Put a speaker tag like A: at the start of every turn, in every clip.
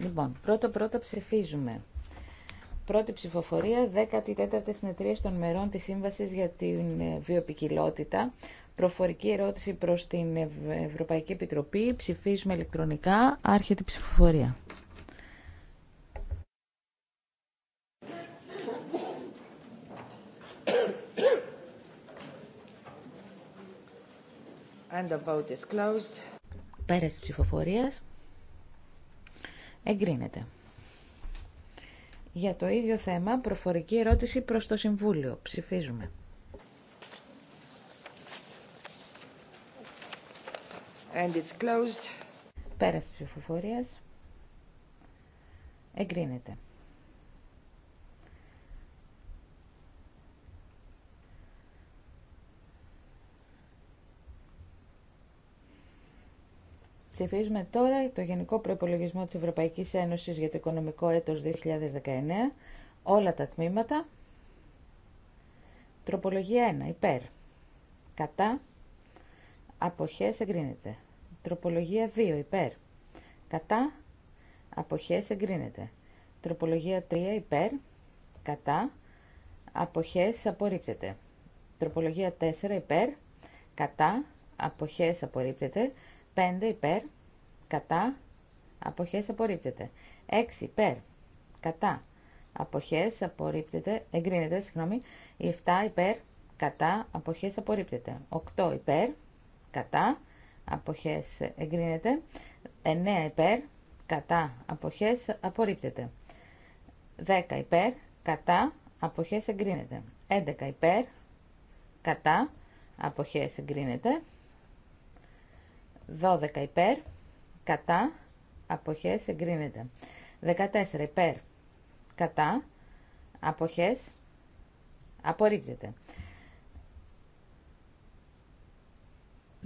A: Λοιπόν, πρώτα-πρώτα ψηφίζουμε. Πρώτη ψηφοφορία, 14η συνεδρία των μερών της Σύμβασης για την ε, Βιοπικιλότητα. Προφορική ερώτηση προς την ε, Ευρωπαϊκή Επιτροπή. Ψηφίζουμε ηλεκτρονικά. Άρχεται η ψηφοφορία. And the vote is closed. ψηφοφορίας. Εγκρίνεται. Για το ίδιο θέμα, προφορική ερώτηση προς το Συμβούλιο. Ψηφίζουμε. And it's closed. Πέρας της ψηφοφορίας. Εγκρίνεται. Ψηφίζουμε τώρα το Γενικό προπολογισμό της Ευρωπαϊκής Ένωσης για το οικονομικό έτος 2019, όλα τα τμήματα. Τροπολογία 1. Υπέρ. Κατά. Αποχές εγκρίνεται. Τροπολογία 2. Υπέρ. Κατά. Αποχές εγκρίνεται. Τροπολογία 3. Υπέρ. Κατά. Αποχές απορρίπτεται. Τροπολογία 4. Υπέρ. Κατά. Αποχές απορρίπτεται. 5 υπέρ, κατά, αποχές απορρίπτεται. 6 υπέρ, κατά, αποχές απορρίπτεται, εγκρίνεται, συγγνώμη. 7 υπέρ, κατά, αποχές απορρίπτεται. 8 υπέρ, κατά, αποχές εγκρίνεται. 9 υπέρ, κατά, αποχές απορρίπτεται. 10 υπέρ, κατά, αποχές εγκρίνεται. 11 υπέρ, κατά, αποχές εγκρίνεται. 12 υπέρ, κατά, αποχές εγκρίνεται. 14 υπέρ, κατά, αποχές απορρίπτεται.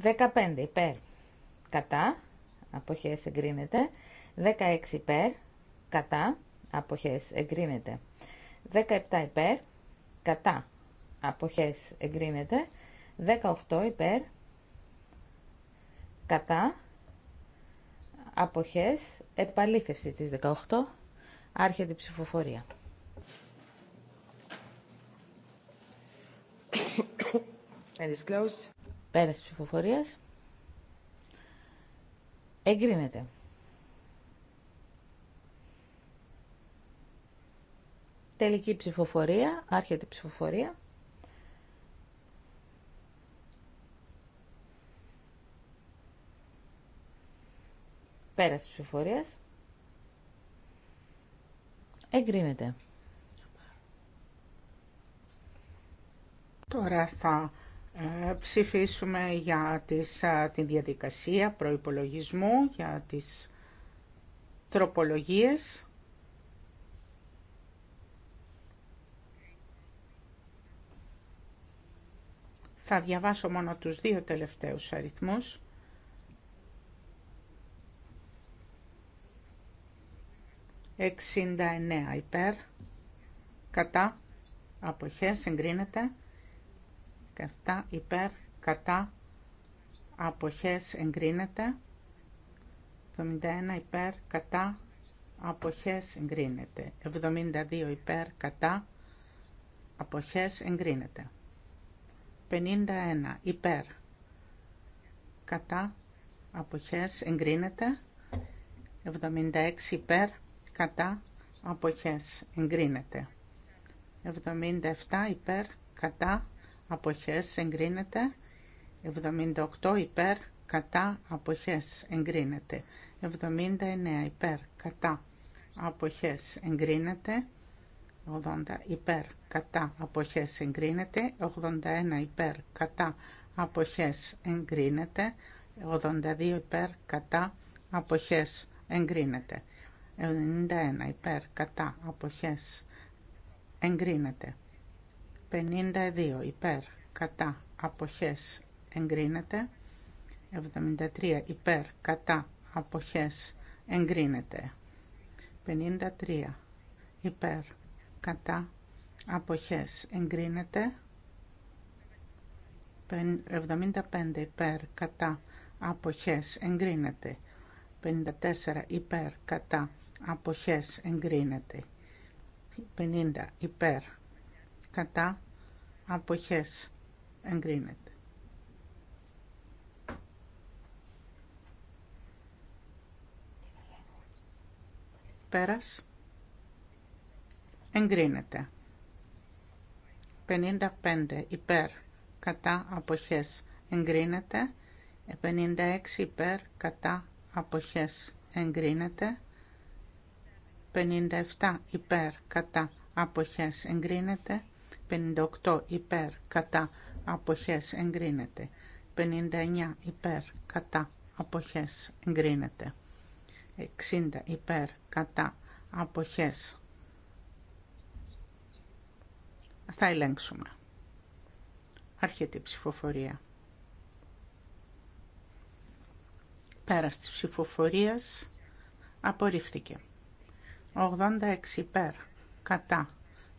A: 15 υπέρ, κατά, αποχές εγκρίνεται. 16 υπέρ, κατά, αποχές εγκρίνεται. 17 υπέρ, κατά, αποχές εγκρίνεται. 18 υπέρ, κατά, αποχές, επαλήθευση της 18, άρχεται η ψηφοφορία. And it's ψηφοφορίας. Εγκρίνεται. Τελική ψηφοφορία, άρχεται η ψηφοφορία. Πέρας της ψηφοφορίας.
B: Εγκρίνεται. Τώρα θα ε, ψηφίσουμε για τις, ε, την διαδικασία προϋπολογισμού, για τις τροπολογίες. Θα διαβάσω μόνο τους δύο τελευταίους αριθμούς. 69 υπέρ, κατά, απόχέ εγκρίνεται. 7 υπέρ, κατά, αποχές, εγκρίνεται. 71 υπέρ, κατά, αποχές, εγκρίνεται. 72 υπέρ, κατά, αποχές, εγκρίνεται. 51 υπέρ, κατά, αποχές, εγκρίνεται. 76 υπέρ, κατά αποχές εγκρίνεται. 77 υπέρ κατά αποχές εγκρίνεται. 78 υπέρ κατά αποχές εγκρίνεται. 79 υπέρ κατά αποχές εγκρίνεται. 80 υπέρ κατά αποχές εγκρίνεται. 81 υπέρ κατά αποχές εγκρίνεται. 82 υπέρ κατά αποχές εγκρίνεται. 71, υπέρ κατά αποχές εγκρίνεται 52 υπέρ κατά αποχές εγκρίνεται 73 υπέρ κατά αποχές εγκρίνεται 53 υπέρ κατά αποχές εγκρίνεται 75 υπέρ κατά αποχές εγκρίνεται 54 υπέρ κατά αποχές εγκρίνεται 50 υπέρ κατά αποχές εγκρίνεται πέρας εγκρίνεται 55 υπέρ κατά αποχές εγκρίνεται 56 υπέρ κατά αποχές εγκρίνεται 57 υπέρ κατά αποχές εγκρίνεται 58 υπέρ κατά αποχές εγκρίνεται 59 υπέρ κατά αποχές εγκρίνεται 60 υπέρ κατά αποχές θα ελέγξουμε άρχεται ψηφοφορία πέρας της ψηφοφορίας απορρίφθηκε 86 υπέρ κατά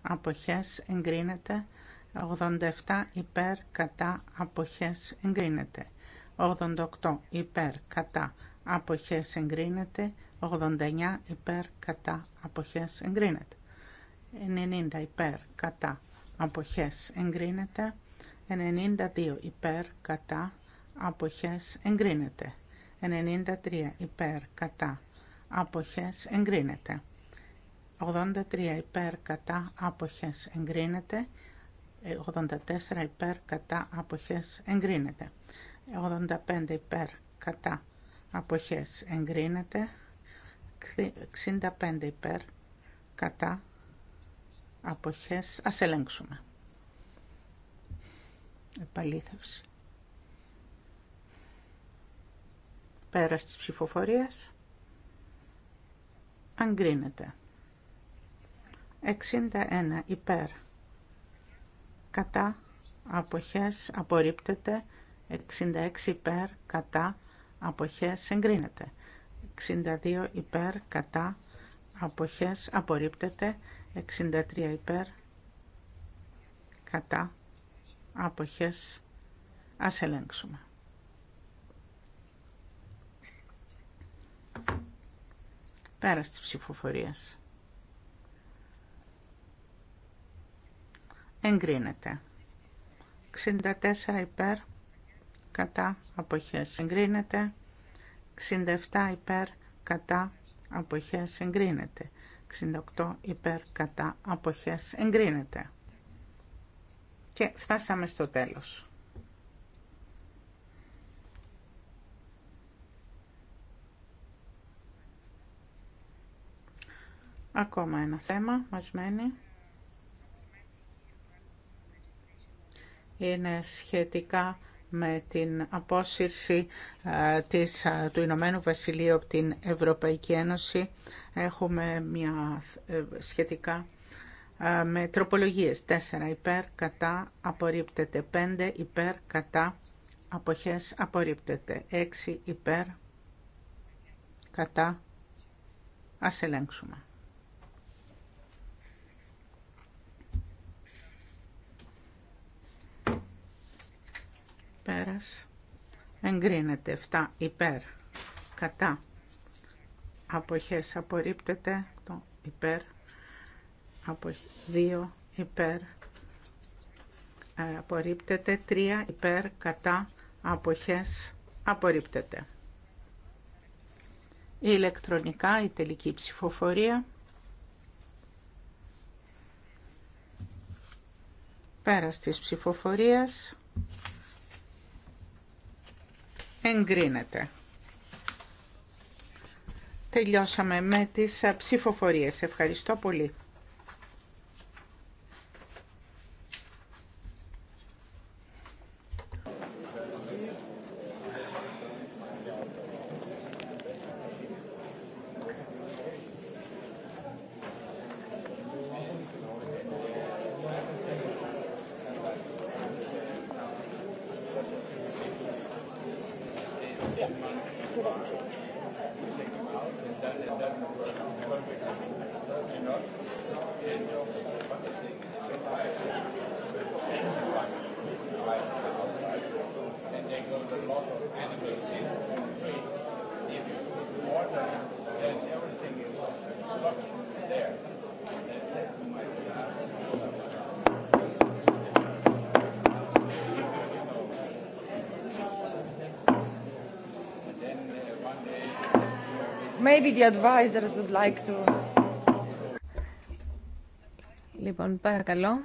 B: αποχές εγκρίνεται 87 υπέρ κατά αποχές εγκρίνεται 88 υπέρ κατά αποχές εγκρίνεται 89 υπέρ κατά αποχές εγκρίνεται 90 υπέρ κατά αποχές εγκρίνεται 92 υπέρ κατά αποχές εγκρίνεται 93 υπέρ κατά αποχές εγκρίνεται 83 υπέρ κατά άποχες εγκρίνεται. 84 υπέρ κατά αποχές εγκρίνεται. 85 ε, υπέρ κατά αποχές εγκρίνεται. 65 υπέρ κατά αποχές. Ας ελέγξουμε. Επαλήθευση. Πέρας της ψηφοφορίας. Αγκρίνεται. 61 υπέρ κατά αποχές απορρίπτεται 66 υπέρ κατά αποχές εγκρίνεται 62 υπέρ κατά αποχές απορρίπτεται 63 υπέρ κατά αποχές ας ελέγξουμε Πέρα της ψηφοφορίας εγκρίνεται. 64 υπέρ κατά αποχές εγκρίνεται. 67 υπέρ κατά αποχές εγκρίνεται. 68 υπέρ κατά αποχές εγκρίνεται. Και φτάσαμε στο τέλος. Ακόμα ένα θέμα μας μένει. είναι σχετικά με την απόσυρση ε, της, ε, του Ηνωμένου Βασιλείου από την Ευρωπαϊκή Ένωση. Έχουμε μια ε, σχετικά με τροπολογίες 4 υπέρ κατά απορρίπτεται 5 υπέρ κατά αποχές απορρίπτεται 6 υπέρ κατά ας Πέρας. Εγκρίνεται. 7 υπέρ. Κατά. Αποχές απορρίπτεται. Το υπέρ. Από 2 υπέρ. Ε, απορρίπτεται. 3 υπέρ. Κατά. Αποχές απορρίπτεται. ηλεκτρονικά η τελική ψηφοφορία. Πέρας της ψηφοφορίας εγκρίνεται. Τελειώσαμε με τις ε, ψηφοφορίες. Ευχαριστώ πολύ.
C: Λοιπόν, παρακαλώ.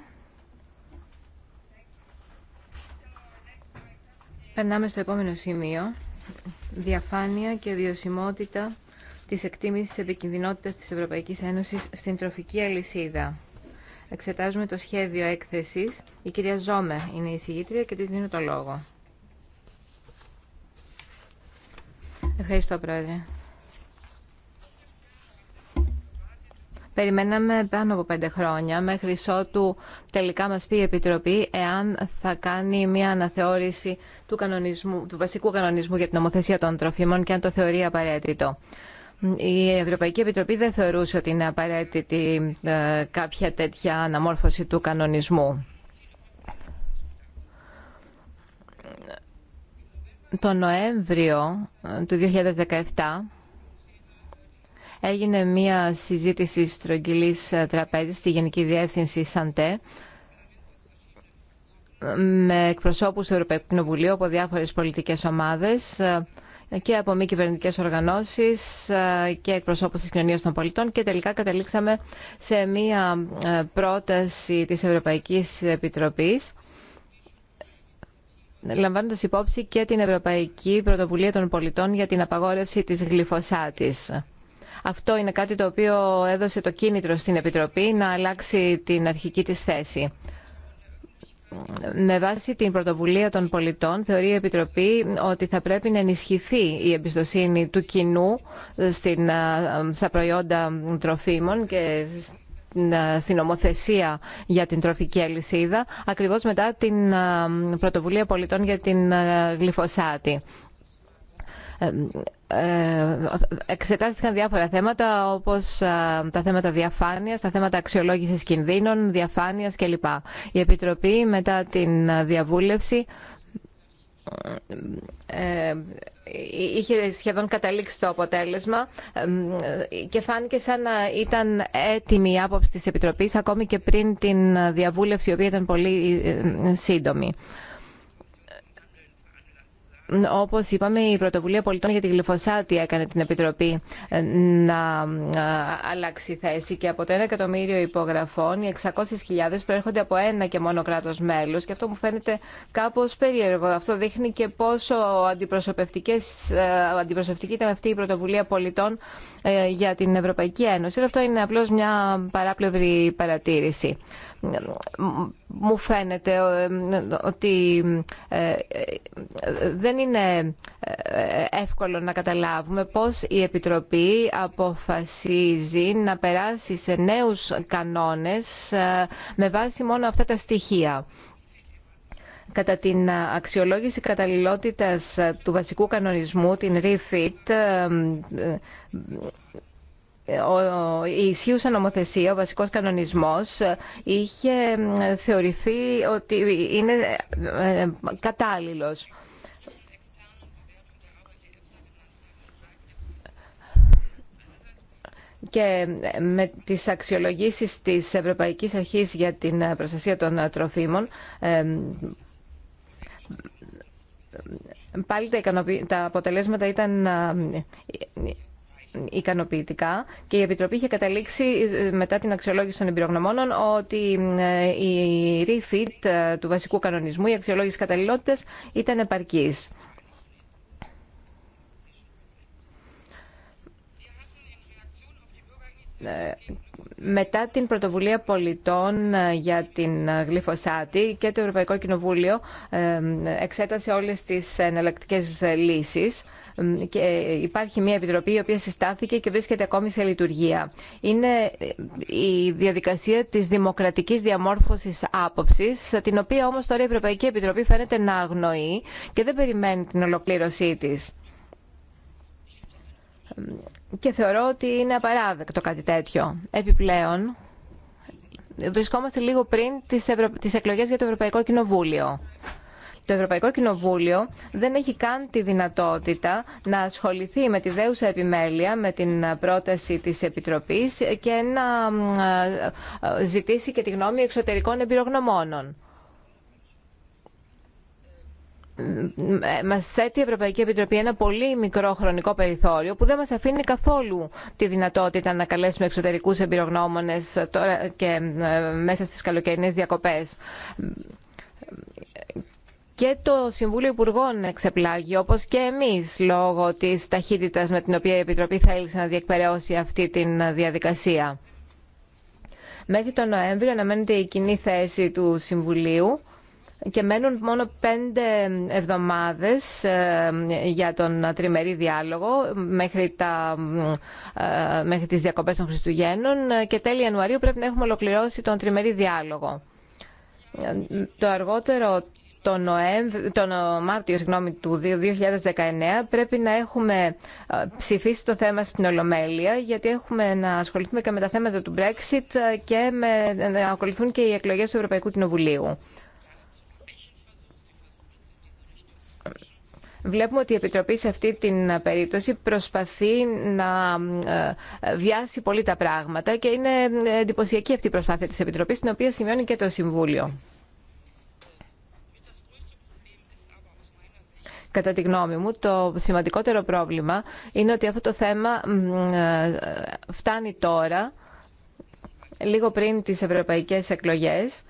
C: Περνάμε στο επόμενο σημείο. Διαφάνεια και βιωσιμότητα της εκτίμησης επικινδυνότητας της Ευρωπαϊκής Ένωσης στην τροφική αλυσίδα. Εξετάζουμε το σχέδιο έκθεσης. Η κυρία Ζόμε είναι η συγγήτρια και της δίνω το λόγο. Ευχαριστώ, Πρόεδρε. Περιμέναμε πάνω από πέντε χρόνια μέχρι ότου τελικά μας πει η Επιτροπή εάν θα κάνει μια αναθεώρηση του, κανονισμού, του βασικού κανονισμού για την νομοθεσία των τροφίμων και αν το θεωρεί απαραίτητο. Η Ευρωπαϊκή Επιτροπή δεν θεωρούσε ότι είναι απαραίτητη ε, κάποια τέτοια αναμόρφωση του κανονισμού. Το Νοέμβριο ε, του 2017 έγινε μια συζήτηση στρογγυλής τραπέζης στη Γενική Διεύθυνση ΣΑΝΤΕ με εκπροσώπους του Ευρωπαϊκού Κοινοβουλίου από διάφορες πολιτικές ομάδες και από μη κυβερνητικέ οργανώσει και εκπροσώπου τη κοινωνία των πολιτών και τελικά καταλήξαμε σε μία ε, πρόταση τη Ευρωπαϊκή Επιτροπή λαμβάνοντας υπόψη και την Ευρωπαϊκή Πρωτοβουλία των Πολιτών για την απαγόρευση της γλυφοσάτης. Αυτό είναι κάτι το οποίο έδωσε το κίνητρο στην Επιτροπή να αλλάξει την αρχική της θέση. Με βάση την πρωτοβουλία των πολιτών, θεωρεί η Επιτροπή ότι θα πρέπει να ενισχυθεί η εμπιστοσύνη του κοινού ε, στην, ε, στα προϊόντα τροφίμων και ε, στην ομοθεσία για την τροφική αλυσίδα, ακριβώς μετά την πρωτοβουλία πολιτών για την γλυφοσάτη ε, εξετάστηκαν διάφορα θέματα όπως ε, τα θέματα διαφάνειας, τα θέματα αξιολόγησης κινδύνων, διαφάνειας κλπ. Η Επιτροπή μετά την διαβούλευση ε, είχε σχεδόν καταλήξει το αποτέλεσμα και φάνηκε σαν να ήταν έτοιμη η άποψη της Επιτροπής ακόμη και πριν την διαβούλευση η οποία ήταν πολύ σύντομη. Όπως είπαμε, η Πρωτοβουλία Πολιτών για τη Γλυφοσάτη έκανε την Επιτροπή ε, να ε, αλλάξει θέση και από το 1 εκατομμύριο υπογραφών οι 600.000 προέρχονται από ένα και μόνο κράτο μέλο. και αυτό μου φαίνεται κάπως περίεργο. Αυτό δείχνει και πόσο ε, αντιπροσωπευτική ήταν αυτή η Πρωτοβουλία Πολιτών ε, για την Ευρωπαϊκή Ένωση. Αυτό είναι απλώς μια παράπλευρη παρατήρηση. Μου φαίνεται ε, ότι ε, δεν είναι εύκολο να καταλάβουμε πώς η Επιτροπή αποφασίζει να περάσει σε νέους κανόνες με βάση μόνο αυτά τα στοιχεία. Κατά την αξιολόγηση καταλληλότητας του βασικού κανονισμού, την REFIT, ε, ε, η ισχύουσα νομοθεσία, ο βασικός κανονισμός, είχε θεωρηθεί ότι είναι ε, κατάλληλος. και με τις αξιολογήσεις της Ευρωπαϊκής Αρχής για την Προστασία των Τροφίμων πάλι τα, αποτελέσματα ήταν ε, ε, ικανοποιητικά και η Επιτροπή είχε καταλήξει ε, μετά την αξιολόγηση των εμπειρογνωμόνων ότι η refit του βασικού κανονισμού, η αξιολόγηση καταλληλότητας ήταν επαρκής μετά την πρωτοβουλία πολιτών ε, για την ε, γλυφοσάτη και το Ευρωπαϊκό Κοινοβούλιο ε, εξέτασε όλες τις εναλλακτικές λύσεις και υπάρχει μια επιτροπή η οποία συστάθηκε και βρίσκεται ακόμη σε λειτουργία. Είναι η διαδικασία της δημοκρατικής διαμόρφωσης άποψης, την οποία όμως τώρα η Ευρωπαϊκή Επιτροπή φαίνεται να αγνοεί και δεν περιμένει την ολοκλήρωσή της και θεωρώ ότι είναι απαράδεκτο κάτι τέτοιο. Επιπλέον, βρισκόμαστε λίγο πριν τις, Ευρω... τις εκλογές για το Ευρωπαϊκό Κοινοβούλιο. Το Ευρωπαϊκό Κοινοβούλιο δεν έχει καν τη δυνατότητα να ασχοληθεί με τη δέουσα επιμέλεια, με την πρόταση της Επιτροπής και να ζητήσει και τη γνώμη εξωτερικών εμπειρογνωμόνων μας θέτει η Ευρωπαϊκή Επιτροπή ένα πολύ μικρό χρονικό περιθώριο που δεν μας αφήνει καθόλου τη δυνατότητα να καλέσουμε εξωτερικούς εμπειρογνώμονες τώρα και ε, μέσα στις καλοκαιρινές διακοπές. Και το Συμβούλιο Υπουργών εξεπλάγει, όπως και εμείς, λόγω της ταχύτητας με την οποία η Επιτροπή θέλησε να διεκπαιρεώσει αυτή τη διαδικασία. Μέχρι τον Νοέμβριο αναμένεται η κοινή θέση του Συμβουλίου και μένουν μόνο πέντε εβδομάδες ε, για τον τριμερή διάλογο μέχρι, τα, ε, μέχρι τις διακοπές των Χριστουγέννων ε, και τέλη Ιανουαρίου πρέπει να έχουμε ολοκληρώσει τον τριμερή διάλογο. Το αργότερο τον Μάρτιο συγγνώμη, του 2019 πρέπει να έχουμε ψηφίσει το θέμα στην Ολομέλεια γιατί έχουμε να ασχοληθούμε και με τα θέματα του Brexit και με... να ακολουθούν και οι εκλογές του Ευρωπαϊκού Κοινοβουλίου. Βλέπουμε ότι η Επιτροπή σε αυτή την περίπτωση προσπαθεί να ε, βιάσει πολύ τα πράγματα και είναι εντυπωσιακή αυτή η προσπάθεια της Επιτροπής, την οποία σημειώνει και το Συμβούλιο. Κατά τη γνώμη μου, το σημαντικότερο πρόβλημα είναι ότι αυτό το θέμα ε, φτάνει τώρα, λίγο πριν τις ευρωπαϊκές εκλογές,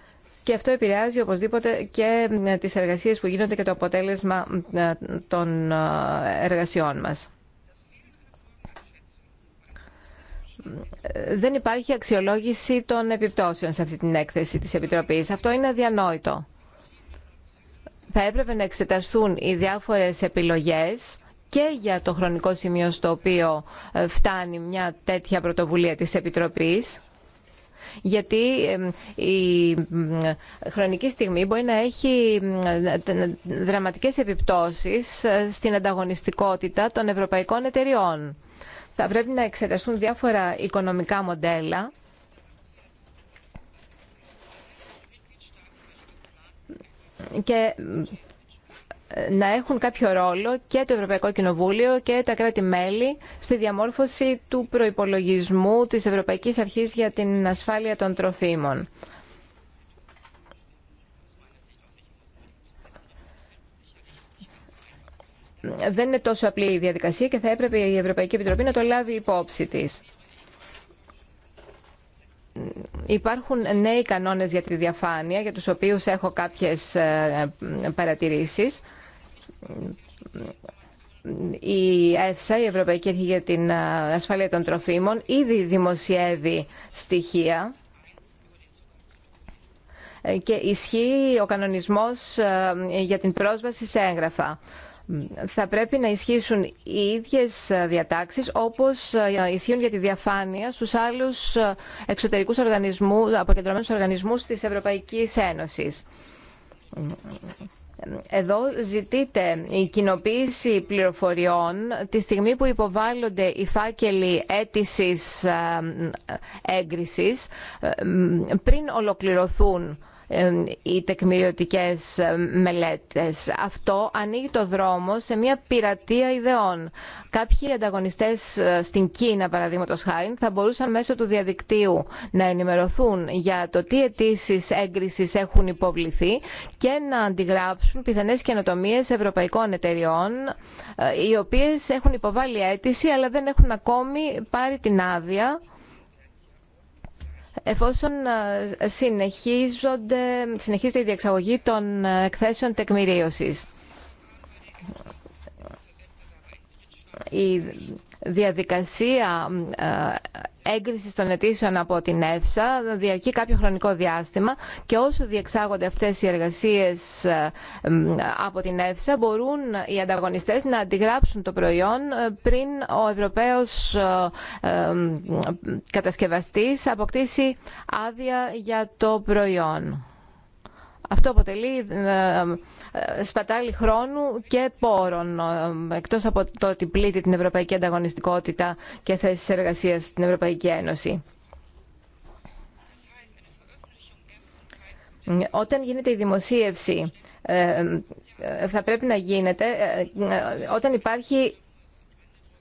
C: και αυτό επηρεάζει οπωσδήποτε και ε, τις εργασίες που γίνονται και το αποτέλεσμα ε, των ε, εργασιών μας. Δεν υπάρχει αξιολόγηση των επιπτώσεων σε αυτή την έκθεση της Επιτροπής. Αυτό είναι αδιανόητο. Θα έπρεπε να εξεταστούν οι διάφορες επιλογές και για το χρονικό σημείο στο οποίο φτάνει μια τέτοια πρωτοβουλία της Επιτροπής γιατί η χρονική στιγμή μπορεί να έχει δραματικές επιπτώσεις ε, στην ανταγωνιστικότητα των ευρωπαϊκών εταιριών. Θα πρέπει να εξεταστούν διάφορα οικονομικά μοντέλα να έχουν κάποιο ρόλο και το Ευρωπαϊκό Κοινοβούλιο και τα κράτη-μέλη στη διαμόρφωση του προϋπολογισμού της Ευρωπαϊκής Αρχής για την ασφάλεια των τροφίμων. Δεν είναι τόσο απλή η διαδικασία και θα έπρεπε η Ευρωπαϊκή Επιτροπή να το λάβει υπόψη της. Υπάρχουν νέοι κανόνες για τη διαφάνεια, για τους οποίους έχω κάποιες ε, παρατηρήσεις η ΕΦΣΑ, η Ευρωπαϊκή για την Ασφάλεια των Τροφίμων, ήδη δημοσιεύει στοιχεία ε, και ισχύει ο κανονισμός ε, για την πρόσβαση σε έγγραφα. Θα πρέπει να ισχύσουν οι ίδιες διατάξεις όπως ε, ισχύουν για τη διαφάνεια στους άλλους εξωτερικούς οργανισμούς, αποκεντρωμένους οργανισμούς της Ευρωπαϊκής Ένωσης. Εδώ ζητείται η κοινοποίηση πληροφοριών τη στιγμή που υποβάλλονται οι φάκελοι αίτησης ε, ε, έγκρισης ε, πριν ολοκληρωθούν οι τεκμηριωτικές μελέτες. Αυτό ανοίγει το δρόμο σε μια πειρατεία ιδεών. Κάποιοι ανταγωνιστές ε, στην Κίνα, παραδείγματο χάρη, θα μπορούσαν μέσω του διαδικτύου να ενημερωθούν για το τι αιτήσει έγκριση έχουν υποβληθεί και να αντιγράψουν πιθανέ καινοτομίε ευρωπαϊκών εταιριών, ε, οι οποίε έχουν υποβάλει αίτηση αλλά δεν έχουν ακόμη πάρει την άδεια εφόσον ε, συνεχίζονται, συνεχίζεται η διεξαγωγή των ε, εκθέσεων τεκμηρίωσης διαδικασία ε, έγκρισης των αιτήσεων από την ΕΦΣΑ διαρκεί κάποιο χρονικό διάστημα και όσο διεξάγονται αυτές οι εργασίες ε, από την ΕΦΣΑ μπορούν οι ανταγωνιστές να αντιγράψουν το προϊόν ε, πριν ο Ευρωπαίος κατασκευαστής αποκτήσει άδεια για το προϊόν. Αυτό αποτελεί ε, σπατάλη χρόνου και πόρων, ε, εκτός από το ότι πλήττει την ευρωπαϊκή ανταγωνιστικότητα και θέσεις εργασίας στην Ευρωπαϊκή Ένωση. Όταν γίνεται η δημοσίευση ε, θα πρέπει να γίνεται όταν υπάρχει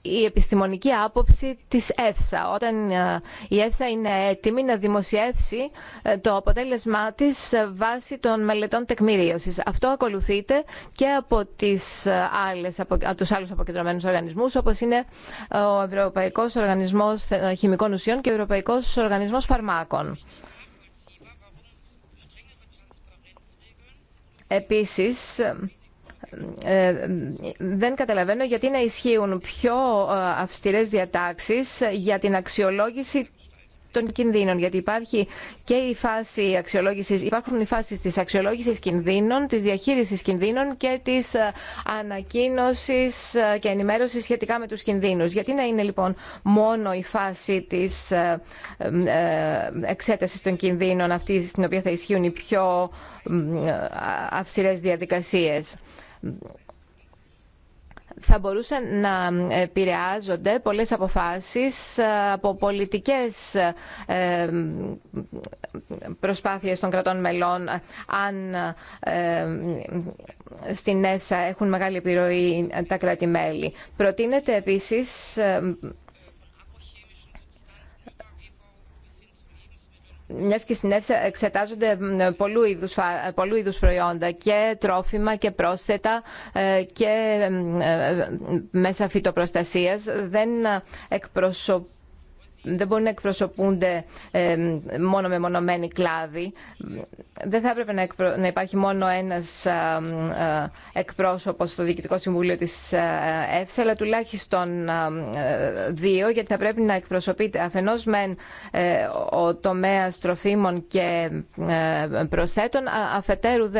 C: η επιστημονική άποψη της ΕΦΣΑ, όταν ε, η ΕΦΣΑ είναι έτοιμη να δημοσιεύσει ε, το αποτέλεσμά της βάσει των μελετών τεκμηρίωσης. Αυτό ακολουθείται και από, τις ε, άλλες, από τους άλλους αποκεντρωμένους οργανισμούς, όπως είναι ο Ευρωπαϊκός Οργανισμός Χημικών Ουσιών και ο Ευρωπαϊκός Οργανισμός Φαρμάκων. Επίσης, ε, δεν καταλαβαίνω γιατί να ισχύουν πιο ε, αυστηρές διατάξεις για την αξιολόγηση των κινδύνων, γιατί υπάρχει και η φάση αξιολόγησης, υπάρχουν οι φάσεις της αξιολόγησης κινδύνων, της διαχείρισης κινδύνων και της ε, ανακοίνωσης και ενημέρωσης σχετικά με τους κινδύνους. Γιατί να είναι λοιπόν μόνο η φάση της εξέτασης των κινδύνων αυτή στην οποία θα ισχύουν οι πιο αυστηρές διαδικασίες θα μπορούσαν να επηρεάζονται πολλές αποφάσεις από πολιτικές ε, προσπάθειες των κρατών μελών αν ε, στην ΕΣΑ έχουν μεγάλη επιρροή τα κράτη-μέλη. Προτείνεται επίσης ε, μιας και στην ΕΦΣΑ εξετάζονται πολλού είδους, προϊόντα και τρόφιμα και πρόσθετα ε, και ε, ε, μέσα φυτοπροστασίας δεν εκπροσωπούν δεν μπορεί να εκπροσωπούνται ε, μόνο με μονομένη κλάδη. Δεν θα έπρεπε να υπάρχει μόνο ένας ε, εκπρόσωπος στο Διοικητικό Συμβούλιο της ε, ΕΦΣΑ, αλλά τουλάχιστον δύο, γιατί θα πρέπει να εκπροσωπείται αφενός μεν ο τομέας τροφίμων και προσθέτων, αφετέρου δε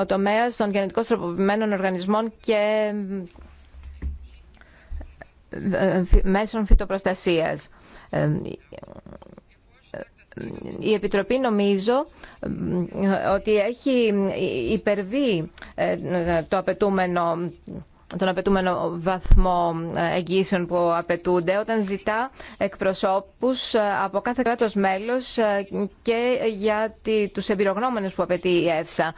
C: ο τομέας των γενετικώς τροποποιημένων οργανισμών και μέσων φυτοπροστασίας η Επιτροπή νομίζω ότι έχει υπερβεί ε, το απαιτούμενο τον απαιτούμενο βαθμό εγγύσεων που απαιτούνται όταν ζητά εκπροσώπους ε, από κάθε κράτος μέλος ε, και για τους εμπειρογνώμενους που απαιτεί η ΕΦΣΑ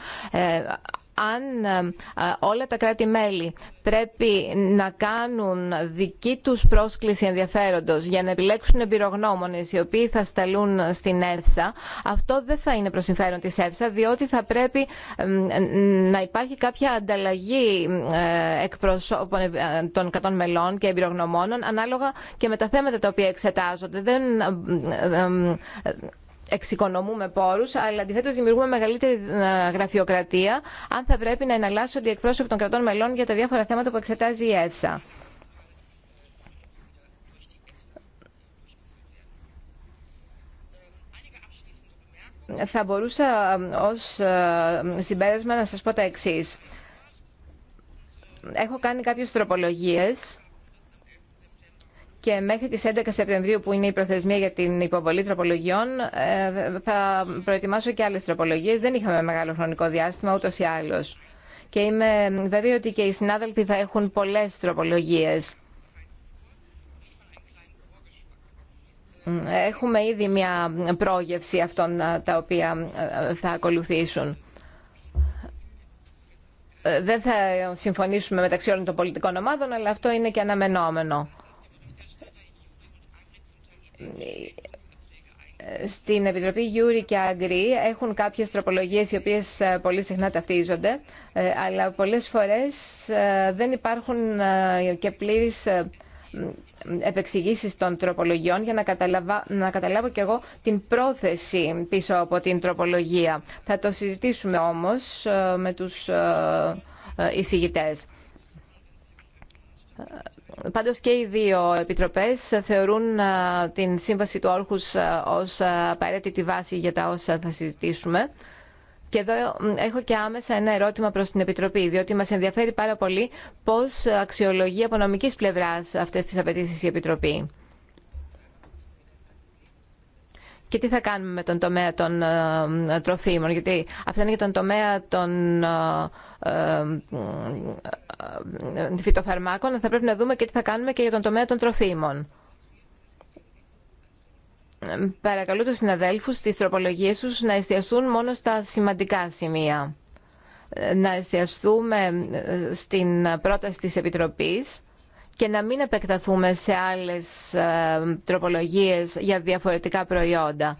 C: αν ε, ε, όλα τα κράτη-μέλη πρέπει να κάνουν δική τους πρόσκληση ενδιαφέροντος για να επιλέξουν εμπειρογνώμονες οι οποίοι θα σταλούν στην ΕΦΣΑ, αυτό δεν θα είναι προς συμφέρον της ΕΦΣΑ, διότι θα πρέπει να υπάρχει κάποια ανταλλαγή ε, εκπροσώπων των κρατών μελών και εμπειρογνωμόνων ανάλογα και με τα θέματα τα οποία εξετάζονται. Δεν εξοικονομούμε πόρους, αλλά αντιθέτως δημιουργούμε μεγαλύτερη ε, γραφειοκρατία αν θα πρέπει να εναλλάσσονται οι εκπρόσωποι των κρατών μελών για τα διάφορα θέματα που εξετάζει η ΕΦΣΑ. Θα μπορούσα ε, ως ε, συμπέρασμα να σας πω τα εξής. Έχω κάνει κάποιες τροπολογίες και μέχρι τις 11 Σεπτεμβρίου που είναι η προθεσμία για την υποβολή τροπολογιών ε, θα προετοιμάσω και άλλες τροπολογίες. Δεν είχαμε μεγάλο χρονικό διάστημα ούτως ή άλλως. Και είμαι βέβαιη ότι και οι συνάδελφοι θα έχουν πολλές τροπολογίες. Έχουμε ήδη μια πρόγευση αυτών ε, τα οποία ε, θα ακολουθήσουν. Δεν θα συμφωνήσουμε μεταξύ όλων των πολιτικών ομάδων, αλλά αυτό είναι και αναμενόμενο στην Επιτροπή Γιούρι και Αγκρή έχουν κάποιες τροπολογίες οι οποίες ε, πολύ συχνά ταυτίζονται, ε, αλλά πολλές φορές ε, δεν υπάρχουν και πλήρης επεξηγήσεις των τροπολογιών για να, να καταλάβω και εγώ την πρόθεση πίσω από την τροπολογία. Θα το συζητήσουμε όμως με τους εισηγητές. Πάντως και οι δύο επιτροπές θεωρούν την σύμβαση του Όρχους ως απαραίτητη βάση για τα όσα θα συζητήσουμε. Και εδώ έχω και άμεσα ένα ερώτημα προς την Επιτροπή, διότι μας ενδιαφέρει πάρα πολύ πώς αξιολογεί από νομικής πλευράς αυτές τις απαιτήσεις η Επιτροπή και τι θα κάνουμε με τον τομέα των ε, ε, τροφίμων, γιατί αυτά είναι για τον τομέα των ε, φυτοφαρμάκων, θα πρέπει να δούμε και τι θα κάνουμε και για τον τομέα των τροφίμων. Παρακαλώ τους συναδέλφους στις τροπολογίες τους να εστιαστούν μόνο στα σημαντικά σημεία. Να εστιαστούμε στην πρόταση της Επιτροπής και να μην επεκταθούμε σε άλλες ε, τροπολογίες για διαφορετικά προϊόντα.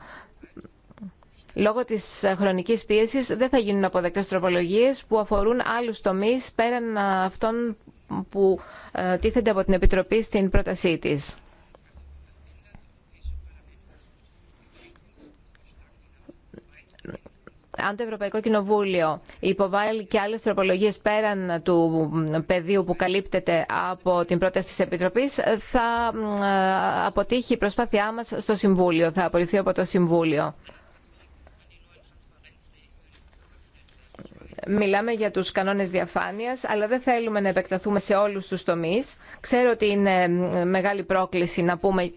C: Λόγω της χρονικής πίεσης δεν θα γίνουν αποδεκτές τροπολογίες που αφορούν άλλους τομείς πέραν αυτών που ε, τίθενται από την Επιτροπή στην πρότασή της. αν το Ευρωπαϊκό Κοινοβούλιο υποβάλλει και άλλες τροπολογίες πέραν του πεδίου που καλύπτεται από την πρόταση της Επιτροπής, θα ε, αποτύχει η προσπάθειά μας στο Συμβούλιο, θα απορριφθεί από το Συμβούλιο. Μιλάμε για τους κανόνες διαφάνειας, αλλά δεν θέλουμε να επεκταθούμε σε όλους τους τομείς. Ξέρω ότι είναι μεγάλη πρόκληση να πούμε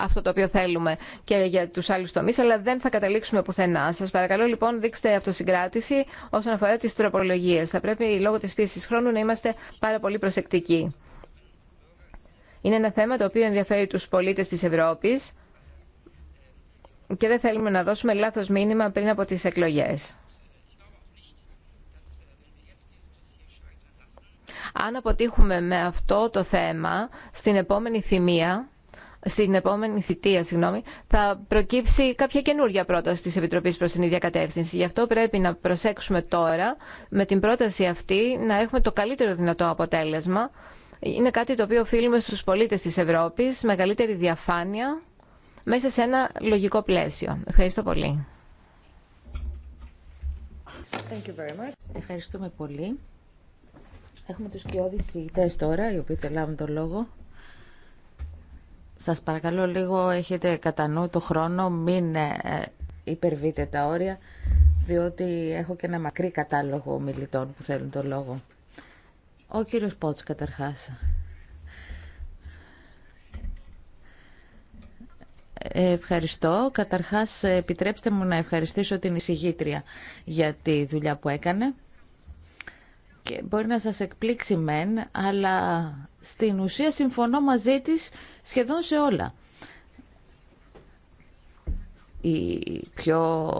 C: αυτό το οποίο θέλουμε και για τους άλλους τομείς, αλλά δεν θα καταλήξουμε πουθενά. Σας παρακαλώ λοιπόν δείξτε αυτοσυγκράτηση όσον αφορά τις τροπολογίες. Θα πρέπει λόγω της πίεσης χρόνου να είμαστε πάρα πολύ προσεκτικοί. Είναι ένα θέμα το οποίο ενδιαφέρει τους πολίτες της Ευρώπης και δεν θέλουμε να δώσουμε λάθος μήνυμα πριν από τις εκλογές. Αν αποτύχουμε με αυτό το θέμα στην επόμενη θυμία, στην επόμενη θητεία, συγγνώμη, θα προκύψει κάποια καινούργια πρόταση της Επιτροπής προς την ίδια κατεύθυνση. Γι' αυτό πρέπει να προσέξουμε τώρα με την πρόταση αυτή να έχουμε το καλύτερο δυνατό αποτέλεσμα. Είναι κάτι το οποίο οφείλουμε στους πολίτες της Ευρώπης, μεγαλύτερη διαφάνεια, μέσα σε
A: ένα λογικό πλαίσιο. Ευχαριστώ πολύ. Ευχαριστούμε πολύ. Έχουμε τους κοιόδης ηγητές τώρα, οι οποίοι θα το λόγο. Σας παρακαλώ λίγο, έχετε κατά νου το χρόνο, μην ε, υπερβείτε τα όρια, διότι έχω και ένα μακρύ κατάλογο μιλητών που θέλουν το λόγο. Ο κύριος Πότς καταρχάς. Ε, ευχαριστώ. Καταρχάς, επιτρέψτε μου να ευχαριστήσω την εισηγήτρια για τη δουλειά που έκανε και μπορεί να σας εκπλήξει μεν, αλλά στην ουσία συμφωνώ μαζί της σχεδόν σε όλα. Οι πιο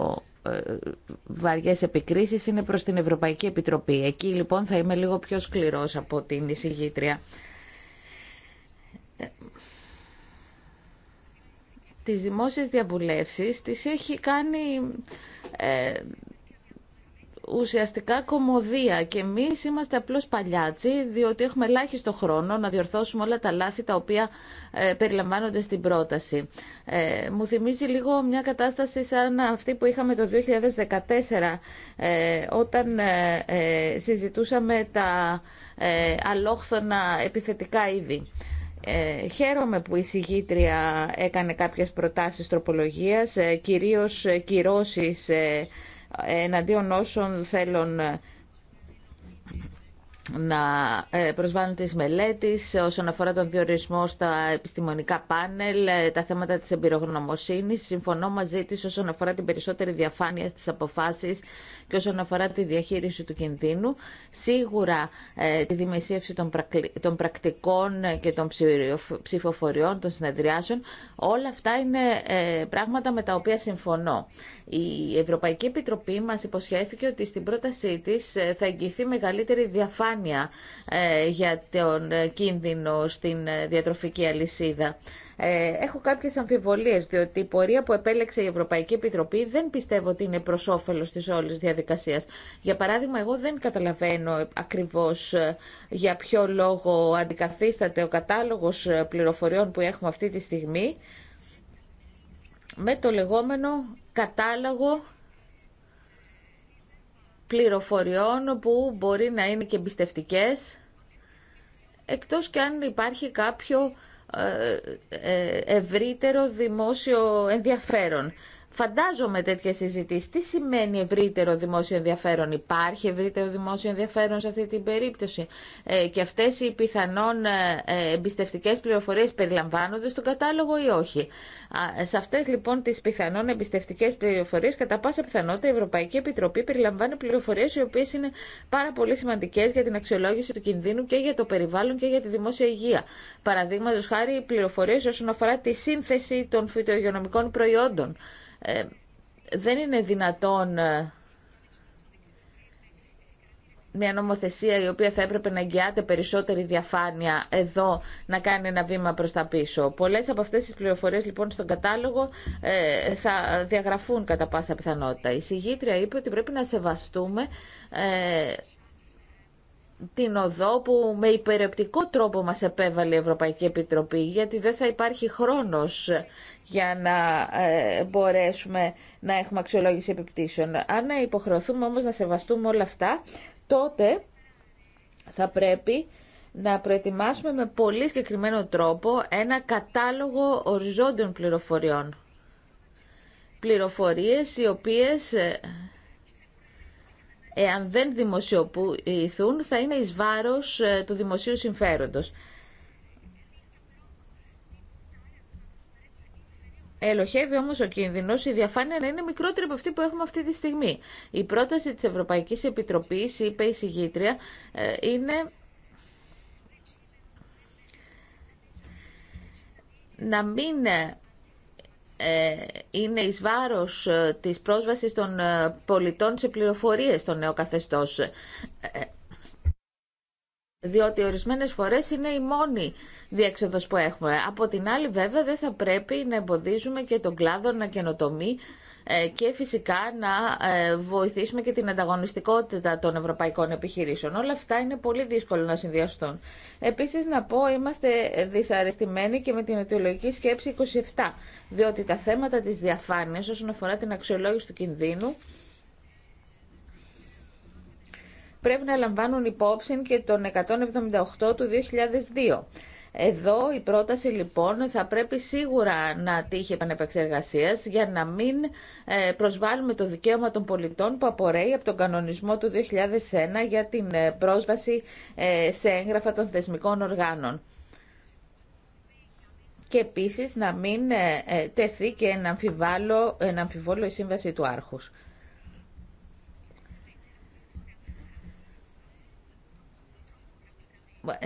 A: ε, βαριές επικρίσεις είναι προς την Ευρωπαϊκή Επιτροπή. Εκεί λοιπόν θα είμαι λίγο πιο σκληρός από την εισηγήτρια. Τις δημόσιες διαβουλεύσεις τις έχει κάνει ε, ουσιαστικά κομμωδία και εμεί είμαστε απλώς παλιάτσι διότι έχουμε ελάχιστο χρόνο να διορθώσουμε όλα τα λάθη τα οποία ε, περιλαμβάνονται στην πρόταση. Ε, μου θυμίζει λίγο μια κατάσταση σαν αυτή που είχαμε το 2014 ε, όταν ε, συζητούσαμε τα αλόχθονα επιθετικά είδη. Ε, χαίρομαι που η συγγήτρια έκανε κάποιες προτάσεις τροπολογίας, ε, κυρίως εναντίον όσων θέλουν να ε, προσβάλλουν τις μελέτες όσον αφορά τον διορισμό στα επιστημονικά πάνελ, ε, τα θέματα της εμπειρογνωμοσύνης. Συμφωνώ μαζί της όσον αφορά την περισσότερη διαφάνεια στις αποφάσεις και όσον αφορά τη διαχείριση του κινδύνου, σίγουρα ε, τη δημοσίευση των, πρακτικών ε, και των ψηφοφοριών, των συνεδριάσεων, όλα αυτά είναι ε, πράγματα με τα οποία συμφωνώ. Η Ευρωπαϊκή Επιτροπή μας υποσχέθηκε ότι στην πρότασή της θα εγγυηθεί μεγαλύτερη διαφάνεια για τον κίνδυνο στην διατροφική αλυσίδα. Ε, έχω κάποιες αμφιβολίες, διότι η πορεία που επέλεξε η Ευρωπαϊκή Επιτροπή δεν πιστεύω ότι είναι προς όφελος της όλης διαδικασίας. Για παράδειγμα, εγώ δεν καταλαβαίνω ακριβώς ε, για ποιο λόγο αντικαθίσταται ο κατάλογος ε, πληροφοριών που έχουμε αυτή τη στιγμή με το λεγόμενο κατάλογο πληροφοριών που μπορεί να είναι και εμπιστευτικέ, εκτός και αν υπάρχει κάποιο ε, ε, ευρύτερο δημόσιο ενδιαφέρον. Φαντάζομαι τέτοια συζήτηση. Τι σημαίνει ευρύτερο δημόσιο ενδιαφέρον. Υπάρχει ευρύτερο δημόσιο ενδιαφέρον σε αυτή την περίπτωση. Ε, και αυτές οι πιθανόν ε, ε, εμπιστευτικέ πληροφορίες περιλαμβάνονται στον κατάλογο ή όχι. Σε αυτές λοιπόν τις πιθανόν εμπιστευτικέ πληροφορίες κατά πάσα πιθανότητα η Ευρωπαϊκή Επιτροπή περιλαμβάνει πληροφορίες οι οποίες είναι πάρα πολύ σημαντικές για την αξιολόγηση του κινδύνου και για το περιβάλλον και για τη δημόσια υγεία. Παραδείγματο χάρη οι πληροφορίες όσον αφορά τη σύνθεση των φυτογειονομικών προϊόντων. Ε, δεν είναι δυνατόν ε, μια νομοθεσία η οποία θα έπρεπε να εγγυάται περισσότερη διαφάνεια εδώ να κάνει ένα βήμα προς τα πίσω. Πολλές από αυτές τις πληροφορίες λοιπόν στον κατάλογο ε, θα διαγραφούν κατά πάσα πιθανότητα. Η συγγήτρια είπε ότι πρέπει να σεβαστούμε ε, την οδό που με υπερεπτικό τρόπο μας επέβαλε η Ευρωπαϊκή Επιτροπή, γιατί δεν θα υπάρχει χρόνος για να ε, μπορέσουμε να έχουμε αξιολόγηση επιπτήσεων. Αν υποχρεωθούμε όμως να σεβαστούμε όλα αυτά, τότε θα πρέπει να προετοιμάσουμε με πολύ συγκεκριμένο τρόπο ένα κατάλογο οριζόντιων πληροφοριών. Πληροφορίες οι οποίες ε, εάν δεν δημοσιοποιηθούν, θα είναι εις βάρος ε, του δημοσίου συμφέροντος. Ελοχεύει όμω ο κίνδυνο η διαφάνεια να είναι μικρότερη από αυτή που έχουμε αυτή τη στιγμή. Η πρόταση τη Ευρωπαϊκή Επιτροπή, είπε η συγγήτρια, ε, είναι να μην ε, ε, είναι εις βάρος ε, της πρόσβασης των ε, πολιτών σε πληροφορίες στο νέο καθεστώς. Διότι ορισμένες φορές είναι η μόνη διέξοδος που έχουμε. Από την άλλη βέβαια δεν θα πρέπει να εμποδίζουμε και τον κλάδο να καινοτομεί ε, και φυσικά να ε, βοηθήσουμε και την ανταγωνιστικότητα των ευρωπαϊκών επιχειρήσεων. Όλα αυτά είναι πολύ δύσκολο να συνδυαστούν. Επίσης να πω είμαστε δυσαρεστημένοι και με την αιτιολογική σκέψη 27, διότι τα θέματα της διαφάνειας όσον αφορά την αξιολόγηση του κινδύνου πρέπει να λαμβάνουν υπόψη και τον 178 του 2002. Εδώ η πρόταση λοιπόν θα πρέπει σίγουρα να τύχει επανεπεξεργασία για να μην ε, προσβάλλουμε το δικαίωμα των πολιτών που απορρέει από τον κανονισμό του 2001 για την ε, πρόσβαση ε, σε έγγραφα των θεσμικών οργάνων και επίσης να μην τεθεί και ένα αμφιβόλο η σύμβαση του άρχους.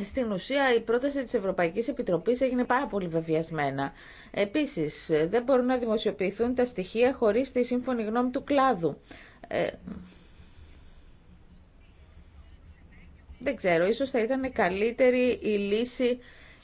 A: στην ουσία η πρόταση της Ευρωπαϊκής Επιτροπής έγινε πάρα πολύ βεβαιασμένα. Επίσης, δεν μπορούν να δημοσιοποιηθούν τα στοιχεία χωρίς τη σύμφωνη γνώμη του κλάδου. Ε, δεν ξέρω, ίσως θα ήταν καλύτερη η λύση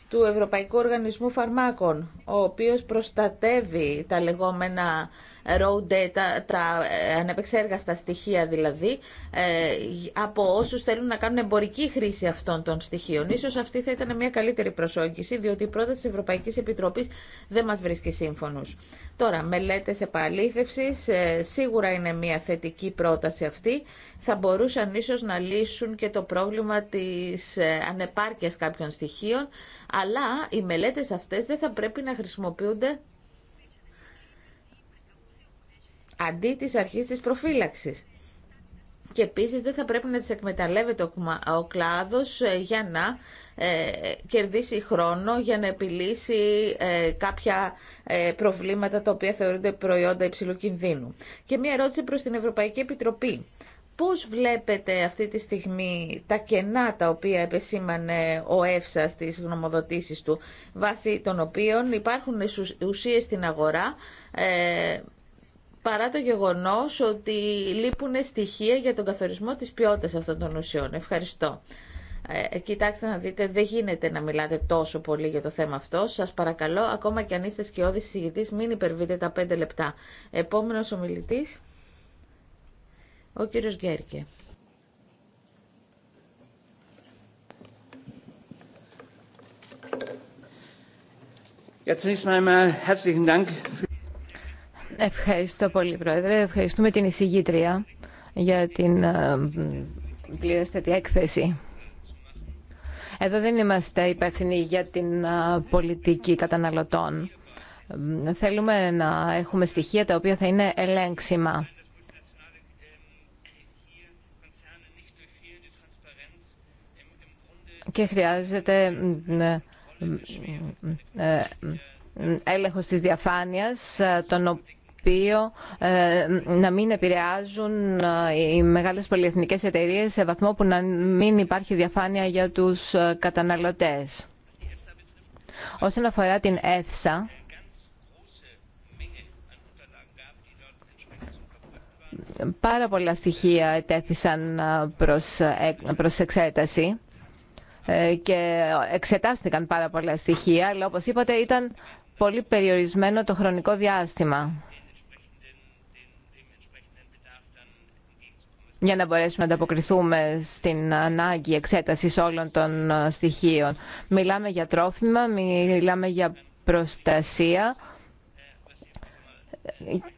A: του Ευρωπαϊκού Οργανισμού Φαρμάκων, ο οποίος προστατεύει τα λεγόμενα raw data, τα ε, ανεπεξέργαστα στοιχεία δηλαδή, ε, από όσους θέλουν να κάνουν εμπορική χρήση αυτών των στοιχείων. Ίσως αυτή θα ήταν μια καλύτερη προσόγγιση, διότι η πρόταση της Ευρωπαϊκής Επιτροπής δεν μας βρίσκει σύμφωνους. Τώρα, μελέτες επαλήθευσης, ε, σίγουρα είναι μια θετική πρόταση αυτή. Θα μπορούσαν ίσως να λύσουν και το πρόβλημα της ανεπάρκειας κάποιων στοιχείων, αλλά οι μελέτες αυτές δεν θα πρέπει να χρησιμοποιούνται αντί της αρχής της προφύλαξης. Και επίσης δεν θα πρέπει να τις εκμεταλλεύεται ο κλάδος ε, για να ε, κερδίσει χρόνο για να επιλύσει ε, κάποια προβλήματα τα οποία θεωρούνται προϊόντα υψηλού κινδύνου. Και μια ερώτηση προς την Ευρωπαϊκή Επιτροπή. Πώς βλέπετε αυτή τη στιγμή τα κενά τα οποία επεσήμανε ο ΕΦΣΑ στις γνωμοδοτήσεις του, βάσει των οποίων υπάρχουν ουσίες στην αγορά παρά το γεγονός ότι λείπουν στοιχεία για τον καθορισμό της ποιότητας αυτών των ουσιών. Ευχαριστώ. Ε, κοιτάξτε να δείτε, δεν γίνεται να μιλάτε τόσο πολύ για το θέμα αυτό. Σας παρακαλώ, ακόμα και αν είστε σκιώδης συζητητής, μην υπερβείτε τα πέντε λεπτά. Επόμενος ομιλητής, ο κύριος Γκέρκε.
D: Ja, herzlichen Dank.
C: Ευχαριστώ πολύ, Πρόεδρε. Ευχαριστούμε την εισηγήτρια για την ε, πλήρεστατη έκθεση. Εδώ δεν είμαστε υπεύθυνοι για την ε, πολιτική καταναλωτών. Θέλουμε να έχουμε στοιχεία τα οποία θα είναι ελέγξιμα. Και χρειάζεται ε, έλεγχος της διαφάνειας, τον οποίο ε, να μην επηρεάζουν ε, οι μεγάλες πολυεθνικές εταιρείες σε βαθμό που να μην υπάρχει διαφάνεια για τους ε, καταναλωτές. Όσον αφορά την ΕΦΣΑ, πάρα πολλά στοιχεία ετέθησαν προς, προς εξέταση και εξετάστηκαν πάρα πολλά στοιχεία, αλλά όπως είπατε ήταν πολύ περιορισμένο το χρονικό διάστημα. για να μπορέσουμε να ανταποκριθούμε στην ανάγκη εξέτασης όλων των ε, στοιχείων. Μιλάμε για τρόφιμα, μιλάμε για προστασία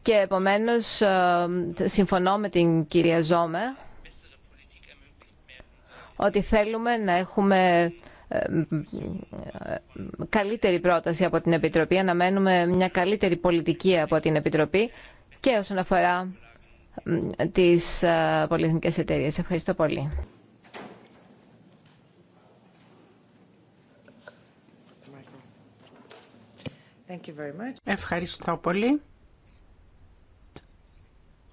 C: και επομένως ε, συμφωνώ με την κυρία Ζώμε ότι θέλουμε να έχουμε ε, καλύτερη πρόταση από την Επιτροπή, να μένουμε μια καλύτερη πολιτική από την Επιτροπή και όσον αφορά τις ε, πολυεθνικές εταιρείες. Ευχαριστώ πολύ.
B: Ευχαριστώ πολύ.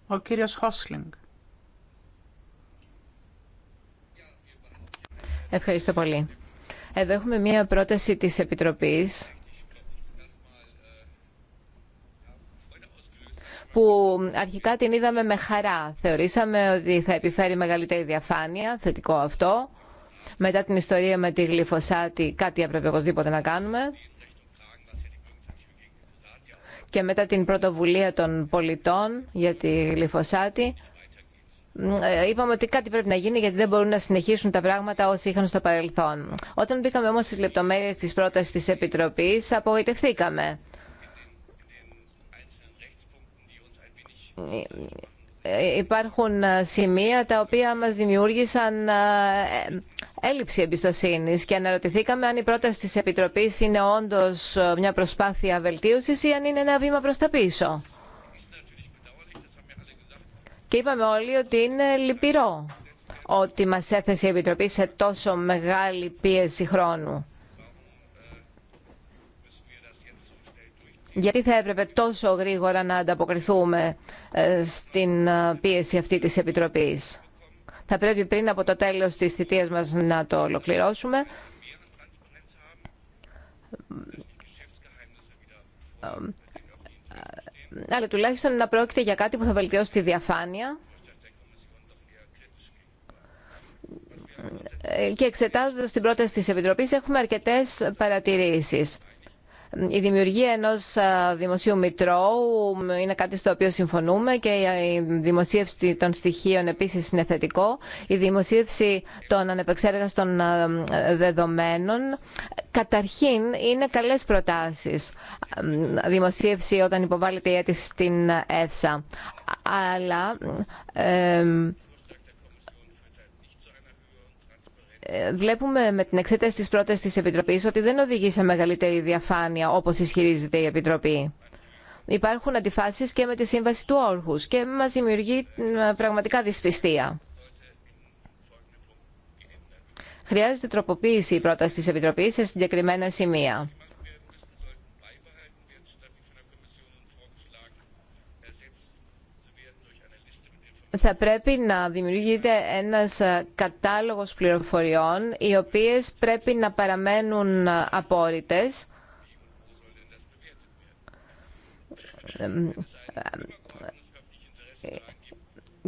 B: Ο κύριος Χόσλινγκ. Ευχαριστώ πολύ. Εδώ έχουμε μία
C: πρόταση της Επιτροπής που αρχικά την είδαμε με χαρά. Θεωρήσαμε ότι θα επιφέρει μεγαλύτερη διαφάνεια, θετικό αυτό. Μετά την ιστορία με τη γλυφοσάτη κάτι έπρεπε οπωσδήποτε να κάνουμε. Και μετά την πρωτοβουλία των πολιτών για τη γλυφοσάτη ε, είπαμε ότι κάτι πρέπει να γίνει γιατί δεν μπορούν να συνεχίσουν τα πράγματα όσοι είχαν στο παρελθόν. Όταν μπήκαμε όμως στις λεπτομέρειες της πρότασης της Επιτροπής απογοητευθήκαμε. υπάρχουν ε, σημεία τα οποία μας δημιούργησαν ε, έλλειψη εμπιστοσύνης και αναρωτηθήκαμε αν η πρόταση της Επιτροπής είναι όντως ε, μια προσπάθεια βελτίωσης ή αν είναι ένα βήμα προς τα πίσω. Και είπαμε όλοι ότι είναι λυπηρό ότι μας έθεσε η Επιτροπή σε τόσο μεγάλη πίεση χρόνου. Γιατί θα έπρεπε τόσο γρήγορα να ανταποκριθούμε ε, στην ε, πίεση αυτή της Επιτροπής. Θα πρέπει πριν από το τέλος της θητείας μας να το ολοκληρώσουμε ε, αλλά τουλάχιστον να πρόκειται για κάτι που θα βελτιώσει τη διαφάνεια και εξετάζοντας την πρόταση της Επιτροπής έχουμε αρκετές παρατηρήσεις. Η δημιουργία ενός δημοσίου μητρώου είναι κάτι στο οποίο συμφωνούμε και η δημοσίευση των στοιχείων επίσης είναι θετικό. Η δημοσίευση των ανεπεξέργαστων δεδομένων καταρχήν είναι καλές προτάσεις. Δημοσίευση όταν υποβάλλεται η αίτηση στην ΕΦΣΑ. Αλλά... Ε, βλέπουμε με την εξέταση της πρότασης της Επιτροπής ότι δεν οδηγεί σε μεγαλύτερη διαφάνεια όπως ισχυρίζεται η Επιτροπή. Υπάρχουν αντιφάσεις και με τη σύμβαση του Όρχους και μας δημιουργεί ε, πραγματικά δυσπιστία. Χρειάζεται τροποποίηση η πρόταση της Επιτροπής σε συγκεκριμένα σημεία. θα πρέπει να δημιουργείται ένας ε, κατάλογος πληροφοριών οι οποίες πρέπει να παραμένουν ε, απόρριτες ε,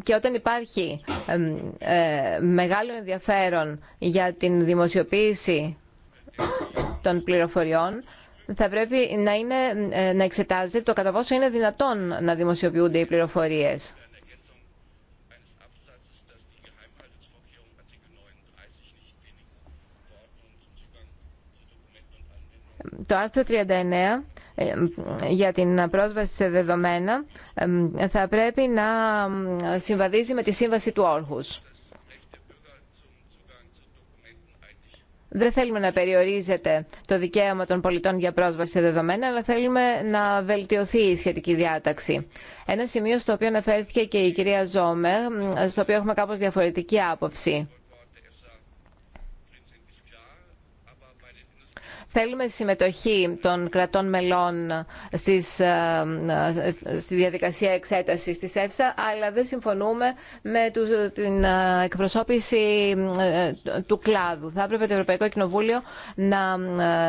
C: και όταν υπάρχει μεγάλο ενδιαφέρον για την δημοσιοποίηση των πληροφοριών θα πρέπει να, είναι, να εξετάζεται το κατά πόσο είναι δυνατόν να δημοσιοποιούνται οι πληροφορίες. Το άρθρο 39 ε, για την πρόσβαση σε δεδομένα ε, θα πρέπει να ε, συμβαδίζει με τη σύμβαση του Όρχους. Δεν θέλουμε να περιορίζεται το δικαίωμα των πολιτών για πρόσβαση σε δεδομένα, αλλά θέλουμε να βελτιωθεί η σχετική διάταξη. Ένα σημείο στο οποίο αναφέρθηκε και η κυρία Ζόμε, στο οποίο έχουμε κάπως διαφορετική άποψη. Θέλουμε συμμετοχή των κρατών μελών στις, ε, ε, στη διαδικασία εξέτασης της ΕΦΣΑ, αλλά δεν συμφωνούμε με την ε, εκπροσώπηση του κλάδου. Θα έπρεπε το Ευρωπαϊκό Κοινοβούλιο να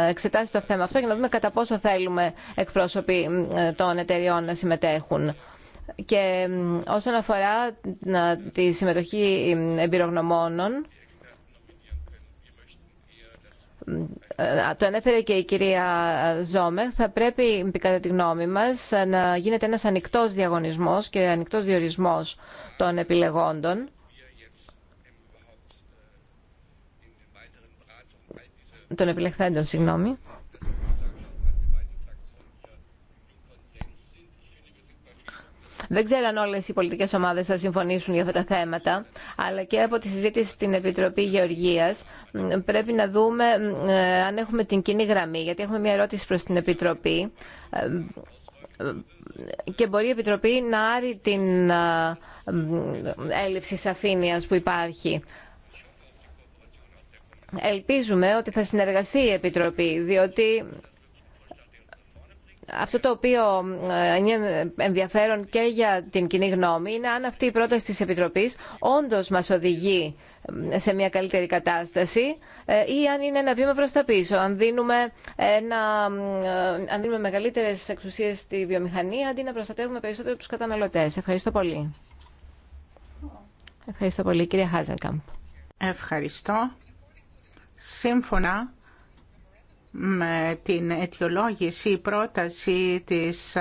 C: εξετάσει το θέμα αυτό και να δούμε κατά πόσο θέλουμε εκπρόσωποι των εταιριών να συμμετέχουν. Και όσον αφορά τη συμμετοχή εμπειρογνωμόνων, ε, το ανέφερε και η κυρία Ζόμεχ, θα πρέπει κατά τη γνώμη μας να γίνεται ένας ανοιχτός διαγωνισμός και ανοιχτός διορισμός των επιλεγόντων.
D: των επιλεχθέντων, συγγνώμη.
C: Δεν ξέρω αν όλες οι πολιτικές ομάδες θα συμφωνήσουν για αυτά τα θέματα, αλλά και από τη συζήτηση στην Επιτροπή Γεωργίας πρέπει να δούμε ε, αν έχουμε την κοινή γραμμή, γιατί έχουμε μια ερώτηση προς την Επιτροπή ε, ε, και μπορεί η Επιτροπή να άρει την έλλειψη σαφήνειας που υπάρχει. Ελπίζουμε ότι θα συνεργαστεί η Επιτροπή, διότι αυτό το οποίο ε, είναι ενδιαφέρον και για την κοινή γνώμη είναι αν αυτή η πρόταση της Επιτροπής όντως μας οδηγεί ε, σε μια καλύτερη κατάσταση ε, ή αν είναι ένα βήμα προς τα πίσω. Αν δίνουμε, ένα, αν δίνουμε μεγαλύτερες εξουσίες στη βιομηχανία αντί να προστατεύουμε περισσότερο τους καταναλωτές. Ευχαριστώ πολύ. Ευχαριστώ πολύ κύριε
B: Χάζελκαμπ. Ευχαριστώ. Σύμφωνα με την αιτιολόγηση, η πρόταση της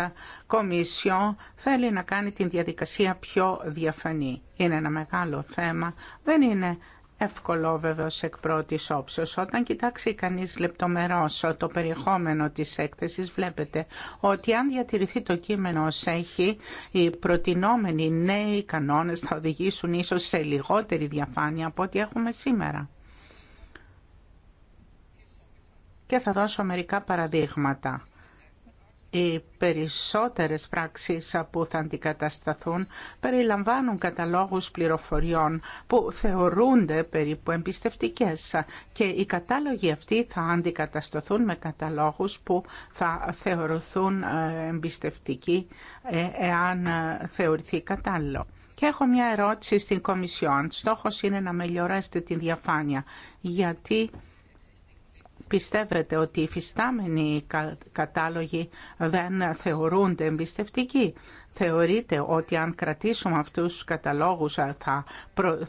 B: Κομισιό θέλει να κάνει την διαδικασία πιο διαφανή. Είναι ένα μεγάλο θέμα, δεν είναι εύκολο βεβαίω εκ πρώτη όψεω. Όταν κοιτάξει κανείς λεπτομερώς το περιεχόμενο της έκθεσης, βλέπετε ότι αν διατηρηθεί το κείμενο ως έχει, οι προτινόμενοι νέοι κανόνες θα οδηγήσουν ίσως σε λιγότερη διαφάνεια από ό,τι έχουμε σήμερα. και θα δώσω μερικά παραδείγματα. Οι περισσότερες πράξεις που θα αντικατασταθούν περιλαμβάνουν καταλόγους πληροφοριών που θεωρούνται περίπου εμπιστευτικές και οι κατάλογοι αυτοί θα αντικατασταθούν με καταλόγους που θα θεωρηθούν ε, εμπιστευτικοί ε, εάν ε, θεωρηθεί κατάλληλο. Και έχω μια ερώτηση στην Κομισιόν. Στόχος είναι να μελιορέσετε την διαφάνεια γιατί Πιστεύετε ότι οι φυστάμενοι κατάλογοι δεν θεωρούνται εμπιστευτικοί. Θεωρείτε ότι αν κρατήσουμε αυτούς τους καταλόγους ε, θα,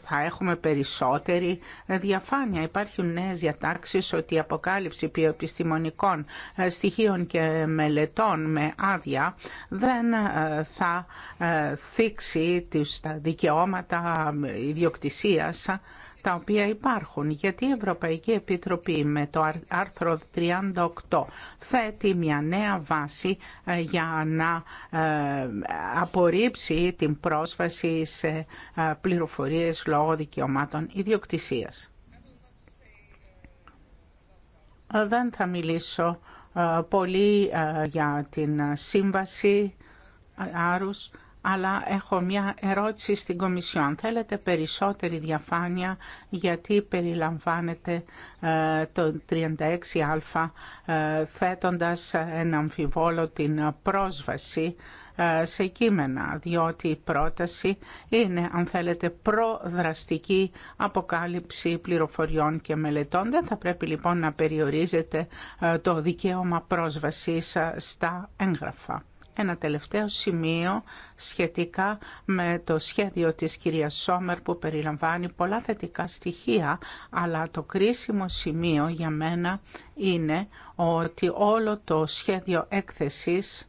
B: θα έχουμε περισσότερη διαφάνεια. Υπάρχουν νέες διατάξεις ότι η αποκάλυψη επιστημονικών ε, στοιχείων και μελετών με άδεια δεν ε, θα θίξει τα δικαιώματα ιδιοκτησίας τα οποία υπάρχουν, γιατί η Ευρωπαϊκή Επιτροπή με το άρθρο 38 θέτει μια νέα βάση ε, για να ε, απορρίψει την πρόσβαση σε ε, πληροφορίες λόγω δικαιωμάτων ιδιοκτησίας. Δεν θα μιλήσω πολύ για την σύμβαση Άρους, αλλά έχω μια ερώτηση στην Κομισιόν. Θέλετε περισσότερη διαφάνεια γιατί περιλαμβάνεται ε, το 36α ε, θέτοντας ένα αμφιβόλο την πρόσβαση ε, σε κείμενα, διότι η πρόταση είναι, αν θέλετε, προδραστική αποκάλυψη πληροφοριών και μελετών. Δεν θα πρέπει λοιπόν να περιορίζεται το δικαίωμα πρόσβασης στα έγγραφα. Ένα τελευταίο σημείο σχετικά με το σχέδιο της κυρίας Σόμερ που περιλαμβάνει πολλά θετικά στοιχεία, αλλά το κρίσιμο σημείο για μένα είναι ότι όλο το σχέδιο έκθεσης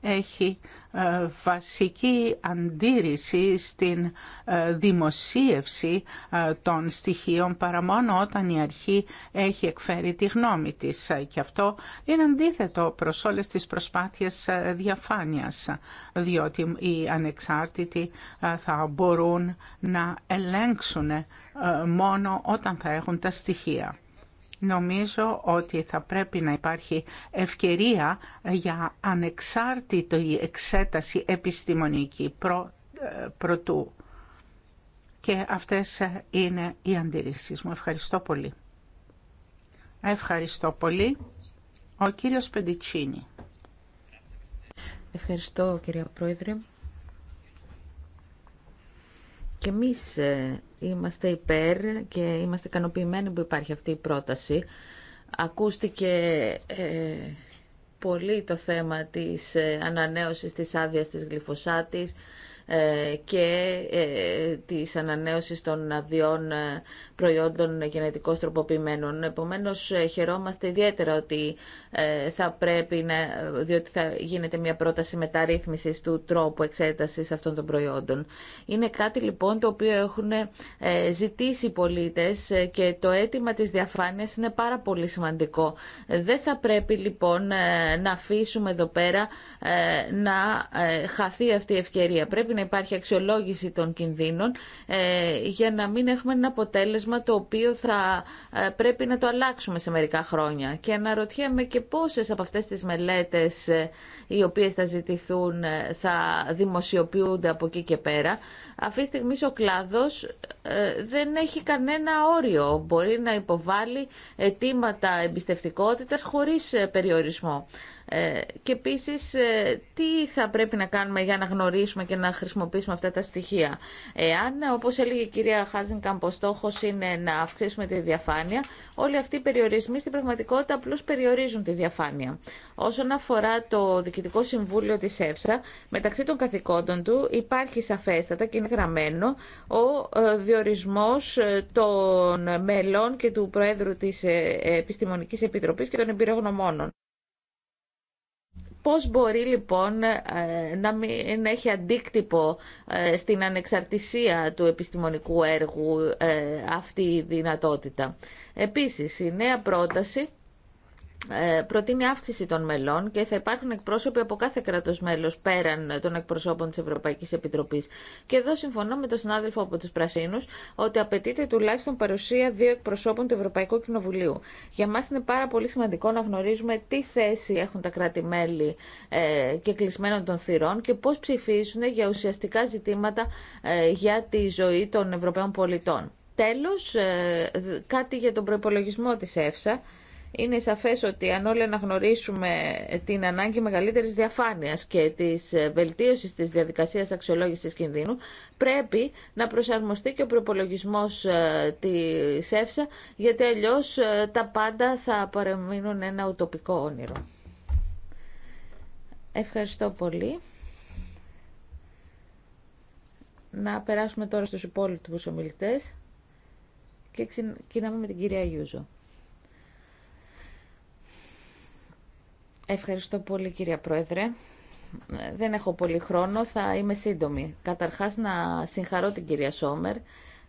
B: έχει ε, βασική αντίρρηση στην ε, δημοσίευση ε, των στοιχείων παρά μόνο όταν η αρχή έχει εκφέρει τη γνώμη της. Και αυτό είναι αντίθετο προς όλες τις προσπάθειες διαφάνειας, διότι οι ανεξάρτητοι θα μπορούν να ελέγξουν μόνο όταν θα έχουν τα στοιχεία. Νομίζω ότι θα πρέπει να υπάρχει ευκαιρία για ανεξάρτητη εξέταση επιστημονική προ, ε, προτού. Και αυτές είναι οι αντιρρήσεις μου. Ευχαριστώ πολύ. Ευχαριστώ πολύ. Ο κύριος Πεντιτσίνη.
A: Ευχαριστώ κυρία Πρόεδρε. Και εμείς ε, είμαστε υπέρ και είμαστε ικανοποιημένοι που υπάρχει αυτή η πρόταση. Ακούστηκε ε, πολύ το θέμα της ε, ανανέωσης της άδειας της γλυφοσάτης και της ανανέωσης των αδειών προϊόντων γενετικώς τροποποιημένων. Επομένως, ε, χαιρόμαστε ιδιαίτερα ότι ε, θα πρέπει να, διότι θα γίνεται μια πρόταση μεταρρύθμισης του τρόπου εξέτασης αυτών των προϊόντων. Είναι κάτι λοιπόν το οποίο έχουν ε, ζητήσει οι πολίτες και το αίτημα της διαφάνειας είναι πάρα πολύ σημαντικό. Δεν θα πρέπει λοιπόν να αφήσουμε εδώ πέρα να χαθεί αυτή η ευκαιρία. Πρέπει να υπάρχει αξιολόγηση των κινδύνων για να μην έχουμε ένα αποτέλεσμα το οποίο θα ε, πρέπει να το αλλάξουμε σε μερικά χρόνια. Και αναρωτιέμαι και πόσες από αυτές τις μελέτες ε, οι οποίες θα ζητηθούν ε, θα δημοσιοποιούνται από εκεί και πέρα. Αυτή τη στιγμή ο κλάδος δεν έχει κανένα όριο. Μπορεί να υποβάλει αιτήματα εμπιστευτικότητας χωρίς περιορισμό. Ε, και επίσης ε, τι θα πρέπει να κάνουμε για να γνωρίσουμε και να χρησιμοποιήσουμε αυτά τα στοιχεία. Εάν, όπως έλεγε η κυρία Χάζενκαμπ, ο στόχο είναι να αυξήσουμε τη διαφάνεια, όλοι αυτοί οι περιορισμοί στην πραγματικότητα απλώ περιορίζουν τη διαφάνεια. Όσον αφορά το Διοικητικό Συμβούλιο τη ΕΦΣΑ, μεταξύ των καθηκόντων του υπάρχει σαφέστατα και είναι γραμμένο ο ε, διορισμός των μελών και του Προέδρου της επιστημονική Επιτροπή και των Εμπειρογνωμόνων. Πώς μπορεί λοιπόν ε, να μην έχει αντίκτυπο ε, στην ανεξαρτησία του επιστημονικού έργου ε, αυτή η δυνατότητα. Επίσης, η νέα πρόταση ε, προτείνει αύξηση των μελών και θα υπάρχουν εκπρόσωποι από κάθε κράτο μέλο πέραν των εκπροσώπων τη Ευρωπαϊκή Επιτροπή. Και εδώ συμφωνώ με τον συνάδελφο από του Πρασίνου ότι απαιτείται τουλάχιστον παρουσία δύο εκπροσώπων του Ευρωπαϊκού Κοινοβουλίου. Για μα είναι πάρα πολύ σημαντικό να γνωρίζουμε τι θέση έχουν τα κράτη-μέλη ε, και κλεισμένων των θυρών και πώ ψηφίσουν για ουσιαστικά ζητήματα ε, για τη ζωή των Ευρωπαίων πολιτών. Τέλος, κάτι για τον προϋπολογισμό της ΕΦΣΑ. Είναι σαφές ότι αν όλοι αναγνωρίσουμε την ανάγκη μεγαλύτερης διαφάνειας και της βελτίωσης της διαδικασίας αξιολόγησης κινδύνου, πρέπει να προσαρμοστεί και ο προπολογισμό ε, της ΕΦΣΑ, γιατί αλλιώ ε, τα πάντα θα παραμείνουν ένα ουτοπικό όνειρο. Ευχαριστώ πολύ. Να περάσουμε τώρα στους υπόλοιπους ομιλητές και ξεκινάμε με την κυρία Γιούζο. Ευχαριστώ πολύ κυρία Πρόεδρε. Δεν έχω πολύ χρόνο, θα είμαι σύντομη. Καταρχάς να συγχαρώ την κυρία Σόμερ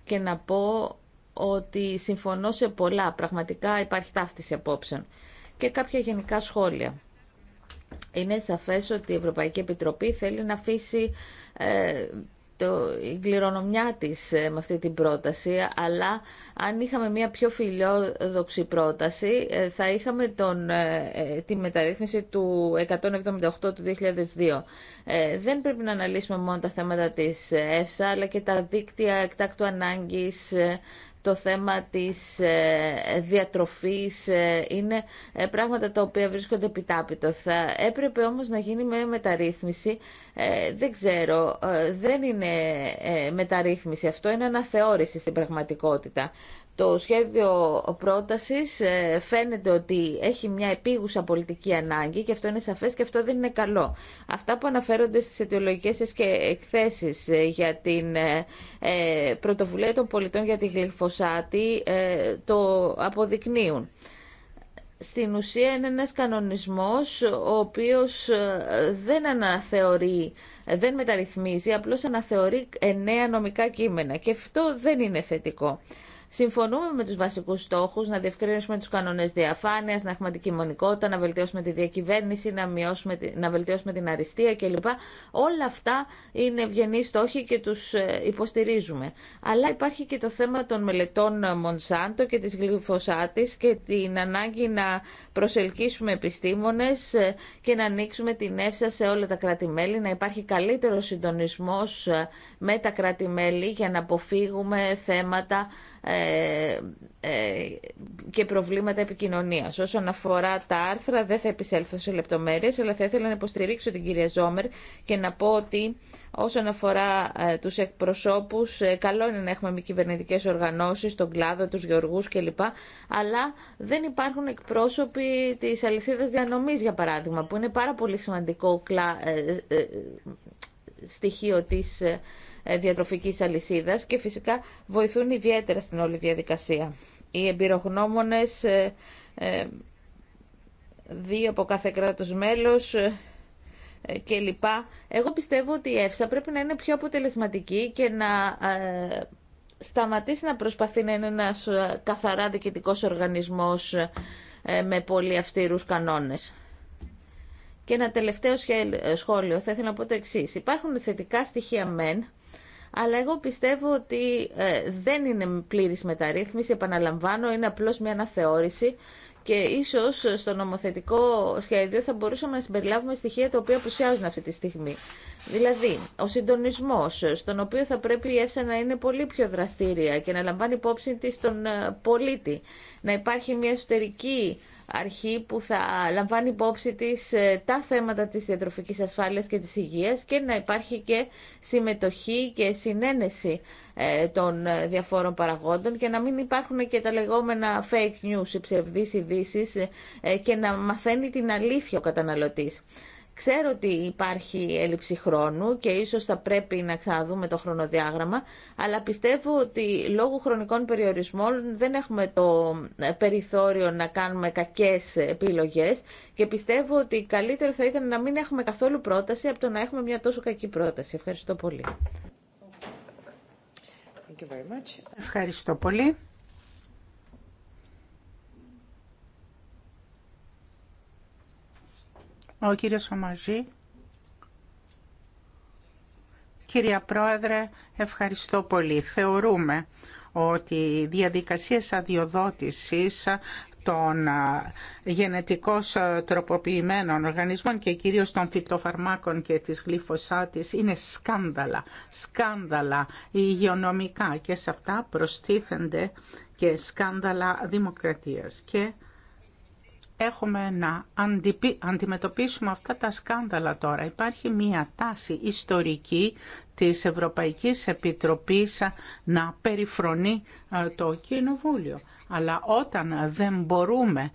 A: και να πω ότι συμφωνώ σε πολλά. Πραγματικά υπάρχει ταύτιση απόψεων. Και κάποια γενικά σχόλια. Είναι σαφές ότι η Ευρωπαϊκή Επιτροπή θέλει να αφήσει ε, το, η κληρονομιά της ε, με αυτή την πρόταση, αλλά αν είχαμε μια πιο φιλόδοξη πρόταση, ε, θα είχαμε τον, ε, τη μεταρρύθμιση του 178 του 2002. Δεν πρέπει να αναλύσουμε μόνο τα θέματα της ΕΦΣΑ, αλλά και τα δίκτυα εκτάκτου ανάγκης, το θέμα της ε, διατροφής ε, είναι ε, πράγματα τα οποία βρίσκονται επιτάπητο. Θα έπρεπε όμως να γίνει με μεταρρύθμιση. Δεν ξέρω, δεν είναι μεταρρύθμιση αυτό, είναι αναθεώρηση στην πραγματικότητα. Το σχέδιο πρότασης ε, φαίνεται ότι έχει μια επίγουσα πολιτική ανάγκη και αυτό είναι σαφές και αυτό δεν είναι καλό. Αυτά που αναφέρονται στις αιτιολογικές και εκθέσεις ε, για την ε, πρωτοβουλία των πολιτών για τη γλυφοσάτη το αποδεικνύουν. Στην ουσία είναι ένας κανονισμός ο οποίος δεν αναθεωρεί, δεν μεταρρυθμίζει, απλώς αναθεωρεί εννέα νομικά κείμενα και αυτό δεν είναι θετικό. Συμφωνούμε με τους βασικούς στόχους, να διευκρίνουμε τους κανόνες διαφάνειας, να έχουμε αντικειμονικότητα, να βελτιώσουμε τη διακυβέρνηση, να, μειώσουμε, να βελτιώσουμε την αριστεία κλπ. Όλα αυτά είναι ευγενεί στόχοι και τους ε, υποστηρίζουμε. Αλλά υπάρχει και το θέμα των μελετών Μονσάντο και της Γλυφωσάτης και την ανάγκη να προσελκύσουμε επιστήμονες ε, και να ανοίξουμε την εύσα σε όλα τα κράτη-μέλη, να υπάρχει καλύτερο συντονισμός ε, με τα κράτη-μέλη για να αποφύγουμε θέματα ε, ε, και προβλήματα επικοινωνία. Όσον αφορά τα άρθρα, δεν θα επισέλθω σε λεπτομέρειες, αλλά θα ήθελα να υποστηρίξω την κυρία Ζόμερ και να πω ότι όσον αφορά ε, τους εκπροσώπους, καλό είναι να έχουμε μη κυβερνητικέ οργανώσεις, τον κλάδο, τους γεωργούς κλπ. Αλλά δεν υπάρχουν εκπρόσωποι τη αλυσίδα διανομής, για παράδειγμα, που είναι πάρα πολύ σημαντικό στοιχείο της ε, διατροφικής αλυσίδας και φυσικά βοηθούν ιδιαίτερα στην όλη διαδικασία. Οι εμπειρογνώμονες, ε, ε, δύο από κάθε κράτος μέλος, και λοιπά. Εγώ πιστεύω ότι η ΕΦΣΑ πρέπει να είναι πιο αποτελεσματική και να σταματήσει να προσπαθεί να είναι ένας καθαρά διοικητικός οργανισμός με πολύ αυστηρούς κανόνες. Και ένα τελευταίο σχόλιο. Θα ήθελα να πω το εξή. Υπάρχουν θετικά στοιχεία μεν, αλλά εγώ πιστεύω ότι ε, δεν είναι πλήρης μεταρρύθμιση, επαναλαμβάνω, είναι απλώς μια αναθεώρηση και ίσως στο νομοθετικό σχέδιο θα μπορούσαμε να συμπεριλάβουμε στοιχεία τα οποία απουσιάζουν αυτή τη στιγμή. Δηλαδή, ο συντονισμό, στον οποίο θα πρέπει η ΕΦΣΑ να είναι πολύ πιο δραστήρια και να λαμβάνει υπόψη τη τον ε, πολίτη. Να υπάρχει μια εσωτερική αρχή που θα λαμβάνει υπόψη της ε, τα θέματα της διατροφικής ασφάλειας και της υγείας και να υπάρχει και συμμετοχή και συνένεση ε, των ε, διαφόρων παραγόντων και να μην υπάρχουν και τα λεγόμενα fake news, οι ψευδείς ειδήσει και να μαθαίνει την αλήθεια ο καταναλωτής. Ξέρω ότι υπάρχει έλλειψη χρόνου και ίσως θα πρέπει να ξαναδούμε το χρονοδιάγραμμα, αλλά πιστεύω ότι λόγω χρονικών περιορισμών δεν έχουμε το ε, περιθώριο να κάνουμε κακές επιλογές και πιστεύω ότι καλύτερο θα ήταν να μην έχουμε καθόλου πρόταση από το να έχουμε μια τόσο κακή πρόταση. Ευχαριστώ πολύ.
B: Ευχαριστώ πολύ. Ο κύριος Ομαζή. Κυρία Πρόεδρε, ευχαριστώ πολύ. Θεωρούμε ότι οι διαδικασίες αδειοδότησης των γενετικώς τροποποιημένων οργανισμών και κυρίως των φυτοφαρμάκων και της γλυφοσάτης είναι σκάνδαλα, σκάνδαλα υγειονομικά και σε αυτά προστίθενται και σκάνδαλα δημοκρατίας. Και έχουμε να αντιμετωπίσουμε αυτά τα σκάνδαλα τώρα. Υπάρχει μια τάση ιστορική της Ευρωπαϊκής Επιτροπής να περιφρονεί ε, το Κοινοβούλιο. Αλλά όταν δεν μπορούμε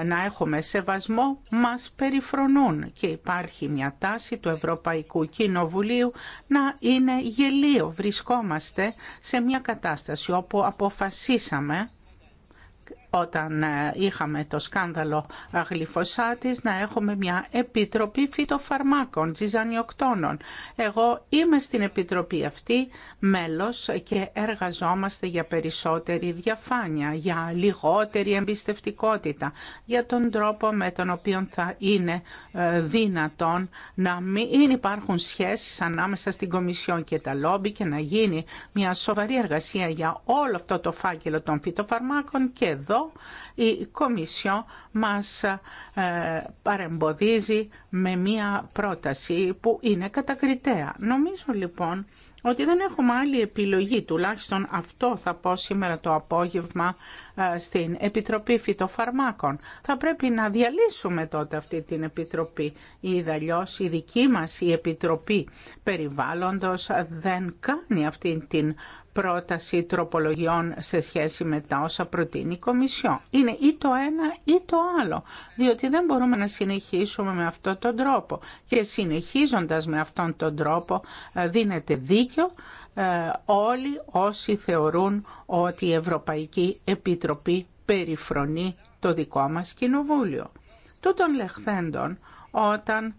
B: ε, να έχουμε σεβασμό, μας περιφρονούν. Και υπάρχει μια τάση του Ευρωπαϊκού Κοινοβουλίου να είναι γελίο. Βρισκόμαστε σε μια κατάσταση όπου αποφασίσαμε όταν ε, είχαμε το σκάνδαλο γλυφοσάτης να έχουμε μια επιτροπή φυτοφαρμάκων, τζιζανιοκτώνων. Εγώ είμαι στην επιτροπή αυτή μέλος και εργαζόμαστε για περισσότερη διαφάνεια, για λιγότερη εμπιστευτικότητα, για τον τρόπο με τον οποίο θα είναι ε, δυνατόν να μην υπάρχουν σχέσεις ανάμεσα στην Κομισιόν και τα λόμπι και να γίνει μια σοβαρή εργασία για όλο αυτό το φάκελο των φυτοφαρμάκων και εδώ η Κομισιό μας ε, παρεμποδίζει με μία πρόταση που είναι κατακριτέα. Νομίζω λοιπόν ότι δεν έχουμε άλλη επιλογή, τουλάχιστον αυτό θα πω σήμερα το απόγευμα ε, στην Επιτροπή Φυτοφαρμάκων. Θα πρέπει να διαλύσουμε τότε αυτή την Επιτροπή. Ή αλλιώς η η δικη μας η Επιτροπή Περιβάλλοντος δεν κάνει αυτή την πρόταση τροπολογιών σε σχέση με τα όσα προτείνει η Κομισιό. Είναι ή το ένα ή το άλλο, διότι δεν μπορούμε να συνεχίσουμε με αυτόν τον τρόπο. Και συνεχίζοντας με αυτόν τον τρόπο ε, δίνεται δίκιο ε, όλοι όσοι θεωρούν ότι η Ευρωπαϊκή Επιτροπή περιφρονεί το δικό μας κοινοβούλιο. Τούτων λεχθέντων, όταν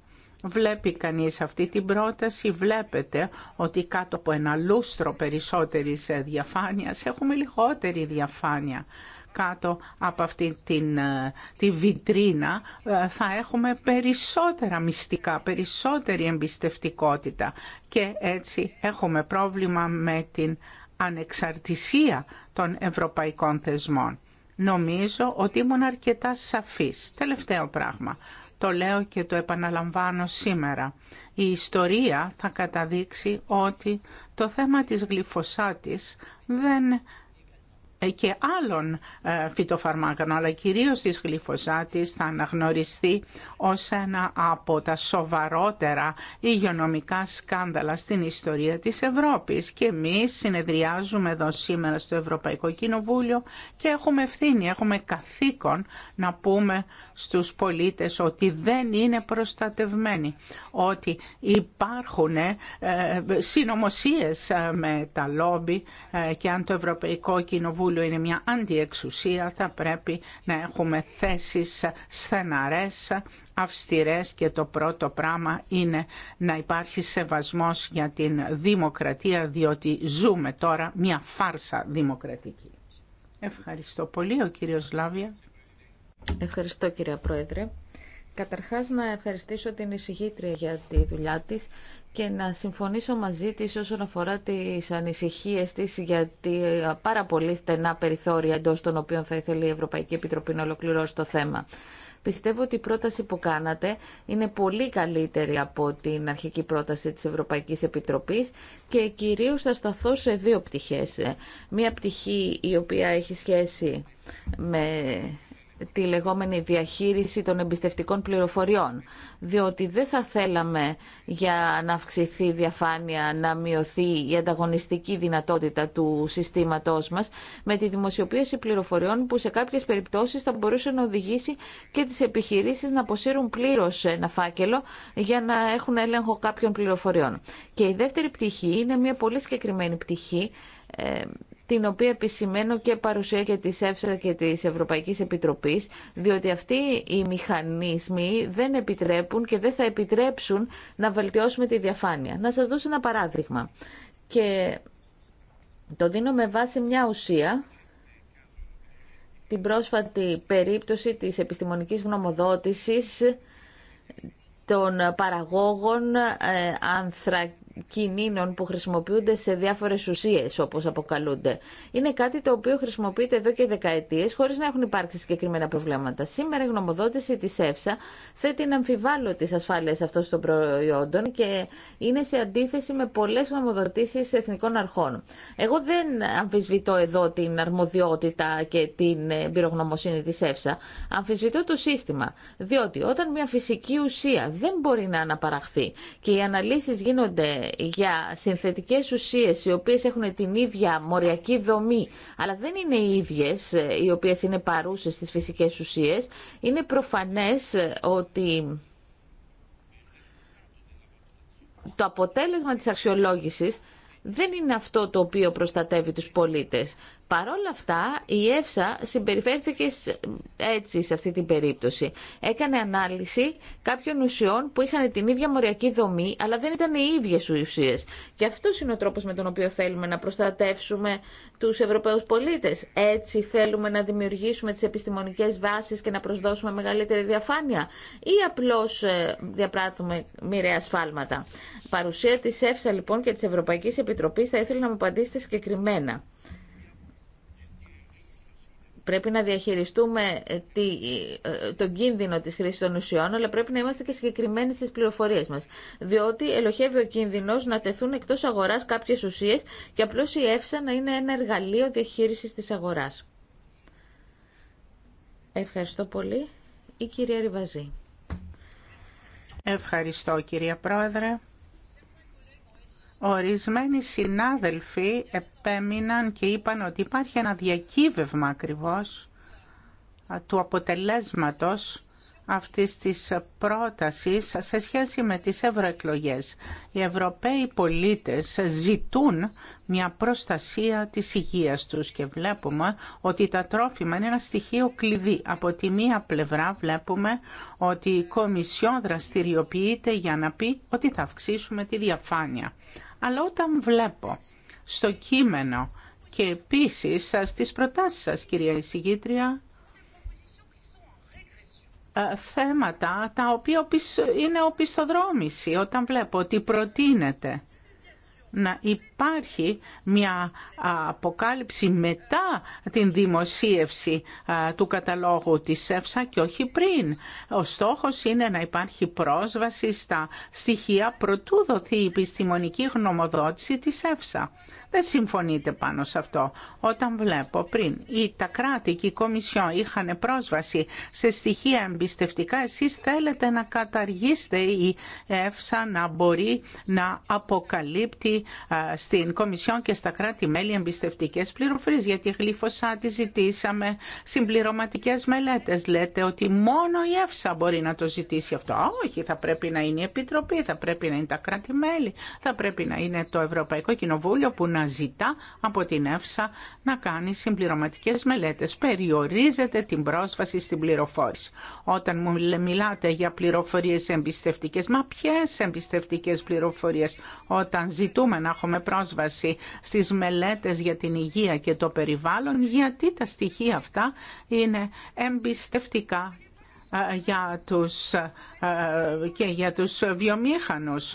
B: βλέπει κανείς αυτή την πρόταση, βλέπετε ότι κάτω από ένα λούστρο περισσότερης ε, διαφάνειας έχουμε λιγότερη διαφάνεια. Κάτω από αυτή την, ε, τη βιτρίνα ε, θα έχουμε περισσότερα μυστικά, περισσότερη εμπιστευτικότητα και έτσι έχουμε πρόβλημα με την ανεξαρτησία των ευρωπαϊκών θεσμών. Νομίζω ότι ήμουν αρκετά σαφής. Τελευταίο πράγμα. Το λέω και το επαναλαμβάνω σήμερα. Η ιστορία θα καταδείξει ότι το θέμα της γλυφοσάτης δεν ε, και άλλων ε, φυτοφαρμάκων, αλλά κυρίως της γλυφοσάτης, θα αναγνωριστεί ως ένα από τα σοβαρότερα υγειονομικά σκάνδαλα στην ιστορία της Ευρώπης. Και εμείς συνεδριάζουμε εδώ σήμερα στο Ευρωπαϊκό Κοινοβούλιο και έχουμε ευθύνη, έχουμε καθήκον να πούμε στους πολίτες ότι δεν είναι προστατευμένοι, ότι υπάρχουν ε, συνωμοσίες με τα λόμπι και αν το Ευρωπαϊκό Κοινοβούλιο είναι μια αντιεξουσία, θα πρέπει να έχουμε θέσεις στεναρές, αυστηρές και το πρώτο πράγμα είναι να υπάρχει σεβασμός για την δημοκρατία, διότι ζούμε τώρα μια φάρσα δημοκρατική. Ευχαριστώ πολύ, ο κύριος Λάβια. Ευχαριστώ κυρία Πρόεδρε. Καταρχάς να
A: ευχαριστήσω την εισηγήτρια για τη δουλειά της και να συμφωνήσω μαζί της όσον αφορά τις ανησυχίες της για ε, πάρα πολύ στενά περιθώρια εντός των οποίων θα ήθελε η Ευρωπαϊκή Επιτροπή να ολοκληρώσει το θέμα. Πιστεύω ότι η πρόταση που κάνατε είναι πολύ καλύτερη από την αρχική πρόταση της Ευρωπαϊκής Επιτροπής και κυρίως θα σταθώ σε δύο πτυχές. Ε, μία πτυχή η οποία έχει σχέση με τη λεγόμενη διαχείριση των εμπιστευτικών πληροφοριών. Διότι δεν θα θέλαμε για να αυξηθεί η διαφάνεια, να μειωθεί η ανταγωνιστική δυνατότητα του συστήματός μας με τη δημοσιοποίηση πληροφοριών που σε κάποιες περιπτώσεις θα μπορούσε να οδηγήσει και τις επιχειρήσεις να αποσύρουν πλήρως ένα φάκελο για να έχουν έλεγχο κάποιων πληροφοριών. Και η δεύτερη πτυχή είναι μια πολύ συγκεκριμένη πτυχή ε, την οποία επισημαίνω και παρουσία και της ΕΦΣΑ και της Ευρωπαϊκή Επιτροπής, διότι αυτοί οι μηχανισμοί δεν επιτρέπουν και δεν θα επιτρέψουν να βελτιώσουμε τη διαφάνεια. Να σας δώσω ένα παράδειγμα. Και το δίνω με βάση μια ουσία, την πρόσφατη περίπτωση της επιστημονικής γνωμοδότησης των παραγόγων ε, ανθρακ κινήνων που χρησιμοποιούνται σε διάφορες ουσίες όπως αποκαλούνται. Είναι κάτι το οποίο χρησιμοποιείται εδώ και δεκαετίες χωρίς να έχουν υπάρξει συγκεκριμένα προβλήματα. Σήμερα η γνωμοδότηση της ΕΦΣΑ θέτει να αμφιβάλλω τις ασφάλειες αυτών των προϊόντων και είναι σε αντίθεση με πολλές γνωμοδοτήσεις εθνικών αρχών. Εγώ δεν αμφισβητώ εδώ την αρμοδιότητα και την εμπειρογνωμοσύνη της ΕΦΣΑ. Αμφισβητώ το σύστημα, διότι όταν μια φυσική ουσία δεν μπορεί να αναπαραχθεί και οι αναλύσει γίνονται για συνθετικές ουσίες οι οποίες έχουν την ίδια μοριακή δομή αλλά δεν είναι οι ίδιες ε, οι οποίες είναι παρούσες στις φυσικές ουσίες είναι προφανές ε, ότι το αποτέλεσμα της αξιολόγησης δεν είναι αυτό το οποίο προστατεύει τους πολίτες. Παρ' όλα αυτά, η ΕΦΣΑ συμπεριφέρθηκε έτσι σε αυτή την περίπτωση. Έκανε ανάλυση κάποιων ουσιών που είχαν την ίδια μοριακή δομή, αλλά δεν ήταν οι ίδιε ουσίε. Και αυτό είναι ο τρόπο με τον οποίο θέλουμε να προστατεύσουμε του Ευρωπαίου πολίτε. Έτσι θέλουμε να δημιουργήσουμε τι επιστημονικέ βάσει και να προσδώσουμε μεγαλύτερη διαφάνεια, ή απλώ ε, διαπράττουμε μοιραία σφάλματα. Παρουσία τη ΕΦΣΑ λοιπόν και τη Ευρωπαϊκή Επιτροπή θα ήθελα να μου απαντήσετε συγκεκριμένα. Πρέπει να διαχειριστούμε ε, τη, ε, τον κίνδυνο της χρήσης των ουσιών, αλλά πρέπει να είμαστε και συγκεκριμένοι στις πληροφορίες μας. Διότι ελοχεύει ο κίνδυνος να τεθούν εκτός αγοράς κάποιες ουσίες και απλώς η ΕΦΣΑ να είναι ένα εργαλείο διαχείρισης της αγοράς.
B: Ευχαριστώ πολύ. Η κυρία Ριβαζή. Ευχαριστώ κυρία Πρόεδρε. Ορισμένοι συνάδελφοι επέμειναν και είπαν ότι υπάρχει ένα διακύβευμα ακριβώς του αποτελέσματος αυτής της πρότασης σε σχέση με τις ευρωεκλογέ. Οι Ευρωπαίοι πολίτες ζητούν μια προστασία της υγείας τους και βλέπουμε ότι τα τρόφιμα είναι ένα στοιχείο κλειδί. Από τη μία πλευρά βλέπουμε ότι η Κομισιόν δραστηριοποιείται για να πει ότι θα αυξήσουμε τη διαφάνεια. Αλλά όταν βλέπω στο κείμενο και επίσης στις προτάσεις σας κυρία εισηγήτρια ε, θέματα τα οποία είναι οπισθοδρόμηση όταν βλέπω ότι προτείνεται να υπάρχει μια αποκάλυψη μετά την δημοσίευση ε, του καταλόγου της ΕΦΣΑ και όχι πριν. Ο στόχος είναι να υπάρχει πρόσβαση στα στοιχεία προτού δοθεί η επιστημονική γνωμοδότηση της ΕΦΣΑ. Δεν συμφωνείτε πάνω σε αυτό. Όταν βλέπω πριν ή τα κράτη και η Κομισιόν είχαν πρόσβαση σε στοιχεία εμπιστευτικά, εσείς θέλετε να καταργήσετε η ΕΦΣΑ να μπορεί να αποκαλύπτει στην Κομισιόν και στα κράτη-μέλη εμπιστευτικές πληροφορίες. Γιατί γλύφωσα τη ζητήσαμε συμπληρωματικές μελέτες. Λέτε ότι μόνο η ΕΦΣΑ μπορεί να το ζητήσει αυτό. Όχι, θα πρέπει να είναι η Επιτροπή, θα πρέπει να είναι τα κράτη-μέλη, θα πρέπει να είναι το Ευρωπαϊκό Κοινοβούλιο που να ζητά από την ΕΦΣΑ να κάνει συμπληρωματικές μελέτες. Περιορίζεται την πρόσβαση στην πληροφόρηση. Όταν μου μιλάτε για πληροφορίες εμπιστευτικές, μα ποιες εμπιστευτικές πληροφορίες όταν ζητούμε να έχουμε πρόσβαση στις μελέτες για την υγεία και το περιβάλλον, γιατί τα στοιχεία αυτά είναι εμπιστευτικά ε, για τους ε, και για τους βιομήχανους.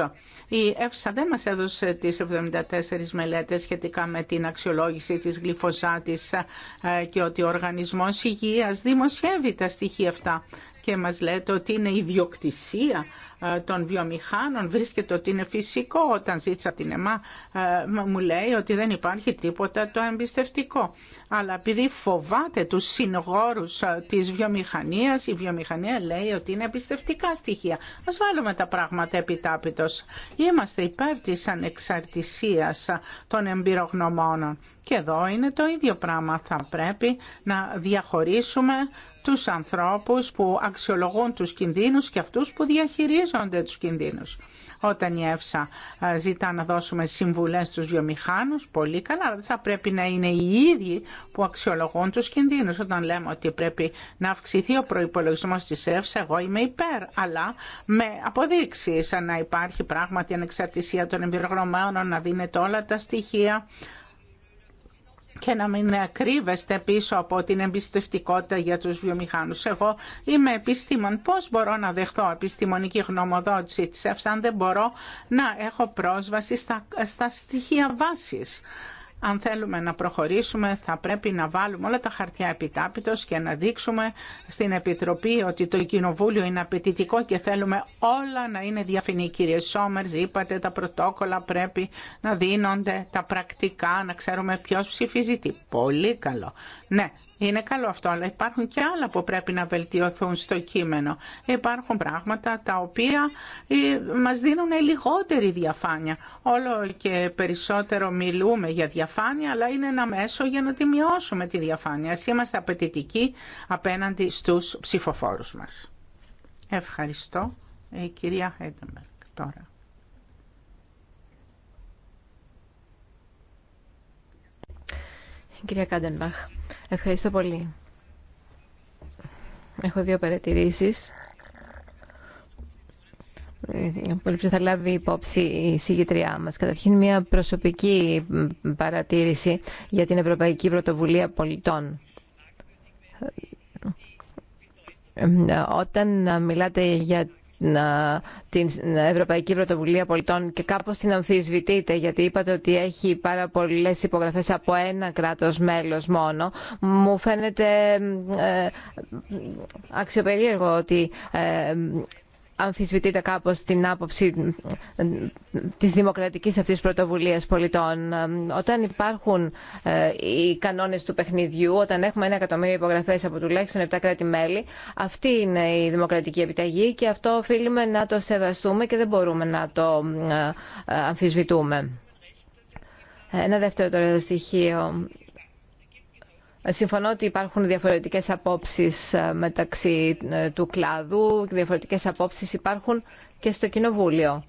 B: Η ΕΦΣΑ δεν μας έδωσε τις 74 μελέτες σχετικά με την αξιολόγηση της γλυφοσάτης ε, και ότι ο Οργανισμός Υγείας δημοσιεύει τα στοιχεία αυτά και μας λέτε ότι είναι ιδιοκτησία ε, των βιομηχάνων, βρίσκεται ότι είναι φυσικό. Όταν ζήτησα την ΕΜΑ μου λέει ότι δεν υπάρχει τίποτα το εμπιστευτικό. Αλλά επειδή φοβάται τους συνγόρους της βιομηχανίας, η βιομηχανία λέει ότι είναι εμπιστευτικά στοιχεία. Ας βάλουμε τα πράγματα επιτάπητος. Είμαστε υπέρ της ανεξαρτησίας των εμπειρογνωμόνων. Και εδώ είναι το ίδιο πράγμα. Θα πρέπει να διαχωρίσουμε τους ανθρώπους που αξιολογούν τους κινδύνους και αυτούς που διαχειρίζονται τους κινδύνους. Όταν η ΕΦΣΑ ε, ζητά να δώσουμε συμβουλέ στους βιομηχανου, πολύ καλά, αλλά δεν θα πρέπει να είναι οι ίδιοι που αξιολογούν τους κινδύνους. Όταν λέμε ότι πρέπει να αυξηθεί ο προϋπολογισμός της ΕΦΣΑ, εγώ είμαι υπέρ, αλλά με αποδείξεις να υπάρχει πράγματι ανεξαρτησία των εμπειρογνωμένων, να δίνεται όλα τα στοιχεία και να μην κρύβεστε πίσω από την εμπιστευτικότητα για τους βιομηχάνους. Εγώ είμαι επιστήμον. Πώς μπορώ να δεχθώ επιστημονική γνωμοδότηση της ΕΦΣΑ αν δεν μπορώ να έχω πρόσβαση στα, στα στοιχεία βάσης. Αν θέλουμε να προχωρήσουμε θα πρέπει να βάλουμε όλα τα χαρτιά επιτάπητος και να δείξουμε στην Επιτροπή ότι το Κοινοβούλιο είναι απαιτητικό και θέλουμε όλα να είναι διαφανή. Κύριε Σόμερς, είπατε τα πρωτόκολλα πρέπει να δίνονται, τα πρακτικά, να ξέρουμε ποιος ψηφίζει τι. Πολύ καλό. Ναι, είναι καλό αυτό, αλλά υπάρχουν και άλλα που πρέπει να βελτιωθούν στο κείμενο. Υπάρχουν πράγματα τα οποία ε, μας δίνουν λιγότερη διαφάνεια. Όλο και περισσότερο μιλούμε για διαφάνεια διαφάνεια, αλλά είναι ένα μέσο για να τη μειώσουμε τη διαφάνεια. Ας είμαστε απαιτητικοί απέναντι στους ψηφοφόρους μας. Ευχαριστώ. Η ε, κυρία Χέντεμπεργκ τώρα.
C: Κυρία Κάντενμπαχ, ευχαριστώ πολύ. Έχω δύο παρατηρήσεις πολύ θα λάβει υπόψη η συγγητριά μας. Καταρχήν μια προσωπική παρατήρηση για την Ευρωπαϊκή Πρωτοβουλία Πολιτών. Όταν μιλάτε για ε, την Ευρωπαϊκή Πρωτοβουλία Πολιτών και κάπως την αμφισβητείτε γιατί είπατε ότι έχει πάρα πολλές υπογραφές από ένα κράτος μέλος μόνο μου φαίνεται ε, ε, αξιοπερίεργο ότι αμφισβητείτε κάπως την άποψη της δημοκρατικής αυτής πρωτοβουλίας πολιτών. Όταν υπάρχουν ε, οι κανόνες του παιχνιδιού, όταν έχουμε ένα εκατομμύριο υπογραφές από τουλάχιστον 7 κράτη-μέλη, αυτή είναι η δημοκρατική επιταγή και αυτό οφείλουμε να το σεβαστούμε και δεν μπορούμε να το ε, ε, αμφισβητούμε. Ένα δεύτερο τώρα στοιχείο. Συμφωνώ ότι υπάρχουν διαφορετικές απόψεις ε, μεταξύ ε, του κλάδου, και διαφορετικές απόψεις υπάρχουν και στο Κοινοβούλιο.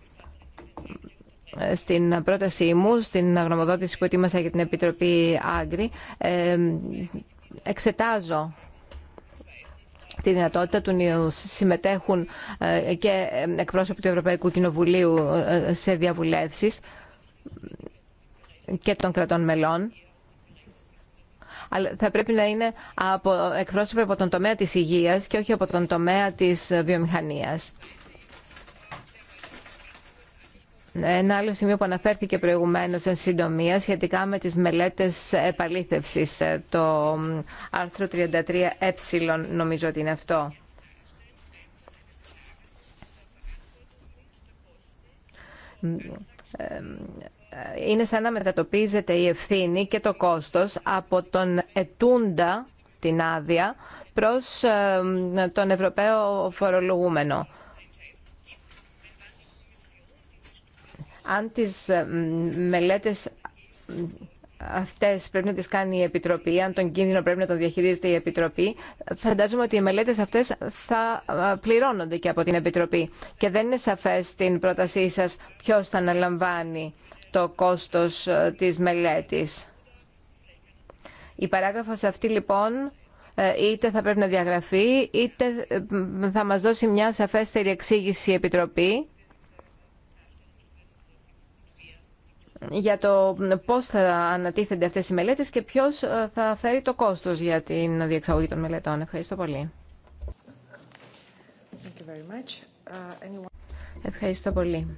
C: Ε, στην πρότασή μου, στην αγνομοδότηση που ετοίμασα για την Επιτροπή Άγκρη, εξετάζω τη δυνατότητα του νέου συμμετέχουν και εκπρόσωποι του Ευρωπαϊκού Κοινοβουλίου σε διαβουλεύσεις και των κρατών μελών αλλά θα πρέπει να είναι από, εκπρόσωποι από τον τομέα της υγείας και όχι από τον τομέα της βιομηχανίας. Ένα άλλο σημείο που αναφέρθηκε προηγουμένω εν συντομία σχετικά με τι μελέτε επαλήθευση. Το άρθρο 33ε, νομίζω ότι είναι αυτό είναι σαν να μετατοπίζεται η ευθύνη και το κόστος από τον ετούντα την άδεια προς ε, τον Ευρωπαίο φορολογούμενο. Αν τις ε, μελέτες αυτές πρέπει να τις κάνει η Επιτροπή, αν τον κίνδυνο πρέπει να τον διαχειρίζεται η Επιτροπή, φαντάζομαι ότι οι μελέτες αυτές θα ε, πληρώνονται και από την Επιτροπή. Και δεν είναι σαφές στην πρότασή σας ποιος θα αναλαμβάνει το κόστος ε, της μελέτης. Η παράγραφος αυτή λοιπόν ε, είτε θα πρέπει να διαγραφεί είτε ε, θα μας δώσει μια σαφέστερη εξήγηση η Επιτροπή για το πώς θα ανατίθενται αυτές οι μελέτες και ποιος θα φέρει το κόστος για την διεξαγωγή των μελετών. Ευχαριστώ πολύ. Uh, Ευχαριστώ πολύ.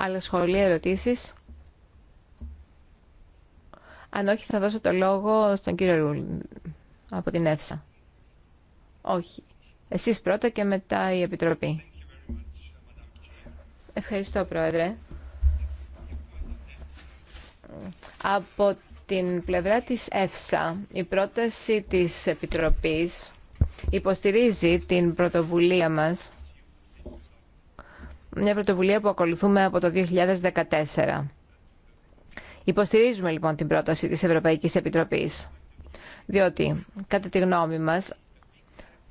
C: Άλλα σχόλια, ερωτήσεις. Αν όχι, θα δώσω το λόγο στον κύριο Ρούλ από την ΕΦΣΑ. Όχι. Εσείς πρώτα και μετά η Επιτροπή. Ευχαριστώ, Πρόεδρε. Από την πλευρά της ΕΦΣΑ, η πρόταση της Επιτροπής υποστηρίζει την πρωτοβουλία μας μια πρωτοβουλία που ακολουθούμε από το 2014. Υποστηρίζουμε λοιπόν την πρόταση της Ευρωπαϊκής Επιτροπής, διότι κατά τη γνώμη μας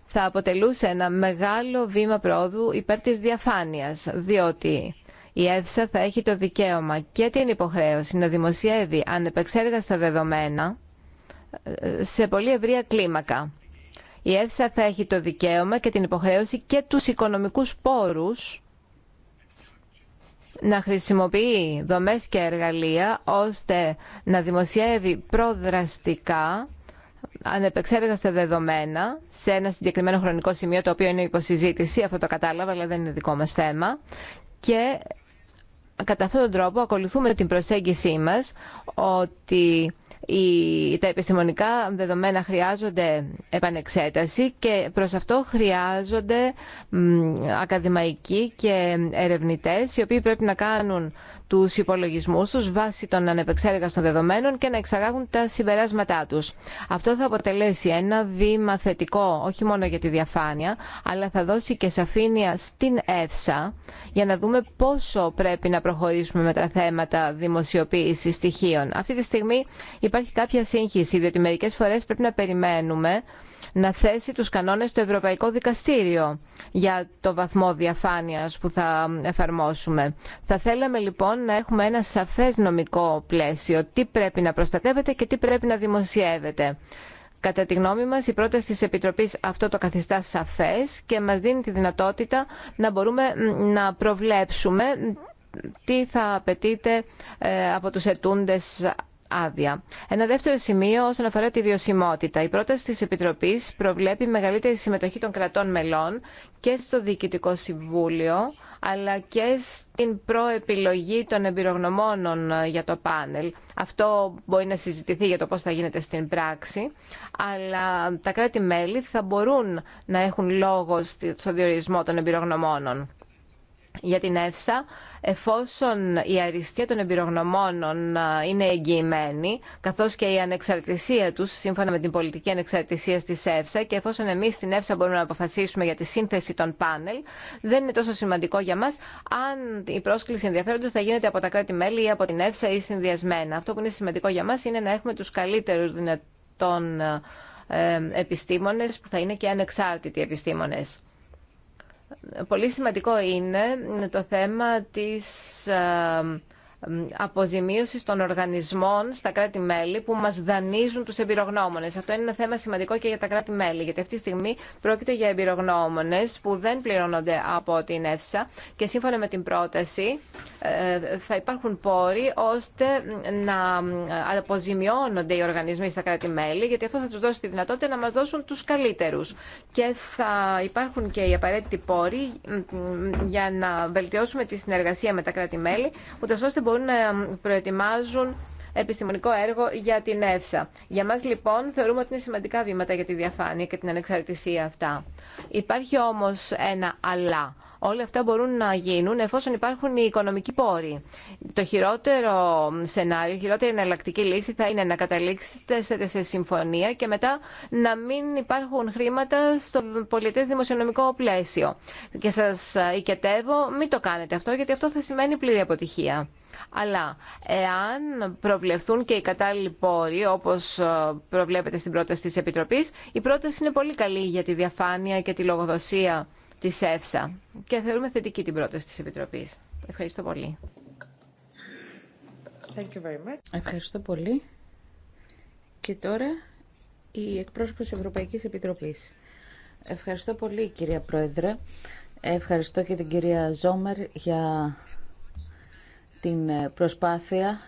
C: θα αποτελούσε ένα μεγάλο βήμα πρόοδου υπέρ της διαφάνειας, διότι η ΕΦΣΑ θα έχει το δικαίωμα και την υποχρέωση να δημοσιεύει ανεπεξέργαστα δεδομένα ε, σε πολύ ευρία κλίμακα. Η ΕΦΣΑ θα έχει το δικαίωμα και την υποχρέωση και τους οικονομικούς πόρους να χρησιμοποιεί δομές και εργαλεία ώστε να δημοσιεύει προδραστικά ανεπεξέργαστα δεδομένα σε ένα συγκεκριμένο χρονικό σημείο το οποίο είναι υποσυζήτηση, αυτό το κατάλαβα αλλά δεν είναι δικό μας θέμα και κατά αυτόν τον τρόπο ακολουθούμε την προσέγγιση μας ότι τα επιστημονικά δεδομένα χρειάζονται επανεξέταση και προς αυτό χρειάζονται ακαδημαϊκοί και ερευνητές οι οποίοι πρέπει να κάνουν τους υπολογισμούς τους βάσει των ανεπεξέργαστων δεδομένων και να εξαγάγουν τα συμπεράσματά τους. Αυτό θα αποτελέσει ένα βήμα θετικό όχι μόνο για τη διαφάνεια αλλά θα δώσει και σαφήνεια στην ΕΦΣΑ για να δούμε πόσο πρέπει να προχωρήσουμε με τα θέματα δημοσιοποίησης στοιχείων. Αυτή τη στιγμή υπάρχει κάποια σύγχυση, διότι μερικές φορές πρέπει να περιμένουμε να θέσει τους κανόνες στο Ευρωπαϊκό Δικαστήριο για το βαθμό διαφάνειας που θα εφαρμόσουμε. Θα θέλαμε λοιπόν να έχουμε ένα σαφές νομικό πλαίσιο, τι πρέπει να προστατεύεται και τι πρέπει να δημοσιεύεται. Κατά τη γνώμη μας, η πρόταση της Επιτροπής αυτό το καθιστά σαφές και μας δίνει τη δυνατότητα να μπορούμε να προβλέψουμε τι θα απαιτείται ε, από τους ετούντες ένα δεύτερο σημείο όσον αφορά τη βιωσιμότητα. Η πρόταση της Επιτροπής προβλέπει μεγαλύτερη συμμετοχή των κρατών μελών και στο Διοικητικό Συμβούλιο, αλλά και στην προεπιλογή των εμπειρογνωμόνων ε, για το πάνελ. Αυτό μπορεί να συζητηθεί για το πώς θα γίνεται στην πράξη, αλλά τα κράτη-μέλη θα μπορούν να έχουν λόγο στο διορισμό των εμπειρογνωμόνων για την ΕΦΣΑ, εφόσον η αριστεία των εμπειρογνωμόνων είναι εγγυημένη, καθώς και η ανεξαρτησία τους, σύμφωνα με την πολιτική ανεξαρτησία της ΕΦΣΑ, και εφόσον εμείς στην ΕΦΣΑ μπορούμε να αποφασίσουμε για τη σύνθεση των πάνελ, δεν είναι τόσο σημαντικό για μας αν η πρόσκληση ενδιαφέροντος θα γίνεται από τα κράτη-μέλη ή από την ΕΦΣΑ ή συνδυασμένα. Αυτό που είναι σημαντικό για μας είναι να έχουμε τους καλύτερους δυνατών ε, επιστήμονες που θα είναι και ανεξάρτητοι επιστήμονες. Πολύ σημαντικό είναι το θέμα της ε, Αποζημίωση των οργανισμών στα κράτη-μέλη που μας δανείζουν τους εμπειρογνώμονες. Αυτό είναι ένα θέμα σημαντικό και για τα κράτη-μέλη, γιατί αυτή τη στιγμή πρόκειται για εμπειρογνώμονες που δεν πληρώνονται από την ΕΦΣΑ και σύμφωνα με την πρόταση ε, θα υπάρχουν πόροι ώστε να αποζημιώνονται οι οργανισμοί στα κράτη-μέλη, γιατί αυτό θα τους δώσει τη δυνατότητα να μας δώσουν τους καλύτερους. Και θα υπάρχουν και οι απαραίτητοι πόροι για να βελτιώσουμε τη συνεργασία με τα κράτη-μέλη, ούτως ώστε μπορούν να προετοιμάζουν επιστημονικό έργο για την ΕΦΣΑ. Για μας λοιπόν θεωρούμε ότι είναι σημαντικά βήματα για τη διαφάνεια και την ανεξαρτησία αυτά. Υπάρχει όμως ένα αλλά. Όλα αυτά μπορούν να γίνουν εφόσον υπάρχουν οι οικονομικοί πόροι. Το χειρότερο σενάριο, η χειρότερη εναλλακτική λύση θα είναι να καταλήξετε σε συμφωνία και μετά να μην υπάρχουν χρήματα στο πολιτέ δημοσιονομικό πλαίσιο. Και σα οικετεύω, μην το κάνετε αυτό, γιατί αυτό θα σημαίνει πλήρη αποτυχία. Αλλά εάν προβλεφθούν και οι κατάλληλοι πόροι, όπω προβλέπετε στην πρόταση τη Επιτροπή, η πρόταση είναι πολύ καλή για τη διαφάνεια και τη λογοδοσία Τη ΕΦΣΑ και θεωρούμε θετική την πρόταση τη Επιτροπή. Ευχαριστώ πολύ.
A: Thank you very much. Ευχαριστώ πολύ. Και τώρα η εκπρόσωπος Ευρωπαϊκής Επιτροπής. Ευχαριστώ πολύ κυρία Πρόεδρε. Ευχαριστώ και την κυρία Ζόμερ για την προσπάθεια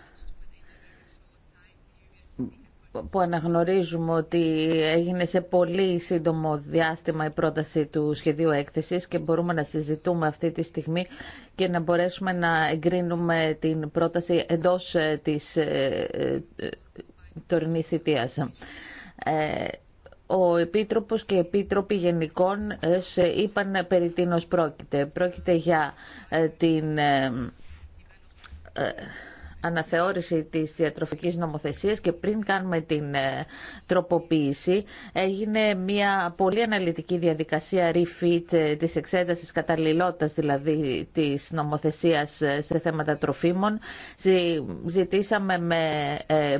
A: που αναγνωρίζουμε ότι έγινε σε πολύ σύντομο διάστημα η πρόταση του σχεδίου έκθεσης και μπορούμε να συζητούμε αυτή τη στιγμή και να μπορέσουμε να εγκρίνουμε την πρόταση εντός ε, της ε, ε, τωρινής θητείας. Ο Επίτροπος και οι Επίτροποι Γενικών είπαν περί τίνος πρόκειται. Πρόκειται για την αναθεώρηση της διατροφικής νομοθεσίας και πριν κάνουμε την ε, τροποποίηση έγινε μια πολύ αναλυτική διαδικασία refit ε, της εξέτασης καταλληλότητας δηλαδή της νομοθεσίας ε, σε θέματα τροφίμων. Ζητήσαμε με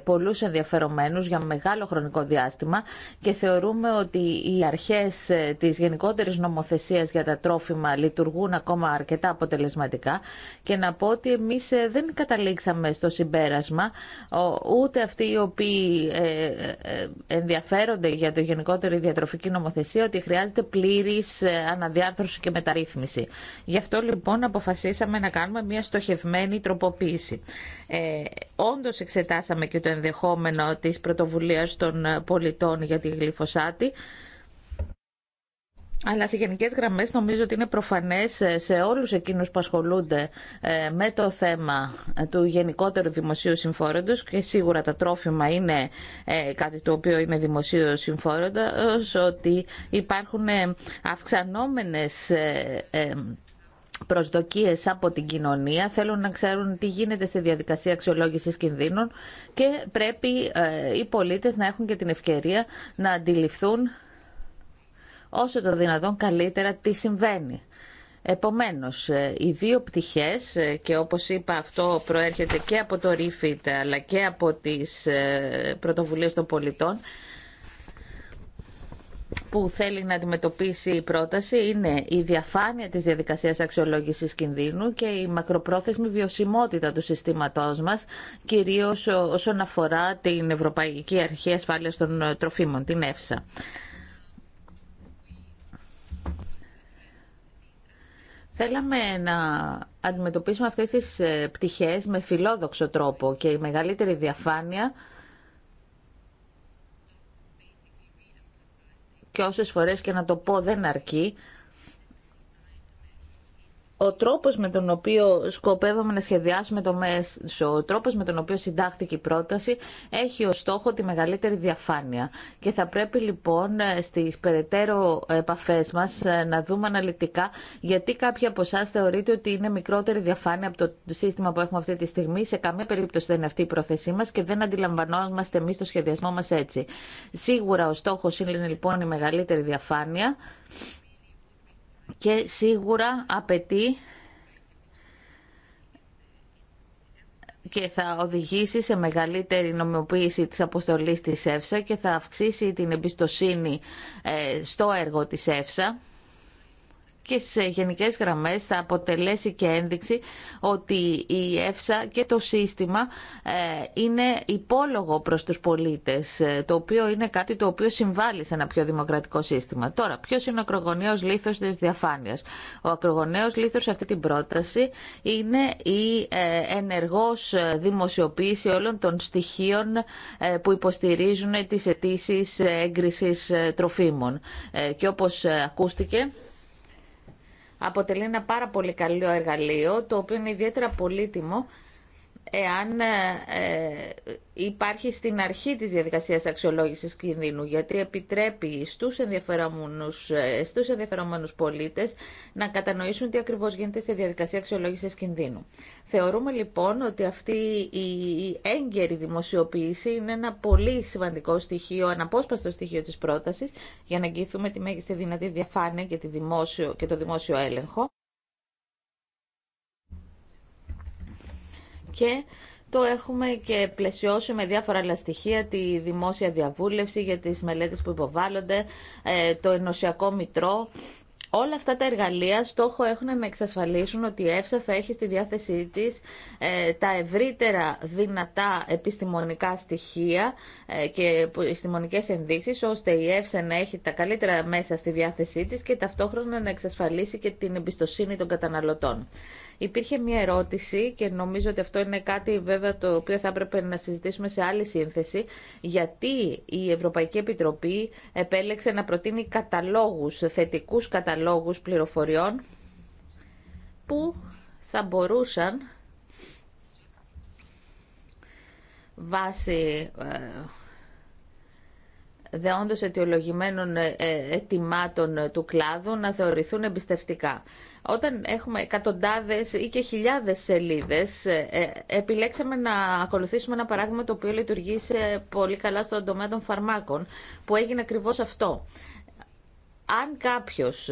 A: πολλούς ενδιαφερομένους για μεγάλο χρονικό διάστημα και θεωρούμε ότι οι αρχές της γενικότερης νομοθεσίας για τα τρόφιμα λειτουργούν ακόμα αρκετά αποτελεσματικά και να πω ότι εμείς δεν καταλήξαμε στο συμπέρασμα ούτε αυτοί οι οποίοι ε, ε, ενδιαφέρονται για το γενικότερο διατροφική νομοθεσία ότι χρειάζεται πλήρης ε, αναδιάρθρωση και μεταρρύθμιση. Γι' αυτό λοιπόν αποφασίσαμε να κάνουμε μια στοχευμένη τροποποίηση. Ε, όντως εξετάσαμε και το ενδεχόμενο της πρωτοβουλίας των πολιτών για τη γλυφοσάτη αλλά σε γενικέ γραμμέ νομίζω ότι είναι προφανέ ε, σε όλου εκείνου που ασχολούνται ε, με το θέμα ε, του γενικότερου δημοσίου συμφόροντο και σίγουρα τα τρόφιμα είναι κάτι το οποίο είναι δημοσίου συμφόροντα, ότι υπάρχουν αυξανόμενε προσδοκίες από την κοινωνία, θέλουν να ξέρουν τι γίνεται στη διαδικασία αξιολόγησης κινδύνων και πρέπει οι πολίτες να έχουν και την ευκαιρία να αντιληφθούν όσο το δυνατόν καλύτερα τι συμβαίνει. Επομένως, ε, οι δύο πτυχές ε, και όπως είπα αυτό προέρχεται και από το Refit αλλά και από τις ε, πρωτοβουλίες των πολιτών που θέλει να αντιμετωπίσει η πρόταση είναι η διαφάνεια της διαδικασίας αξιολόγησης κινδύνου και η μακροπρόθεσμη βιωσιμότητα του συστήματός μας, κυρίως όσον αφορά την Ευρωπαϊκή Αρχή Ασφάλειας των Τροφίμων, την ΕΦΣΑ. Θέλαμε να αντιμετωπίσουμε αυτές τις ε, πτυχές με φιλόδοξο τρόπο και η μεγαλύτερη διαφάνεια και όσες φορές και να το πω δεν αρκεί, ο τρόπος με τον οποίο σκοπεύαμε να σχεδιάσουμε το μέσο, ο τρόπος με τον οποίο συντάχθηκε η πρόταση, έχει ως στόχο τη μεγαλύτερη διαφάνεια. Και θα πρέπει λοιπόν ε, στις περαιτέρω επαφές μας ε, να δούμε αναλυτικά γιατί κάποιοι από εσά θεωρείτε ότι είναι μικρότερη διαφάνεια από το σύστημα που έχουμε αυτή τη στιγμή. Σε καμία περίπτωση δεν είναι αυτή η πρόθεσή μας και δεν αντιλαμβανόμαστε εμείς το σχεδιασμό μας έτσι. Σίγουρα ο στόχος είναι λοιπόν η μεγαλύτερη διαφάνεια και σίγουρα απαιτεί και θα οδηγήσει σε μεγαλύτερη νομιμοποίηση της αποστολής της ΕΦΣΑ και θα αυξήσει την εμπιστοσύνη ε, στο έργο της ΕΦΣΑ και σε γενικές γραμμές θα αποτελέσει και ένδειξη ότι η ΕΦΣΑ και το σύστημα ε, είναι υπόλογο προς τους πολίτες, ε, το οποίο είναι κάτι το οποίο συμβάλλει σε ένα πιο δημοκρατικό σύστημα. Τώρα, ποιο είναι ο ακρογωνιαίος λήθος της διαφάνειας. Ο ακρογωνιαίος λήθος σε αυτή την πρόταση είναι η ε, ενεργός δημοσιοποίηση όλων των στοιχείων που υποστηρίζουν τις αιτήσει έγκρισης τροφίμων. Και όπως ακούστηκε, αποτελεί ένα πάρα πολύ καλό εργαλείο, το οποίο είναι ιδιαίτερα πολύτιμο εάν ε, ε, υπάρχει στην αρχή της διαδικασίας αξιολόγησης κινδύνου, γιατί επιτρέπει στους ενδιαφερομένους, ε, στους ενδιαφερομένους πολίτες να κατανοήσουν τι ακριβώς γίνεται στη διαδικασία αξιολόγησης κινδύνου. Θεωρούμε λοιπόν ότι αυτή η έγκαιρη δημοσιοποίηση είναι ένα πολύ σημαντικό στοιχείο, αναπόσπαστο στοιχείο της πρότασης, για να εγγυηθούμε τη μέγιστη δυνατή διαφάνεια δημόσιο, και το δημόσιο έλεγχο. Και το έχουμε και πλαισιώσει με διάφορα άλλα στοιχεία, τη δημόσια διαβούλευση για τις μελέτες που υποβάλλονται, ε, το ενωσιακό μητρό. Όλα αυτά τα εργαλεία στόχο έχουν να εξασφαλίσουν ότι η ΕΦΣΑ θα έχει στη διάθεσή της ε, τα ευρύτερα δυνατά επιστημονικά στοιχεία ε, και επιστημονικές ενδείξεις, ώστε η ΕΦΣΑ να έχει τα καλύτερα μέσα στη διάθεσή της και ταυτόχρονα να εξασφαλίσει και την εμπιστοσύνη των καταναλωτών. Υπήρχε μια ερώτηση και νομίζω ότι αυτό είναι κάτι βέβαια το οποίο θα έπρεπε να συζητήσουμε σε άλλη σύνθεση. Γιατί η Ευρωπαϊκή Επιτροπή επέλεξε να προτείνει καταλόγους, θετικούς καταλόγους πληροφοριών που θα μπορούσαν βάσει ε, δεόντως αιτιολογημένων ε, ε, ετοιμάτων του κλάδου να θεωρηθούν εμπιστευτικά. Όταν έχουμε εκατοντάδες ή και χιλιάδες σελίδες, ε, ε, επιλέξαμε να ακολουθήσουμε ένα παράδειγμα το οποίο σε πολύ καλά στον τομέα των φαρμάκων, που έγινε ακριβώς αυτό. Αν κάποιος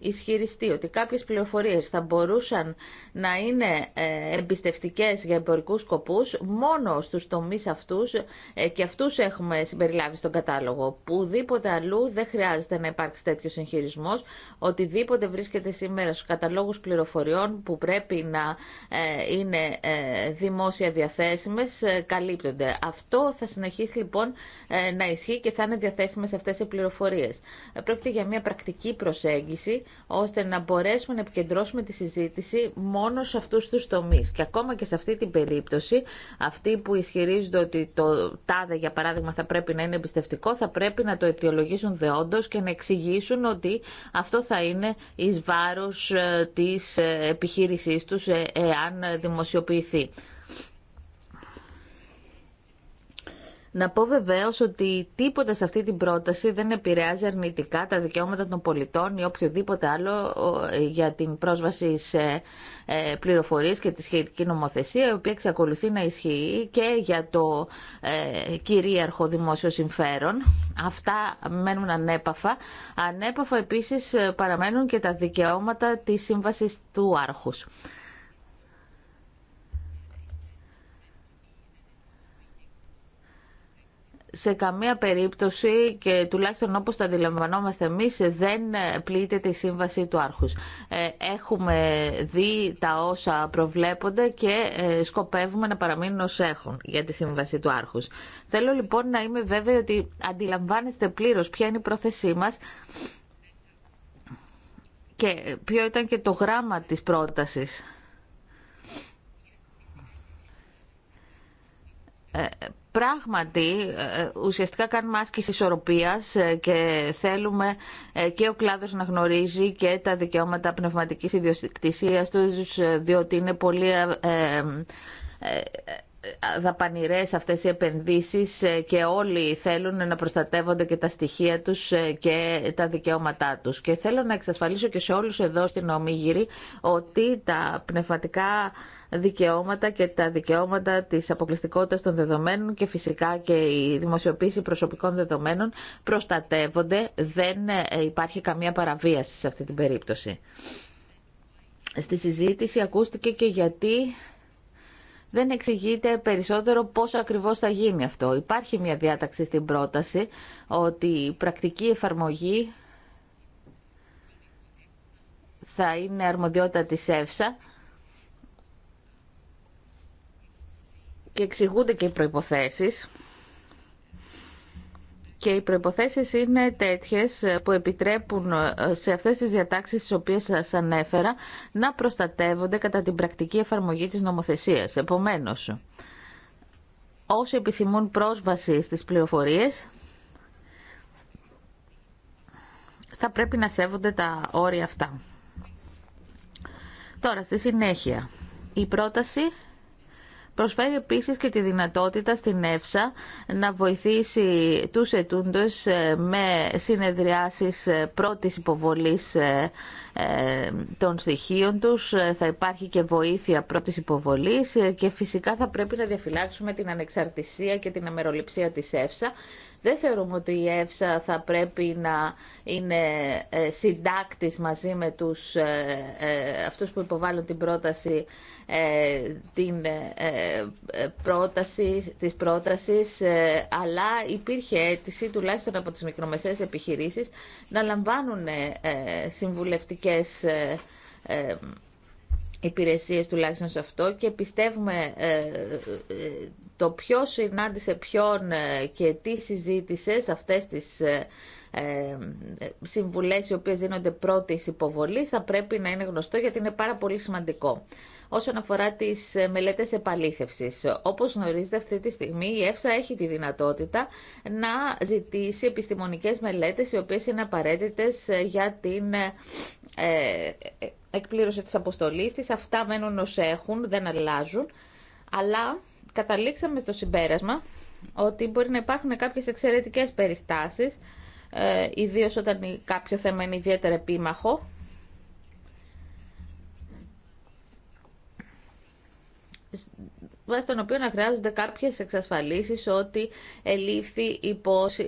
A: ισχυριστεί ότι κάποιες πληροφορίες θα μπορούσαν να είναι ε, εμπιστευτικές για εμπορικούς σκοπούς μόνο στους τομείς αυτούς ε, και αυτούς έχουμε συμπεριλάβει στον κατάλογο. Πουδήποτε αλλού δεν χρειάζεται να υπάρξει τέτοιο εγχειρισμό. Οτιδήποτε βρίσκεται σήμερα στους καταλόγους πληροφοριών που πρέπει να ε, είναι δημόσια διαθέσιμες καλύπτονται. Αυτό θα συνεχίσει λοιπόν να ισχύει και θα είναι διαθέσιμες αυτές οι πληροφορίες. Πρόκειται για μια πρακτική προσέγγιση ώστε να μπορέσουμε να επικεντρώσουμε τη συζήτηση μόνο σε αυτούς τους τομείς. Και ακόμα και σε αυτή την περίπτωση, αυτοί που ισχυρίζονται ότι το τάδε, για παράδειγμα, θα πρέπει να είναι εμπιστευτικό, θα πρέπει να το αιτιολογήσουν δεόντως και να εξηγήσουν ότι αυτό θα είναι εις βάρος ε, της ε, επιχείρησής τους ε, εάν δημοσιοποιηθεί. Να πω βεβαίω ότι τίποτα σε αυτή την πρόταση δεν επηρεάζει αρνητικά τα δικαιώματα των πολιτών ή οποιοδήποτε άλλο για την πρόσβαση σε ε, πληροφορίες και τη σχετική νομοθεσία, η οποία εξακολουθεί να ισχύει και για το ε, κυρίαρχο δημόσιο συμφέρον. Αυτά μένουν ανέπαφα. Ανέπαφα επίσης παραμένουν και τα δικαιώματα της σύμβασης του άρχους. σε καμία περίπτωση και τουλάχιστον όπως τα αντιλαμβανόμαστε εμείς δεν πλήττεται η σύμβαση του άρχους. Ε, έχουμε δει τα όσα προβλέπονται και ε, σκοπεύουμε να παραμείνουν ως έχουν για τη σύμβαση του άρχους. Θέλω λοιπόν να είμαι βέβαιη ότι αντιλαμβάνεστε πλήρως ποια είναι η πρόθεσή μας και ποιο ήταν και το γράμμα της πρότασης. Ε, πράγματι ε, ε, ουσιαστικά κάνουμε άσκηση ισορροπίας ε, και θέλουμε και ο κλάδος να γνωρίζει και τα δικαιώματα πνευματικής ιδιοκτησίας τους, διότι είναι πολύ δαπανηρές αυτές οι επενδύσεις και όλοι θέλουν να προστατεύονται και τα στοιχεία τους και τα δικαιώματά τους. Και θέλω να εξασφαλίσω και σε όλους εδώ στην Ομίγυρη ότι τα πνευματικά δικαιώματα και τα δικαιώματα της αποκλειστικότητας των δεδομένων και φυσικά και η δημοσιοποίηση προσωπικών δεδομένων προστατεύονται. Δεν ε, υπάρχει καμία παραβίαση σε αυτή την περίπτωση. Στη συζήτηση ακούστηκε και γιατί δεν εξηγείται περισσότερο πόσο ακριβώς θα γίνει αυτό. Υπάρχει μια διάταξη στην πρόταση ότι η πρακτική εφαρμογή θα είναι αρμοδιότητα της ΕΦΣΑ και εξηγούνται και οι προϋποθέσεις και οι προϋποθέσεις είναι τέτοιες που επιτρέπουν ε, σε αυτές τις διατάξεις τις οποίες σας ανέφερα να προστατεύονται κατά την πρακτική εφαρμογή της νομοθεσίας. Επομένως, όσοι επιθυμούν πρόσβαση στις πληροφορίες θα πρέπει να σέβονται τα όρια αυτά. Τώρα, στη συνέχεια, η πρόταση Προσφέρει επίση και τη δυνατότητα στην ΕΦΣΑ να βοηθήσει τους ετούντε ε, με συνεδριάσεις ε, πρώτη υποβολής ε, των στοιχείων τους. Θα υπάρχει και βοήθεια πρώτη υποβολής και φυσικά θα πρέπει να διαφυλάξουμε την ανεξαρτησία και την αμεροληψία της ΕΦΣΑ δεν θεωρούμε ότι η ΕΦΣΑ θα πρέπει να είναι ε, συντάκτης μαζί με τους, ε, ε, αυτούς που υποβάλλουν την πρόταση την πρόταση, της πρότασης, αλλά υπήρχε αίτηση, τουλάχιστον από τις μικρομεσαίες επιχειρήσεις, να λαμβάνουν συμβουλευτικές υπηρεσίες τουλάχιστον σε αυτό και πιστεύουμε το ποιο συνάντησε ποιον ε, και τι συζήτησε σε αυτές τις ε, ε συμβουλές οι οποίες δίνονται πρώτη υποβολή, θα πρέπει να είναι γνωστό γιατί είναι πάρα πολύ σημαντικό. Όσον αφορά τι ε, μελέτες επαλήθευση. όπως γνωρίζετε αυτή τη στιγμή η ΕΦΣΑ έχει τη δυνατότητα να ζητήσει επιστημονικές μελέτες οι οποίε είναι απαραίτητε για την ε, εκπλήρωση τη αποστολή τη. Αυτά μένουν ως έχουν, δεν αλλάζουν, αλλά Καταλήξαμε στο συμπέρασμα ότι μπορεί να υπάρχουν κάποιες εξαιρετικές περιστάσεις, ε, ιδίως όταν κάποιο θέμα είναι ιδιαίτερα επίμαχο βάσει των οποίων να χρειάζονται κάποιε εξασφαλίσει ότι ελήφθη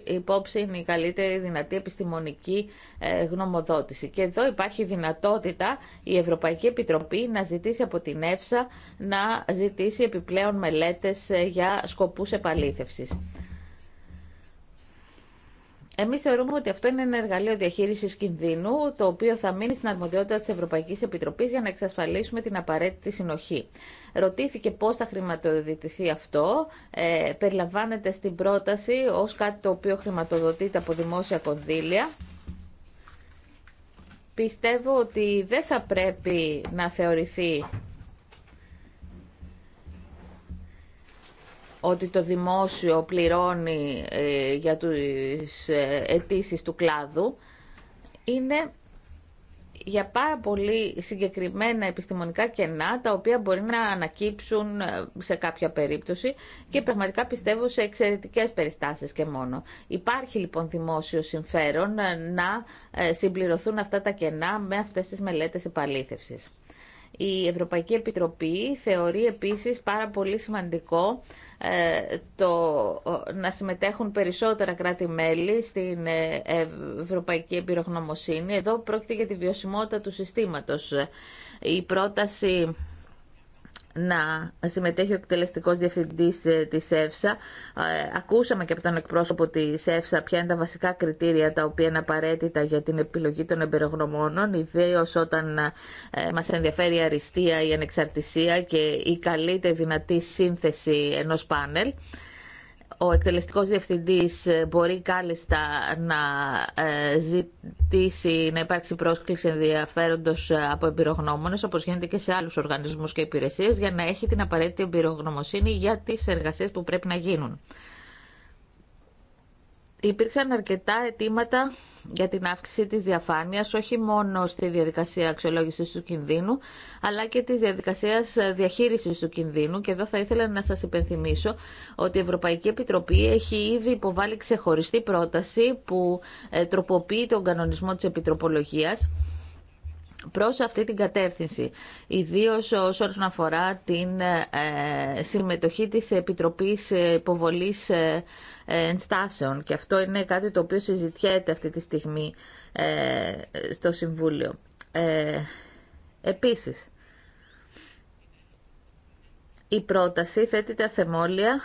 A: υπόψη η καλύτερη δυνατή επιστημονική ε, γνωμοδότηση. Και εδώ υπάρχει δυνατότητα η Ευρωπαϊκή Επιτροπή να ζητήσει από την ΕΦΣΑ να ζητήσει επιπλέον μελέτες ε, για σκοπούς επαλήθευση. Εμεί θεωρούμε ότι αυτό είναι ένα εργαλείο διαχείρισης κινδύνου, το οποίο θα μείνει στην αρμοδιότητα τη Ευρωπαϊκής Επιτροπής για να εξασφαλίσουμε την απαραίτητη συνοχή. Ρωτήθηκε πώ θα χρηματοδοτηθεί αυτό. Ε, περιλαμβάνεται στην πρόταση ως κάτι το οποίο χρηματοδοτείται από δημόσια κονδύλια. Πιστεύω ότι δεν θα πρέπει να θεωρηθεί ότι το δημόσιο πληρώνει ε, για τις ε, αιτήσει του κλάδου είναι για πάρα πολύ συγκεκριμένα επιστημονικά κενά τα οποία μπορεί να ανακύψουν ε, σε κάποια περίπτωση και πραγματικά πιστεύω σε εξαιρετικές περιστάσεις και μόνο. Υπάρχει λοιπόν δημόσιο συμφέρον να συμπληρωθούν αυτά τα κενά με αυτές τις μελέτες επαλήθευσης. Η Ευρωπαϊκή Επιτροπή θεωρεί επίσης πάρα πολύ σημαντικό ε, το να συμμετέχουν περισσότερα κράτη-μέλη στην ε, Ευρωπαϊκή Επιρογνωμοσύνη. Εδώ πρόκειται για τη βιωσιμότητα του συστήματος. Η πρόταση να συμμετέχει ο εκτελεστικό διευθυντή ε, τη ΕΦΣΑ. Ε, ακούσαμε και από τον εκπρόσωπο τη ΕΦΣΑ ποια είναι τα βασικά κριτήρια τα οποία είναι απαραίτητα για την επιλογή των εμπειρογνωμόνων, ιδίω όταν ε, μα ενδιαφέρει η αριστεία, η ανεξαρτησία και η καλύτερη δυνατή σύνθεση ενό πάνελ ο εκτελεστικός διευθυντής ε, μπορεί κάλλιστα να ε, ζητήσει να υπάρξει πρόσκληση ενδιαφέροντος ε, από εμπειρογνώμονες, όπως γίνεται και σε άλλους οργανισμούς και υπηρεσίες, για να έχει την απαραίτητη εμπειρογνωμοσύνη για τις εργασίες που πρέπει να γίνουν υπήρξαν αρκετά αιτήματα για την αύξηση της διαφάνειας, όχι μόνο στη διαδικασία αξιολόγησης του κινδύνου, αλλά και της διαδικασίας διαχείρισης του κινδύνου. Και εδώ θα ήθελα να σας υπενθυμίσω ότι η Ευρωπαϊκή Επιτροπή έχει ήδη υποβάλει ξεχωριστή πρόταση που ε, τροποποιεί τον κανονισμό της επιτροπολογίας προς αυτή την κατεύθυνση, ιδίως όσον αφορά την ε, συμμετοχή της Επιτροπής Υποβολής ε, Ενστάσεων. Και αυτό είναι κάτι το οποίο συζητιέται αυτή τη στιγμή ε, στο Συμβούλιο. Επίσης, η πρόταση θέτει τα θεμόλια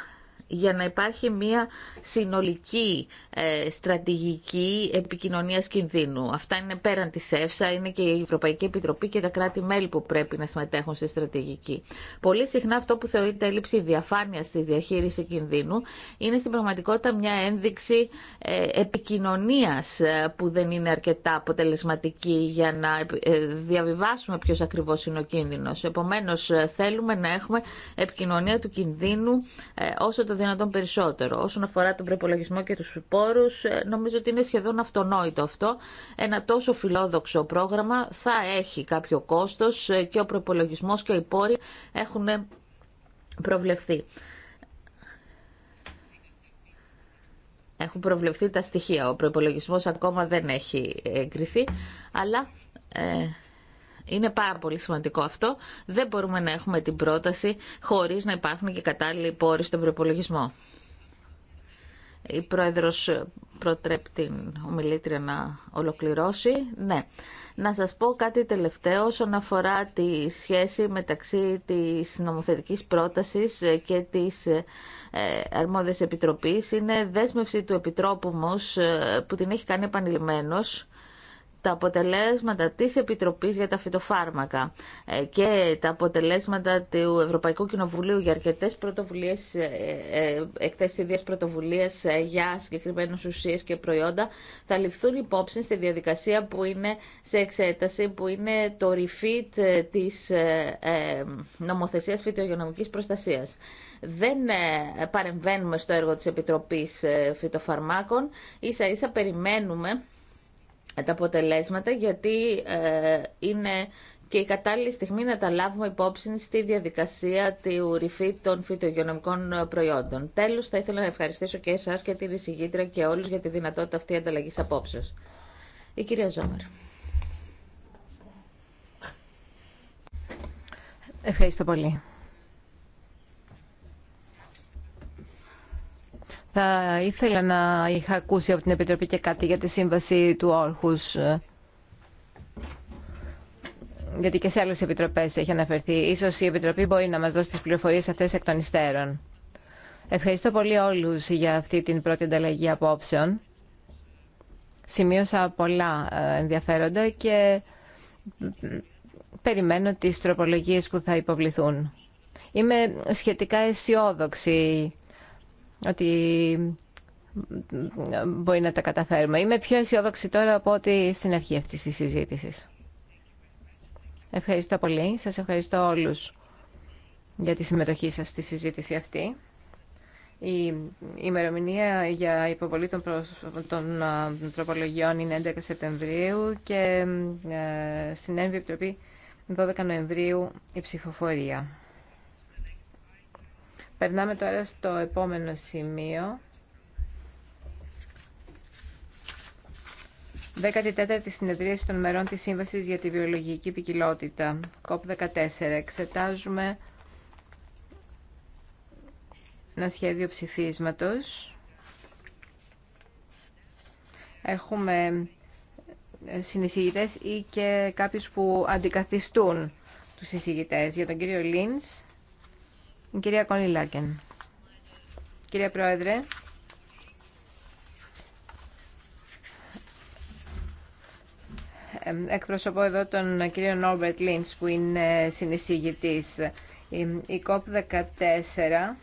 A: για να υπάρχει μια συνολική ε, στρατηγική επικοινωνίας κινδύνου. Αυτά είναι πέραν της ΕΦΣΑ, είναι και η Ευρωπαϊκή Επιτροπή και τα κράτη-μέλη που πρέπει να συμμετέχουν στη στρατηγική. Πολύ συχνά αυτό που θεωρείται έλλειψη διαφάνειας στη διαχείριση κινδύνου είναι στην πραγματικότητα μια ένδειξη ε, επικοινωνίας ε, που δεν είναι αρκετά αποτελεσματική για να ε, διαβιβάσουμε ποιος ακριβώς είναι ο κίνδυνος. Επομένως, θέλουμε να έχουμε επικοινωνία του κινδύνου όσο το δυνατόν περισσότερο. Όσον αφορά τον προπολογισμό και του πόρους, ε, νομίζω ότι είναι σχεδόν αυτονόητο αυτό. Ένα τόσο φιλόδοξο πρόγραμμα θα έχει κάποιο κόστο ε, και ο προπολογισμό και οι πόροι έχουν ε, προβλεφθεί. Έχουν προβλεφθεί τα στοιχεία. Ο προπολογισμό ακόμα δεν έχει εγκριθεί, αλλά... Είναι πάρα πολύ σημαντικό αυτό. Δεν μπορούμε να έχουμε την πρόταση χωρίς να υπάρχουν και κατάλληλοι πόροι στον προπολογισμό. Η πρόεδρος προτρέπει την ομιλήτρια να ολοκληρώσει. Ναι. Να σας πω κάτι τελευταίο όσον αφορά τη σχέση μεταξύ της νομοθετικής πρότασης και της ε, αρμόδιας επιτροπής. Είναι δέσμευση του Επιτρόπου μας ε, που την έχει κάνει επανειλημμένος τα αποτελέσματα της Επιτροπής για τα φυτοφάρμακα ε, και τα αποτελέσματα του Ευρωπαϊκού Κοινοβουλίου για αρκετές πρωτοβουλίες, ε, ε, εκθέσεις ιδίας πρωτοβουλίες για συγκεκριμένους ουσίες και προϊόντα, θα ληφθούν υπόψη στη διαδικασία που είναι σε εξέταση, που είναι το refit της νομοθεσίας φυτογενομικής προστασίας. Δεν παρεμβαίνουμε στο έργο της Επιτροπής Φυτοφαρμάκων, ίσα ίσα περιμένουμε τα αποτελέσματα γιατί ε, είναι και η κατάλληλη στιγμή να τα λάβουμε υπόψη στη διαδικασία του ρηφή των φυτογεωνομικών προϊόντων. Τέλος, θα ήθελα να ευχαριστήσω και εσάς και την εισηγήτρια και όλους για τη δυνατότητα αυτή ανταλλαγής απόψεως. Η κυρία Ζόμερ. Ευχαριστώ πολύ.
C: Θα ήθελα να είχα ακούσει από την Επιτροπή και κάτι για τη σύμβαση του Όρχους. Γιατί και σε άλλες επιτροπές έχει αναφερθεί. Ίσως η Επιτροπή μπορεί να μας δώσει τις πληροφορίες αυτές εκ των υστέρων. Ευχαριστώ πολύ όλους για αυτή την πρώτη ανταλλαγή απόψεων. Σημείωσα πολλά ε, ενδιαφέροντα και περιμένω τις τροπολογίες που θα υποβληθούν. Είμαι σχετικά αισιόδοξη ότι μπορεί να τα καταφέρουμε. Είμαι πιο αισιόδοξη τώρα από ό,τι στην αρχή αυτής της συζήτησης. Ευχαριστώ πολύ. Σας ευχαριστώ όλους για τη συμμετοχή σας στη συζήτηση αυτή. Η ημερομηνία για υποβολή των, τροπολογιών είναι 11 Σεπτεμβρίου και ε, στην Ένβη Επιτροπή 12 Νοεμβρίου η ψηφοφορία. Περνάμε τώρα στο επόμενο σημείο. 14η συνεδρίαση των μερών της Σύμβασης για τη Βιολογική Ποικιλότητα, COP14. Εξετάζουμε ένα σχέδιο ψηφίσματος. Έχουμε ε, συνεισηγητές ή και κάποιους που αντικαθιστούν τους εισηγητές. Για τον κύριο Λίνς η κυρία Κόνι Λάκεν. Κυρία Πρόεδρε, εκπροσωπώ εδώ τον κύριο Νόρμπερτ Λίντς που είναι συνεισηγητής. Η COP14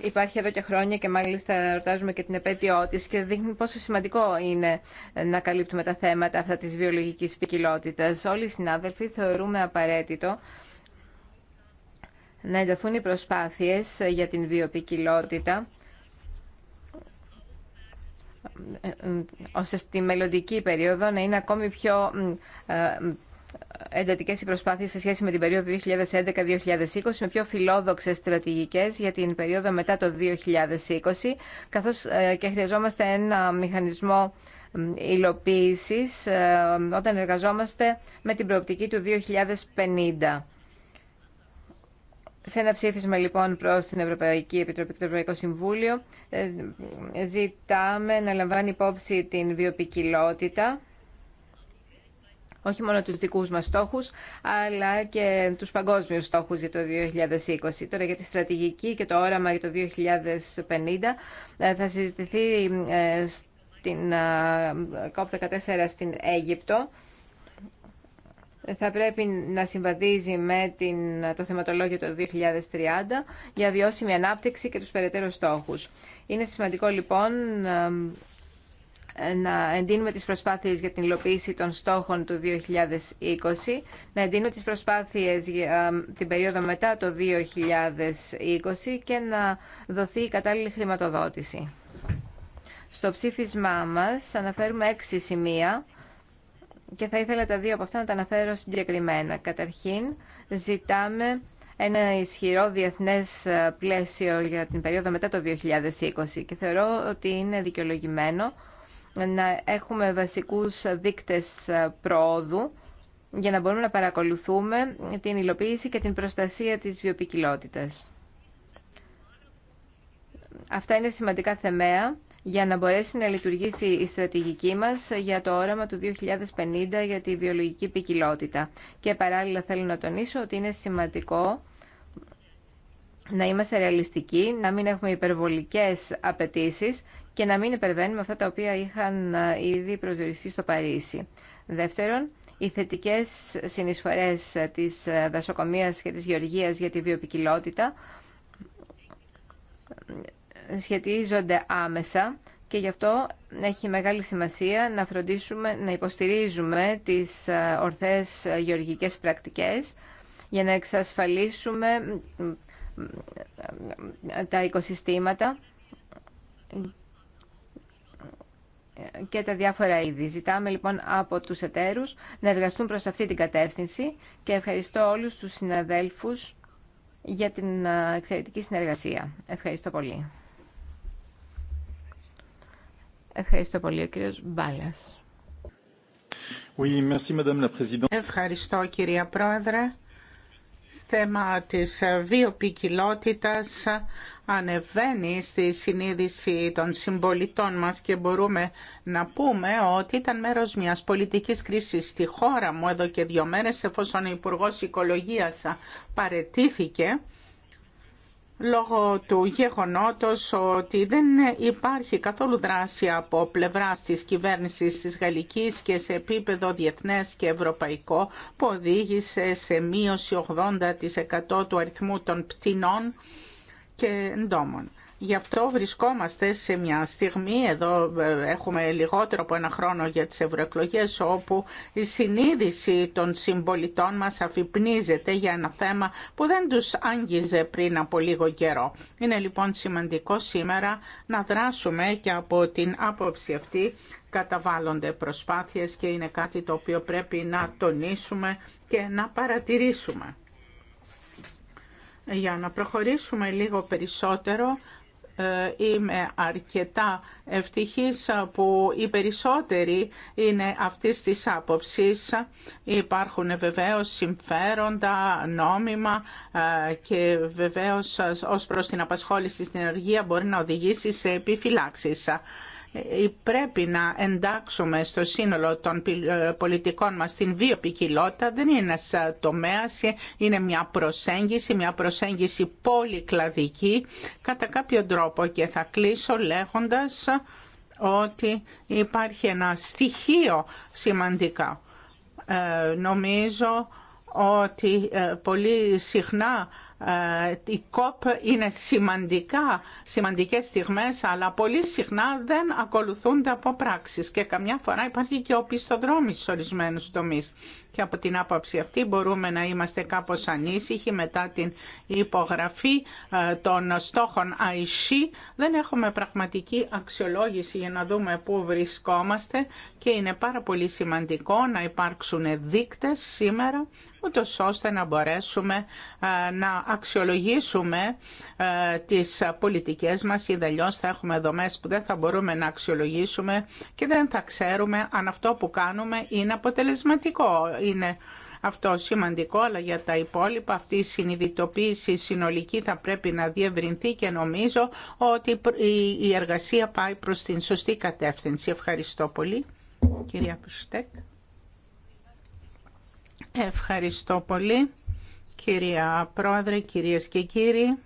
C: υπάρχει εδώ και χρόνια και μάλιστα εορτάζουμε και την επέτειό τη και δείχνει πόσο σημαντικό είναι να καλύπτουμε τα θέματα αυτά της βιολογικής ποικιλότητα. Όλοι οι συνάδελφοι θεωρούμε απαραίτητο να ενταθούν οι προσπάθειες για την βιοποικιλότητα ώστε στη μελλοντική περίοδο να είναι ακόμη πιο ε, εντατικές οι προσπάθειες σε σχέση με την περίοδο 2011-2020 με πιο φιλόδοξες στρατηγικές για την περίοδο μετά το 2020 καθώς ε, και χρειαζόμαστε ένα μηχανισμό υλοποίησης ε, όταν εργαζόμαστε με την προοπτική του 2050. Σε ένα ψήφισμα λοιπόν προς την Ευρωπαϊκή Επιτροπή και το Ευρωπαϊκό Συμβούλιο ε, ζητάμε να λαμβάνει υπόψη την βιοπικιλότητα όχι μόνο τους δικούς μας στόχους, αλλά και τους παγκόσμιους στόχους για το 2020. Τώρα για τη στρατηγική και το όραμα για το 2050 ε, θα συζητηθεί ε, στην COP14 ε, στην Αίγυπτο θα πρέπει να συμβαδίζει με την, το θεματολόγιο το 2030 για βιώσιμη ανάπτυξη και τους περαιτέρω στόχους. Είναι σημαντικό λοιπόν ε, να εντείνουμε τις προσπάθειες για την υλοποίηση των στόχων του 2020, να εντείνουμε τις προσπάθειες για ε, την περίοδο μετά το 2020 και να δοθεί η κατάλληλη χρηματοδότηση. Στο ψήφισμά μας αναφέρουμε έξι σημεία και θα ήθελα τα δύο από αυτά να τα αναφέρω συγκεκριμένα. Καταρχήν, ζητάμε ένα ισχυρό διεθνές ε, πλαίσιο για την περίοδο μετά το 2020 και θεωρώ ότι είναι δικαιολογημένο να έχουμε βασικούς δείκτες ε, προόδου για να μπορούμε να παρακολουθούμε την υλοποίηση και την προστασία της βιοπικιλότητας. Αυτά είναι σημαντικά θεμαία για να μπορέσει να λειτουργήσει η στρατηγική μας για το όραμα του 2050 για τη βιολογική ποικιλότητα. Και παράλληλα θέλω να τονίσω ότι είναι σημαντικό να είμαστε ρεαλιστικοί, να μην έχουμε υπερβολικές απαιτήσεις και να μην υπερβαίνουμε αυτά τα οποία είχαν ε, ήδη προσδιοριστεί στο Παρίσι. Δεύτερον, οι θετικές συνεισφορέ ε, της ε, δασοκομεία και της γεωργία για τη βιοπικιλότητα σχετίζονται άμεσα και γι' αυτό έχει μεγάλη σημασία να φροντίσουμε, να υποστηρίζουμε τις ορθές γεωργικές πρακτικές για να εξασφαλίσουμε τα οικοσυστήματα και τα διάφορα είδη. Ζητάμε λοιπόν από τους εταίρους να εργαστούν προς αυτή την κατεύθυνση και ευχαριστώ όλους τους συναδέλφους για την εξαιρετική συνεργασία. Ευχαριστώ πολύ.
B: Ευχαριστώ πολύ, ο κύριος Μπάλας. Ευχαριστώ, κυρία Πρόεδρε θέμα της βιοπικιλότητας ανεβαίνει στη συνείδηση των συμπολιτών μας και μπορούμε να πούμε ότι ήταν μέρος μιας πολιτικής κρίσης στη χώρα μου εδώ και δύο μέρες εφόσον ο Υπουργός Οικολογίας παρετήθηκε λόγω του γεγονότος ότι δεν υπάρχει καθόλου δράση από πλευράς της κυβέρνησης της Γαλλικής και σε επίπεδο διεθνές και ευρωπαϊκό που οδήγησε σε μείωση 80% του αριθμού των πτηνών και εντόμων. Γι' αυτό βρισκόμαστε σε μια στιγμή, εδώ ε, έχουμε λιγότερο από ένα χρόνο για τις ευρωεκλογέ, όπου η συνείδηση των συμπολιτών μας αφυπνίζεται για ένα θέμα που δεν τους άγγιζε πριν από λίγο καιρό. Είναι λοιπόν σημαντικό σήμερα να δράσουμε και από την άποψη αυτή καταβάλλονται προσπάθειες και είναι κάτι το οποίο πρέπει να τονίσουμε και να παρατηρήσουμε. Για να προχωρήσουμε λίγο περισσότερο, ε, είμαι αρκετά ευτυχής που οι περισσότεροι είναι αυτής της άποψης. Υπάρχουν βεβαίως συμφέροντα, νόμιμα ε, και βεβαίως ως προς την απασχόληση στην ενεργεία μπορεί να οδηγήσει σε επιφυλάξεις. Ε, πρέπει να εντάξουμε στο σύνολο των ε, πολιτικών μας την βιοπικιλότητα. Δεν είναι ένας ε, τομέας, είναι μια προσέγγιση, μια προσέγγιση πολυκλαδική κατά κάποιο τρόπο και θα κλείσω λέγοντας ότι υπάρχει ένα στοιχείο σημαντικά. νομίζω ότι πολύ συχνά ε, η ΚΟΠ είναι σημαντικά, σημαντικές στιγμές, αλλά πολύ συχνά δεν ακολουθούνται από πράξεις και καμιά φορά υπάρχει και ο σε ορισμένους τομείς και από την άποψη αυτή μπορούμε να είμαστε κάπως ανήσυχοι μετά την υπογραφή ε, των στόχων IC. Δεν έχουμε πραγματική αξιολόγηση για να δούμε πού βρισκόμαστε και είναι πάρα πολύ σημαντικό να υπάρξουν δείκτες σήμερα ούτω ώστε να μπορέσουμε ε, να αξιολογήσουμε ε, τις πολιτικές μας ή θα έχουμε δομές που δεν θα μπορούμε να αξιολογήσουμε και δεν θα ξέρουμε αν αυτό που κάνουμε είναι αποτελεσματικό είναι αυτό σημαντικό, αλλά για τα υπόλοιπα αυτή η συνειδητοποίηση συνολική θα πρέπει να διευρυνθεί και νομίζω ότι η εργασία πάει προς την σωστή κατεύθυνση. Ευχαριστώ πολύ. Κυρία Πουστέκ. Ευχαριστώ πολύ. Κυρία Πρόεδρε, κυρίες και κύριοι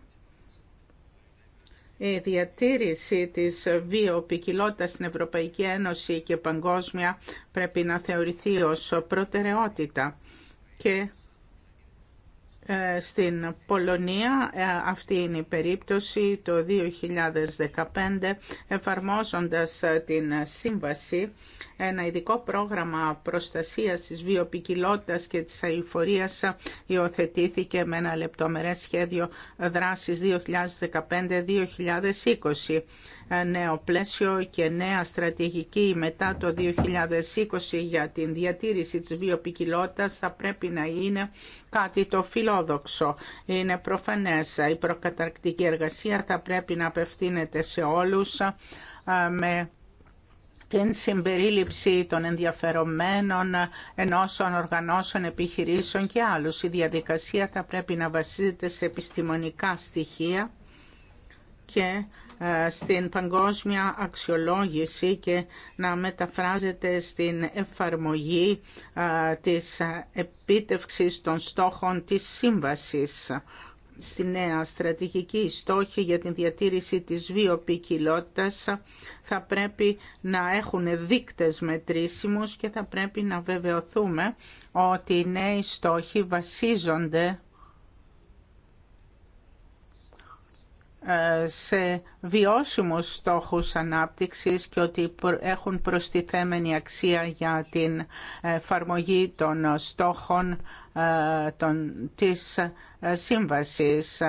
B: η διατήρηση της βιοποικιλότητας στην Ευρωπαϊκή Ένωση και παγκόσμια πρέπει να θεωρηθεί ως προτεραιότητα και ε, στην Πολωνία ε, αυτή είναι η περίπτωση το 2015 εφαρμόζοντας ε, την σύμβαση ένα ειδικό πρόγραμμα προστασίας της βιοπικιλότητας και της αηφορίας υιοθετήθηκε με ένα λεπτομερές σχέδιο δράσης 2015-2020 νέο πλαίσιο και νέα στρατηγική μετά το 2020 για την διατήρηση της βιοπικιλότητας θα πρέπει να είναι κάτι το φίλο. Είναι προφανές η προκαταρκτική εργασία θα πρέπει να απευθύνεται σε όλους με την συμπερίληψη των ενδιαφερομένων ενώσεων, οργανώσεων, επιχειρήσεων και άλλους. Η διαδικασία θα πρέπει να βασίζεται σε επιστημονικά στοιχεία και ε, στην παγκόσμια αξιολόγηση και να μεταφράζεται στην εφαρμογή ε, της επίτευξης των στόχων της σύμβασης Στην νέα στρατηγική στόχη για την διατήρηση της βιοπικιλότητας θα πρέπει να έχουν δείκτες μετρήσιμους και θα πρέπει να βεβαιωθούμε ότι οι νέοι στόχοι βασίζονται σε βιώσιμους στόχους ανάπτυξης και ότι έχουν προστιθέμενη αξία για την εφαρμογή των στόχων ε, των, της ε, σύμβασης.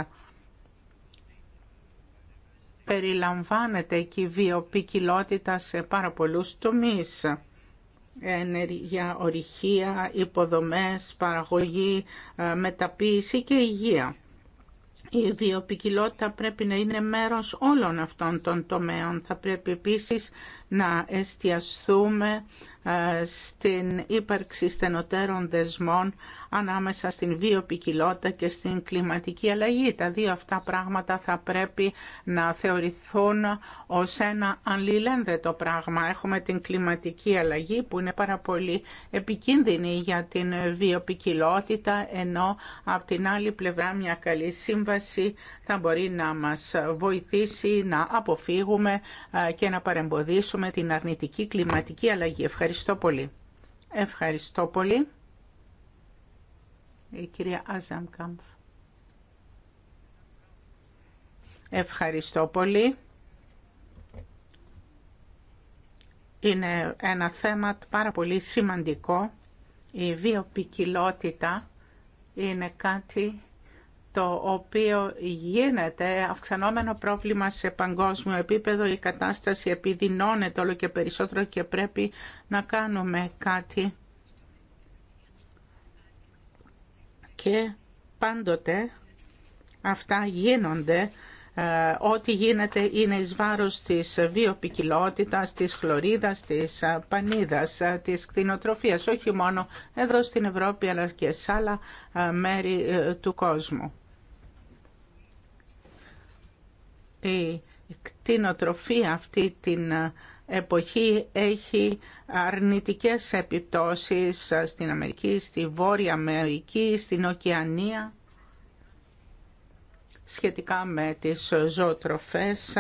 B: Περιλαμβάνεται και η βιοπικιλότητα σε πάρα πολλούς τομείς. Ενέργεια, ορυχία, υποδομές, παραγωγή, ε, μεταποίηση και υγεία η βιοπικιλότητα πρέπει να είναι μέρος όλων αυτών των τομέων. Θα πρέπει επίσης να εστιαστούμε ε, στην ύπαρξη στενοτέρων δεσμών ανάμεσα στην βιοπικιλότητα και στην κλιματική αλλαγή. Τα δύο αυτά πράγματα θα πρέπει να θεωρηθούν ως ένα αλληλένδετο πράγμα. Έχουμε την κλιματική αλλαγή που είναι πάρα πολύ επικίνδυνη για την βιοπικιλότητα, ενώ από την άλλη πλευρά μια καλή σύμβαση θα μπορεί να μας βοηθήσει να αποφύγουμε ε, και να παρεμποδίσουμε με την αρνητική κλιματική αλλαγή. Ευχαριστώ πολύ. Ευχαριστώ πολύ. Η κυρία Ευχαριστώ πολύ. Είναι ένα θέμα πάρα πολύ σημαντικό. Η βιοπικιλότητα είναι κάτι το οποίο γίνεται αυξανόμενο πρόβλημα σε παγκόσμιο επίπεδο. Η κατάσταση επιδεινώνεται όλο και περισσότερο και πρέπει να κάνουμε κάτι. Και πάντοτε αυτά γίνονται. Ε, ό,τι γίνεται είναι εις βάρος της βιοπικιλότητας, της χλωρίδας, της ε, πανίδας, ε, της κτηνοτροφίας, όχι μόνο εδώ στην Ευρώπη αλλά και σε άλλα μέρη του κόσμου. η κτηνοτροφία αυτή την ε, εποχή έχει αρνητικές επιπτώσεις ε, στην Αμερική, στη Βόρεια Αμερική, στην Οκεανία σχετικά με τις ζωοτροφές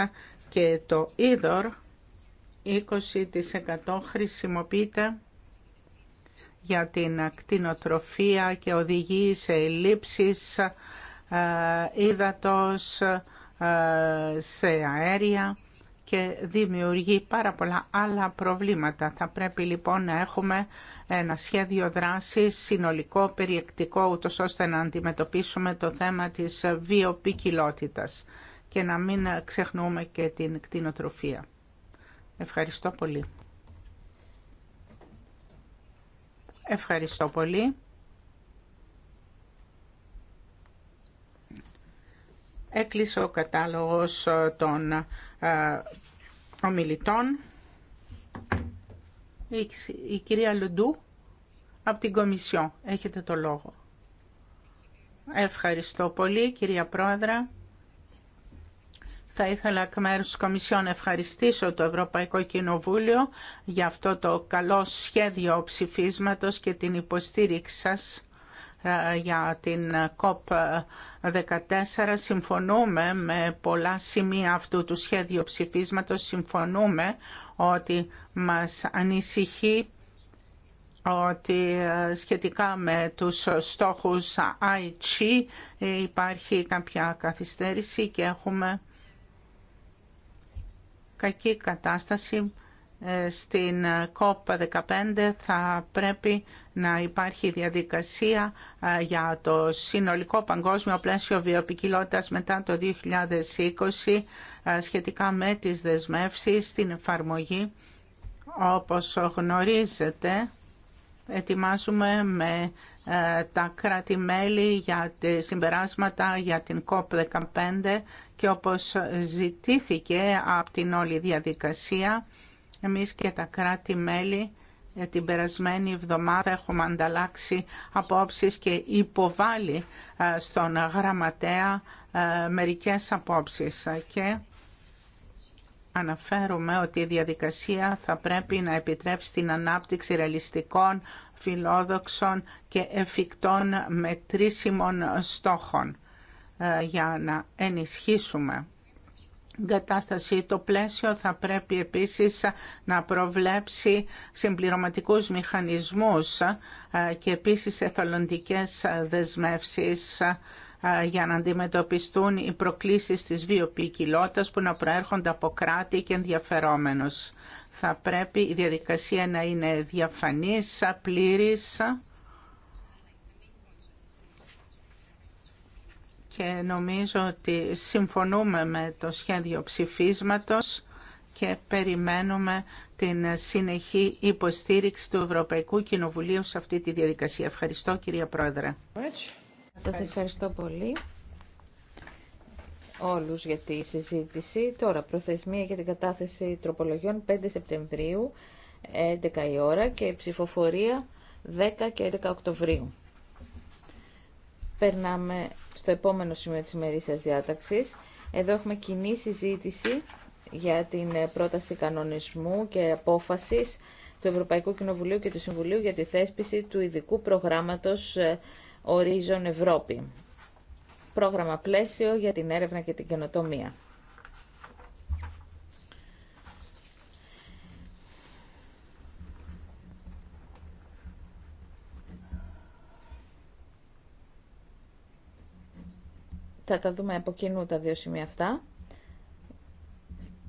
B: και το είδωρ 20% χρησιμοποιείται για την κτηνοτροφία και οδηγεί σε λήψεις ε, ύδατος, ε, σε αέρια και δημιουργεί πάρα πολλά άλλα προβλήματα. Θα πρέπει λοιπόν να έχουμε ένα σχέδιο δράσης συνολικό, περιεκτικό, ούτω ώστε να αντιμετωπίσουμε το θέμα της βιοπικιλότητας και να μην ξεχνούμε και την κτηνοτροφία. Ευχαριστώ πολύ. Ευχαριστώ πολύ. Έκλεισε ο κατάλογος ε, των ε, ομιλητών. Η κυρία Λουντού από την Κομισιό. Έχετε το λόγο. Ευχαριστώ πολύ κυρία Πρόεδρα. Θα ήθελα εκ μέρου Κομισιόν ευχαριστήσω το Ευρωπαϊκό Κοινοβούλιο για αυτό το καλό σχέδιο ψηφίσματος και την υποστήριξη σας ε, για την COP14. Συμφωνούμε με πολλά σημεία αυτού του σχέδιου ψηφίσματος. Συμφωνούμε ότι μας ανησυχεί ότι ε, σχετικά με τους στόχους IG υπάρχει κάποια καθυστέρηση και έχουμε κακή κατάσταση ε, στην COP15 ε, θα πρέπει να υπάρχει διαδικασία ε, για το συνολικό παγκόσμιο πλαίσιο βιοπικιλότητας μετά το 2020 σχετικά με τις δεσμεύσεις στην εφαρμογή. Όπως γνωρίζετε, ετοιμάζουμε με τα κράτη-μέλη για τα συμπεράσματα για την COP15 και όπως ζητήθηκε από την όλη διαδικασία, εμείς και τα κράτη-μέλη ε, την περασμένη εβδομάδα έχουμε ανταλλάξει απόψεις και υποβάλει ε, στον γραμματέα ε, μερικές απόψεις και αναφέρουμε ότι η διαδικασία θα πρέπει να επιτρέψει την ανάπτυξη ρεαλιστικών, φιλόδοξων και εφικτών μετρήσιμων στόχων για να ενισχύσουμε κατάσταση. Το πλαίσιο θα πρέπει επίσης να προβλέψει συμπληρωματικούς μηχανισμούς ε, και επίσης εθελοντικές δεσμεύσεις ε, για να αντιμετωπιστούν οι προκλήσεις της βιοποικιλότητας που να προέρχονται από κράτη και ενδιαφερόμενους. Θα πρέπει η διαδικασία να είναι διαφανής, πλήρης και νομίζω ότι συμφωνούμε με το σχέδιο ψηφίσματος και περιμένουμε την συνεχή υποστήριξη του Ευρωπαϊκού Κοινοβουλίου σε αυτή τη διαδικασία. Ευχαριστώ κυρία Πρόεδρε. Σας
A: ευχαριστώ πολύ
B: όλους για τη συζήτηση. Τώρα, προθεσμία
A: για την κατάθεση τροπολογιών 5 Σεπτεμβρίου, 11 η ώρα και ψηφοφορία 10 και 11 Οκτωβρίου. Περνάμε στο επόμενο σημείο της ημερήσιας διάταξης. Εδώ έχουμε κοινή συζήτηση για την ε, πρόταση κανονισμού και απόφασης του Ευρωπαϊκού Κοινοβουλίου και του Συμβουλίου για τη θέσπιση του ειδικού προγράμματος ορίζων ε, Ευρώπη. Πρόγραμμα πλαίσιο για την έρευνα και την καινοτομία. Θα τα δούμε από κοινού τα δύο σημεία αυτά.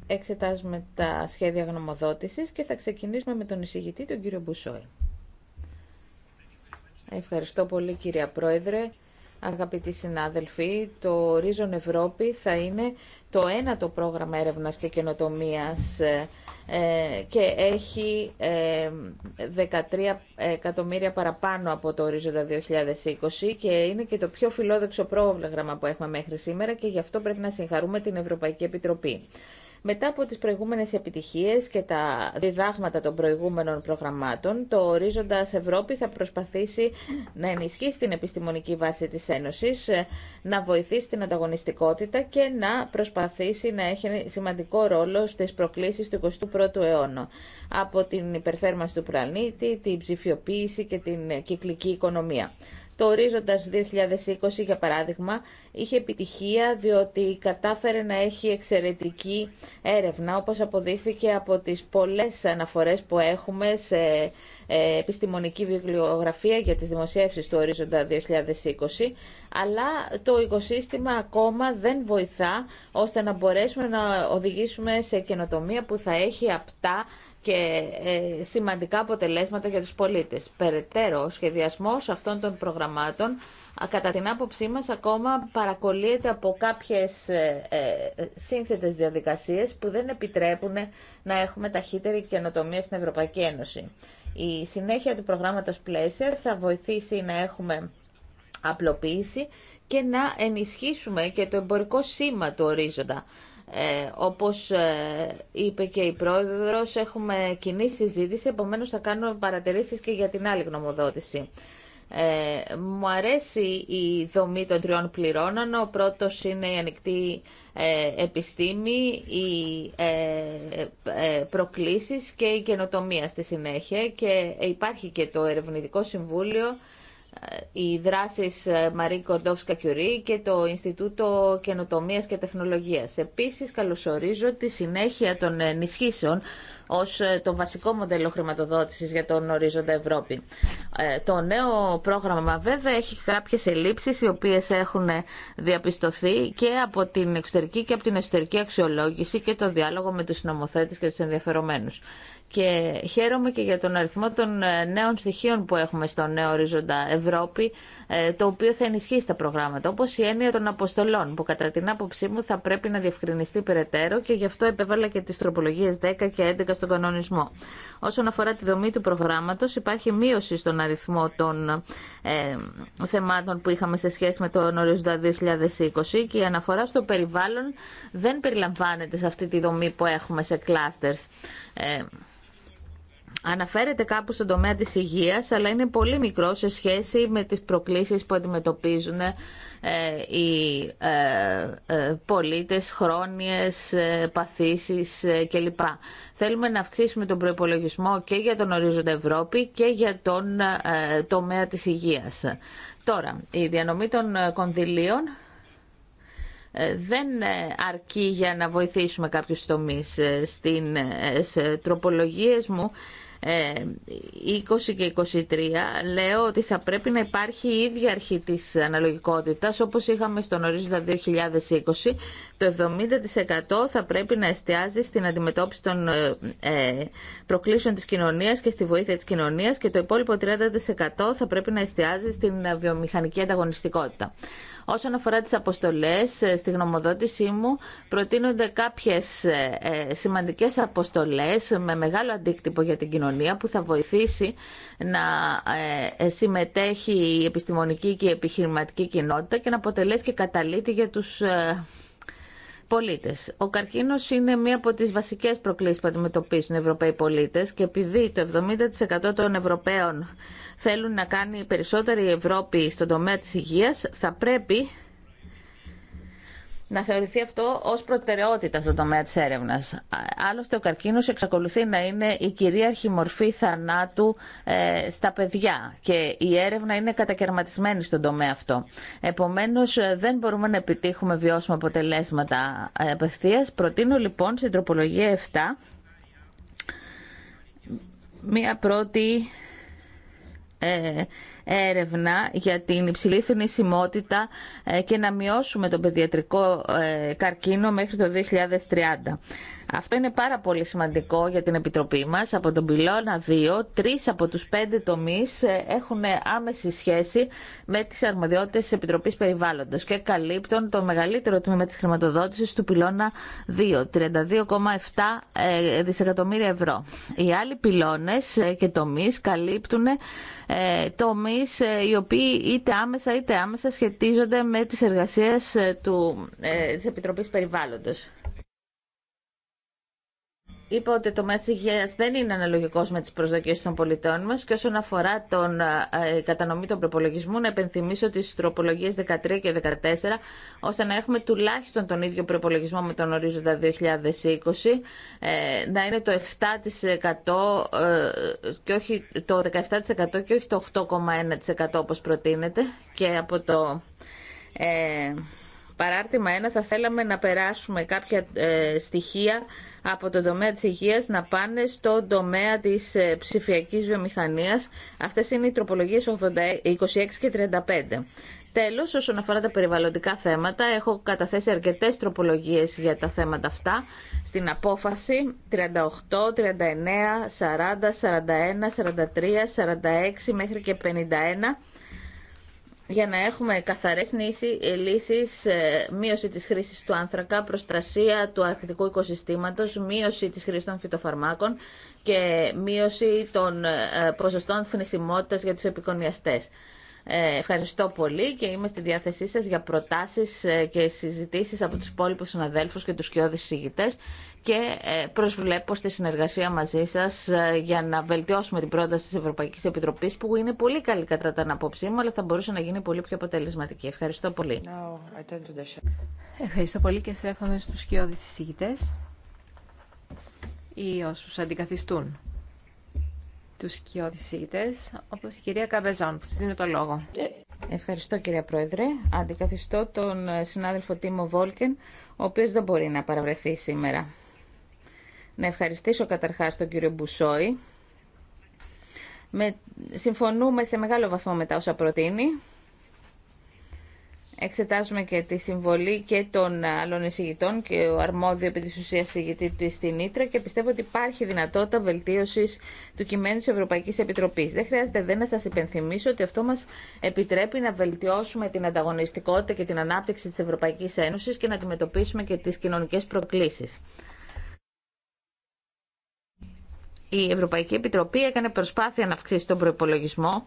A: Εξετάζουμε τα σχέδια γνωμοδότησης και θα ξεκινήσουμε με τον εισηγητή, τον κύριο Μπουσόη. Ευχαριστώ πολύ κυρία Πρόεδρε. Αγαπητοί συνάδελφοι, το Horizon Ευρώπη θα είναι το ένατο πρόγραμμα έρευνας και καινοτομίας ε, και έχει 13 ε, εκατομμύρια παραπάνω από το Horizon 2020 και είναι και το πιο φιλόδεξο πρόγραμμα που έχουμε μέχρι σήμερα και γι' αυτό πρέπει να συγχαρούμε την Ευρωπαϊκή Επιτροπή. Μετά από τις προηγούμενες επιτυχίες και τα διδάγματα των προηγούμενων προγραμμάτων, το Ορίζοντας Ευρώπη θα προσπαθήσει να ενισχύσει την επιστημονική βάση της Ένωσης, να βοηθήσει την ανταγωνιστικότητα και να προσπαθήσει να έχει σημαντικό ρόλο στις προκλήσεις του 21ου αιώνα. Από την υπερθέρμανση του πλανήτη, την ψηφιοποίηση και την κυκλική οικονομία. Το ορίζοντας 2020, για παράδειγμα, είχε επιτυχία διότι κατάφερε να έχει εξαιρετική έρευνα, όπως αποδείχθηκε από τις πολλές αναφορές που έχουμε σε ε, επιστημονική βιβλιογραφία για τις δημοσίευσεις του ορίζοντα 2020, αλλά το οικοσύστημα ακόμα δεν βοηθά ώστε να μπορέσουμε να οδηγήσουμε σε καινοτομία που θα έχει απτά και ε, σημαντικά αποτελέσματα για τους πολίτες. Περαιτέρω, ο σχεδιασμός αυτών των προγραμμάτων κατά την άποψή μας ακόμα παρακολύεται από κάποιες ε, ε, σύνθετες διαδικασίες που δεν επιτρέπουν να έχουμε ταχύτερη καινοτομία στην Ευρωπαϊκή Ένωση. Η συνέχεια του προγράμματος πλαίσια θα βοηθήσει να έχουμε απλοποίηση και να ενισχύσουμε και το εμπορικό σήμα του ορίζοντα. Ε, όπως ε, είπε και η πρόεδρος, έχουμε κοινή συζήτηση, επομένως θα κάνουμε παρατηρήσεις και για την άλλη γνωμοδότηση. Ε, μου αρέσει η δομή των τριών πληρώνων. Ο πρώτος είναι η ανοιχτή ε, επιστήμη, οι ε, προκλήσεις και η καινοτομία στη συνέχεια και υπάρχει και το Ερευνητικό Συμβούλιο οι δράσεις ε, Μαρή Κορδόφσκα Κιουρί και το Ινστιτούτο Καινοτομίας και Τεχνολογίας. Επίσης, καλωσορίζω τη συνέχεια των ενισχύσεων ως ε, το βασικό μοντέλο χρηματοδότησης για τον ορίζοντα Ευρώπη. Ε, το νέο πρόγραμμα βέβαια έχει κάποιες ελλείψεις οι οποίες έχουν ε, διαπιστωθεί και από την εξωτερική και από την εσωτερική αξιολόγηση και το διάλογο με τους νομοθέτες και τους ενδιαφερομένους. Και χαίρομαι και για τον αριθμό των νέων στοιχείων που έχουμε στο νέο ορίζοντα Ευρώπη ε, το οποίο θα ενισχύσει τα προγράμματα, όπω η έννοια των αποστολών, που κατά την άποψή μου θα πρέπει να διευκρινιστεί περαιτέρω και γι' αυτό επέβαλα και τι τροπολογίε 10 και 11 στον κανονισμό. Όσον αφορά τη δομή του προγράμματο, υπάρχει μείωση στον αριθμό των ε, θεμάτων που είχαμε σε σχέση με τον ορίζοντα 2020 και η αναφορά στο περιβάλλον δεν περιλαμβάνεται σε αυτή τη δομή που έχουμε σε κλάστερ. Ε, αναφέρεται κάπου στον τομέα της υγείας, αλλά είναι πολύ μικρό σε σχέση με τις προκλήσεις που αντιμετωπίζουν ε, οι ε, ε, πολίτες, χρόνιες, παθήσεις κλπ. Θέλουμε να αυξήσουμε τον προϋπολογισμό και για τον ορίζοντα Ευρώπη και για τον τομέα της υγείας. Τώρα, η διανομή των κονδυλίων ε, δεν ε, αρκεί για να βοηθήσουμε κάποιους τομείς. Ε, στην τροπολογίες μου 20 και 23 λέω ότι θα πρέπει να υπάρχει η ίδια αρχή της αναλογικότητας όπως είχαμε στον ορίζοντα 2020 το 70% θα πρέπει να εστιάζει στην αντιμετώπιση των προκλήσεων της κοινωνίας και στη βοήθεια της κοινωνίας και το υπόλοιπο 30% θα πρέπει να εστιάζει στην βιομηχανική ανταγωνιστικότητα. Όσον αφορά τις αποστολές, ε, στη γνωμοδότησή μου προτείνονται κάποιες ε, ε, σημαντικές αποστολές με μεγάλο αντίκτυπο για την κοινωνία που θα βοηθήσει να συμμετέχει η επιστημονική και η επιχειρηματική κοινότητα και να αποτελέσει και καταλήτη για τους πολίτες. Ο καρκίνος είναι μία από τις βασικές προκλήσεις που αντιμετωπίζουν οι Ευρωπαίοι πολίτες και επειδή το 70% των Ευρωπαίων θέλουν να κάνει περισσότερη Ευρώπη στον τομέα της υγείας, θα πρέπει να θεωρηθεί αυτό ως προτεραιότητα στον τομέα της έρευνας. Άλλωστε, ο καρκίνος εξακολουθεί να είναι η κυρίαρχη μορφή θανάτου ε, στα παιδιά και η έρευνα είναι κατακαιρματισμένη στον τομέα αυτό. Επομένως, ε, δεν μπορούμε να επιτύχουμε βιώσιμα αποτελέσματα ε, απευθεία. Προτείνω λοιπόν στην τροπολογία 7 μία πρώτη ε, έρευνα για την υψηλή θνησιμότητα ε, και να μειώσουμε τον παιδιατρικό ε, καρκίνο μέχρι το 2030. Αυτό είναι πάρα πολύ σημαντικό για την Επιτροπή μας. Από τον πυλώνα 2, τρεις από τους πέντε τομείς ε, έχουν άμεση σχέση με τις αρμοδιότητες της Επιτροπής Περιβάλλοντος και καλύπτουν το μεγαλύτερο τμήμα της χρηματοδότησης του πυλώνα 2, 32,7 ε, δισεκατομμύρια ευρώ. Οι άλλοι πυλώνες ε, και τομείς καλύπτουν τομείς οι οποίοι είτε άμεσα είτε άμεσα σχετίζονται με τις εργασίες του, της Επιτροπής Περιβάλλοντος. Είπα ότι το μέσο υγεία δεν είναι αναλογικό με τι προσδοκίε των πολιτών μα και όσον αφορά τον ε, ε, κατανομή των προπολογισμού, να επενθυμίσω τι τροπολογίε 13 και 14, ώστε να έχουμε τουλάχιστον τον ίδιο προπολογισμό με τον ορίζοντα 2020, ε, να είναι το 7% ε, και όχι το 17% και όχι το 8,1% όπως προτείνεται και από το παράρτημα 1 θα θέλαμε να περάσουμε κάποια στοιχεία από τον τομέα της υγείας να πάνε στον τομέα της ε, ψηφιακής βιομηχανίας. Αυτές είναι οι τροπολογίες 26 και 35. Τέλος, όσον αφορά τα περιβαλλοντικά θέματα, έχω καταθέσει αρκετές τροπολογίες για τα θέματα αυτά στην απόφαση 38, 39, 40, 41, 43, 46 μέχρι και 51 για να έχουμε καθαρές ε, λύσεις, ε, μείωση της χρήσης του άνθρακα, προστασία του αρκτικού οικοσυστήματος, μείωση της χρήσης των φυτοφαρμάκων και μείωση των ε, ποσοστών θνησιμότητας για τους επικονιαστές. Ευχαριστώ πολύ και είμαι στη διάθεσή σας για προτάσεις και συζητήσεις από τους υπόλοιπους συναδέλφους και τους κοιόδης συγητές και ε, προσβλέπω στη συνεργασία μαζί σα ε, για να βελτιώσουμε την πρόταση τη Ευρωπαϊκή Επιτροπή που είναι πολύ καλή κατά την απόψή μου αλλά θα μπορούσε να γίνει πολύ πιο αποτελεσματική. Ευχαριστώ πολύ.
C: Ευχαριστώ πολύ και στρέφομαι στου σκιώδεις εισηγητές ή όσους αντικαθιστούν τους σκιώδεις εισηγητές όπως η οσου αντικαθιστουν
A: του σκιωδεις εισηγητες οπω η κυρια καβεζον που της δίνω το λόγο. Ευχαριστώ κυρία Πρόεδρε. Αντικαθιστώ τον συνάδελφο Τίμο Βόλκεν, ο οποίος δεν μπορεί να παραβρεθεί σήμερα να ευχαριστήσω καταρχάς τον κύριο Μπουσόη. Με, συμφωνούμε σε μεγάλο βαθμό μετά όσα προτείνει. Εξετάζουμε και τη συμβολή και των άλλων εισηγητών και ο αρμόδιο επί της ουσίας εισηγητή του στην Ήτρα και πιστεύω ότι υπάρχει δυνατότητα βελτίωσης του κειμένου της Ευρωπαϊκής Επιτροπής. Δεν χρειάζεται δεν να σας υπενθυμίσω ότι αυτό μας επιτρέπει να βελτιώσουμε την ανταγωνιστικότητα και την ανάπτυξη της Ευρωπαϊκής Ένωσης και να αντιμετωπίσουμε και τις κοινωνικές προκλήσεις η Ευρωπαϊκή Επιτροπή έκανε προσπάθεια να αυξήσει τον προπολογισμό,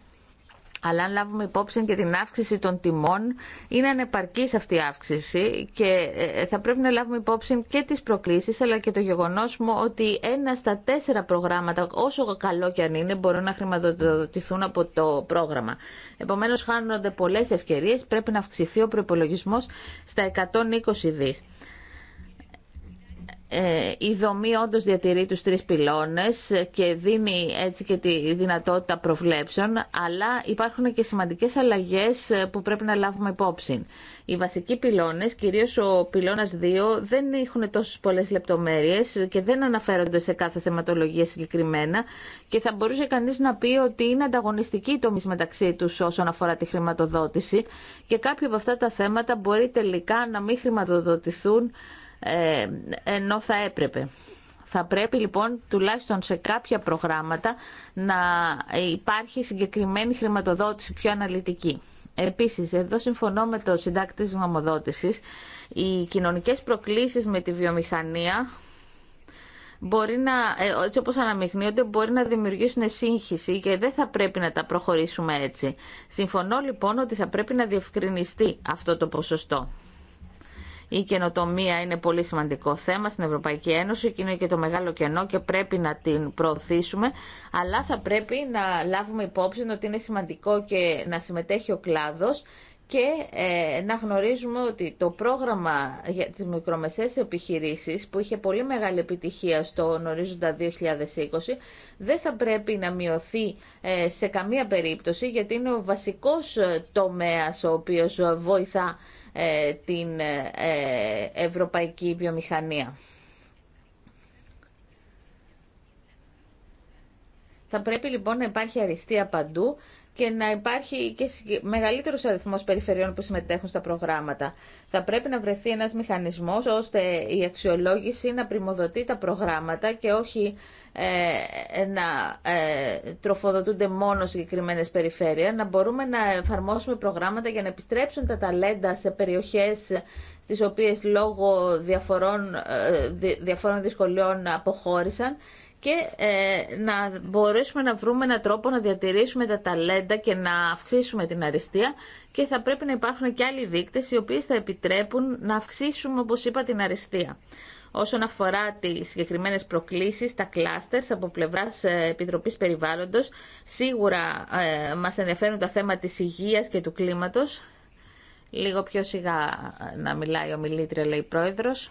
A: αλλά αν λάβουμε υπόψη και την αύξηση των τιμών, είναι ανεπαρκής αυτή η αύξηση και ε, ε, θα πρέπει να λάβουμε υπόψη και τις προκλήσεις, αλλά και το γεγονός μου ότι ένα στα τέσσερα προγράμματα, όσο καλό και αν είναι, μπορούν να χρηματοδοτηθούν από το πρόγραμμα. Επομένως, χάνονται πολλές ευκαιρίες, πρέπει να αυξηθεί ο προπολογισμό στα 120 δις. Ε, η δομή όντω διατηρεί τους τρεις πυλώνες και δίνει έτσι και τη δυνατότητα προβλέψεων, αλλά υπάρχουν και σημαντικές αλλαγές που πρέπει να λάβουμε υπόψη. Οι βασικοί πυλώνες, κυρίως ο πυλώνας 2, δεν έχουν τόσες πολλές λεπτομέρειες και δεν αναφέρονται σε κάθε θεματολογία συγκεκριμένα και θα μπορούσε κανείς να πει ότι είναι ανταγωνιστική οι μεταξύ τους όσον αφορά τη χρηματοδότηση και κάποια από αυτά τα θέματα μπορεί τελικά να μην χρηματοδοτηθούν ε, ενώ θα έπρεπε. Θα πρέπει λοιπόν τουλάχιστον σε κάποια προγράμματα να υπάρχει συγκεκριμένη χρηματοδότηση πιο αναλυτική. Επίσης, εδώ συμφωνώ με το συντάκτη της νομοδότησης, οι κοινωνικές προκλήσεις με τη βιομηχανία μπορεί να, ε, έτσι όπως αναμειχνύονται, μπορεί να δημιουργήσουν σύγχυση και δεν θα πρέπει να τα προχωρήσουμε έτσι. Συμφωνώ λοιπόν ότι θα πρέπει να διευκρινιστεί αυτό το ποσοστό. Η καινοτομία είναι πολύ σημαντικό θέμα στην Ευρωπαϊκή Ένωση και είναι και το μεγάλο κενό και πρέπει να την προωθήσουμε, αλλά θα πρέπει να λάβουμε υπόψη ότι είναι σημαντικό και να συμμετέχει ο κλάδος και ε, να γνωρίζουμε ότι το πρόγραμμα για τις μικρομεσαίες επιχειρήσεις που είχε πολύ μεγάλη επιτυχία στο ορίζοντα 2020 δεν θα πρέπει να μειωθεί ε, σε καμία περίπτωση γιατί είναι ο βασικός ε, τομέας ο οποίος βοηθά ε, την ε, ευρωπαϊκή βιομηχανία. Θα πρέπει λοιπόν να υπάρχει αριστεία παντού και να υπάρχει και μεγαλύτερο αριθμό περιφερειών που συμμετέχουν στα προγράμματα. Θα πρέπει να βρεθεί ένα μηχανισμό ώστε η αξιολόγηση να πρημοδοτεί τα προγράμματα και όχι ε, να ε, τροφοδοτούνται μόνο συγκεκριμένε περιφέρειες, να μπορούμε να εφαρμόσουμε προγράμματα για να επιστρέψουν τα ταλέντα σε περιοχέ στις οποίες λόγω διαφορών, ε, διαφορών δυσκολιών αποχώρησαν και ε, να μπορέσουμε να βρούμε έναν τρόπο να διατηρήσουμε τα ταλέντα και να αυξήσουμε την αριστεία και θα πρέπει να υπάρχουν και άλλοι δείκτες οι οποίες θα επιτρέπουν να αυξήσουμε, όπως είπα, την αριστεία. Όσον αφορά τι συγκεκριμένε προκλήσει, τα κλάστερ από πλευρά ε, Επιτροπή Περιβάλλοντο, σίγουρα ε, μα ενδιαφέρουν τα θέματα τη υγεία και του κλίματο. Λίγο πιο σιγά ε, να μιλάει ο μιλήτρια, λέει η πρόεδρος.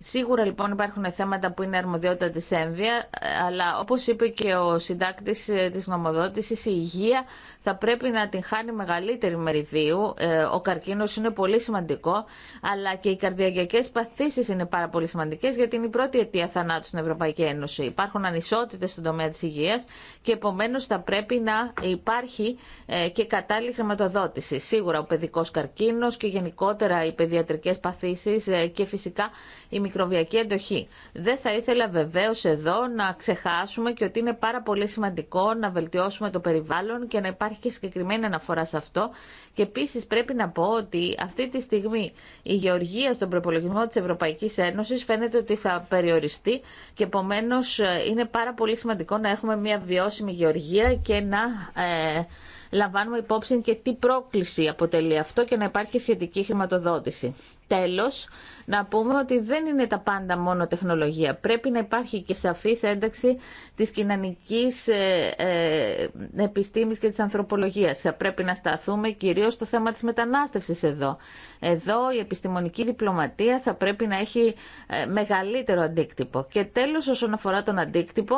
A: Σίγουρα λοιπόν υπάρχουν θέματα που είναι αρμοδιότητα της έμβια, αλλά όπως είπε και ο συντάκτης ε, της νομοδότησης, η υγεία θα πρέπει να την χάνει μεγαλύτερη μεριδίου. Ε, ο καρκίνος είναι πολύ σημαντικό, αλλά και οι καρδιακές παθήσεις είναι πάρα πολύ σημαντικές, γιατί είναι η πρώτη αιτία θανάτου στην Ευρωπαϊκή Ένωση. Υπάρχουν ανισότητες στον τομέα της υγείας και επομένως θα πρέπει να υπάρχει ε, και κατάλληλη χρηματοδότηση. Σίγουρα ο παιδικός καρκίνος και γενικότερα οι παιδιατρικές παθήσεις και φυσικά η μικροβιακή εντοχή. Δεν θα ήθελα βεβαίω εδώ να ξεχάσουμε και ότι είναι πάρα πολύ σημαντικό να βελτιώσουμε το περιβάλλον και να υπάρχει και συγκεκριμένη αναφορά σε αυτό. Και επίση πρέπει να πω ότι αυτή τη στιγμή η γεωργία στον προπολογισμό τη Ευρωπαϊκή Ένωση φαίνεται ότι θα περιοριστεί και επομένω ε, είναι πάρα πολύ σημαντικό να έχουμε μια βιώσιμη γεωργία και να. Ε, λαμβάνουμε υπόψη και τι πρόκληση αποτελεί αυτό και να υπάρχει σχετική χρηματοδότηση. Τέλος, να πούμε ότι δεν είναι τα πάντα μόνο τεχνολογία. Πρέπει να υπάρχει και σαφή ένταξη της κοινωνικής ε, ε, επιστήμης και της ανθρωπολογίας. Πρέπει να σταθούμε κυρίως στο θέμα της μετανάστευσης εδώ. Εδώ η επιστημονική διπλωματία θα πρέπει να έχει ε, μεγαλύτερο αντίκτυπο. Και τέλος, όσον αφορά τον αντίκτυπο,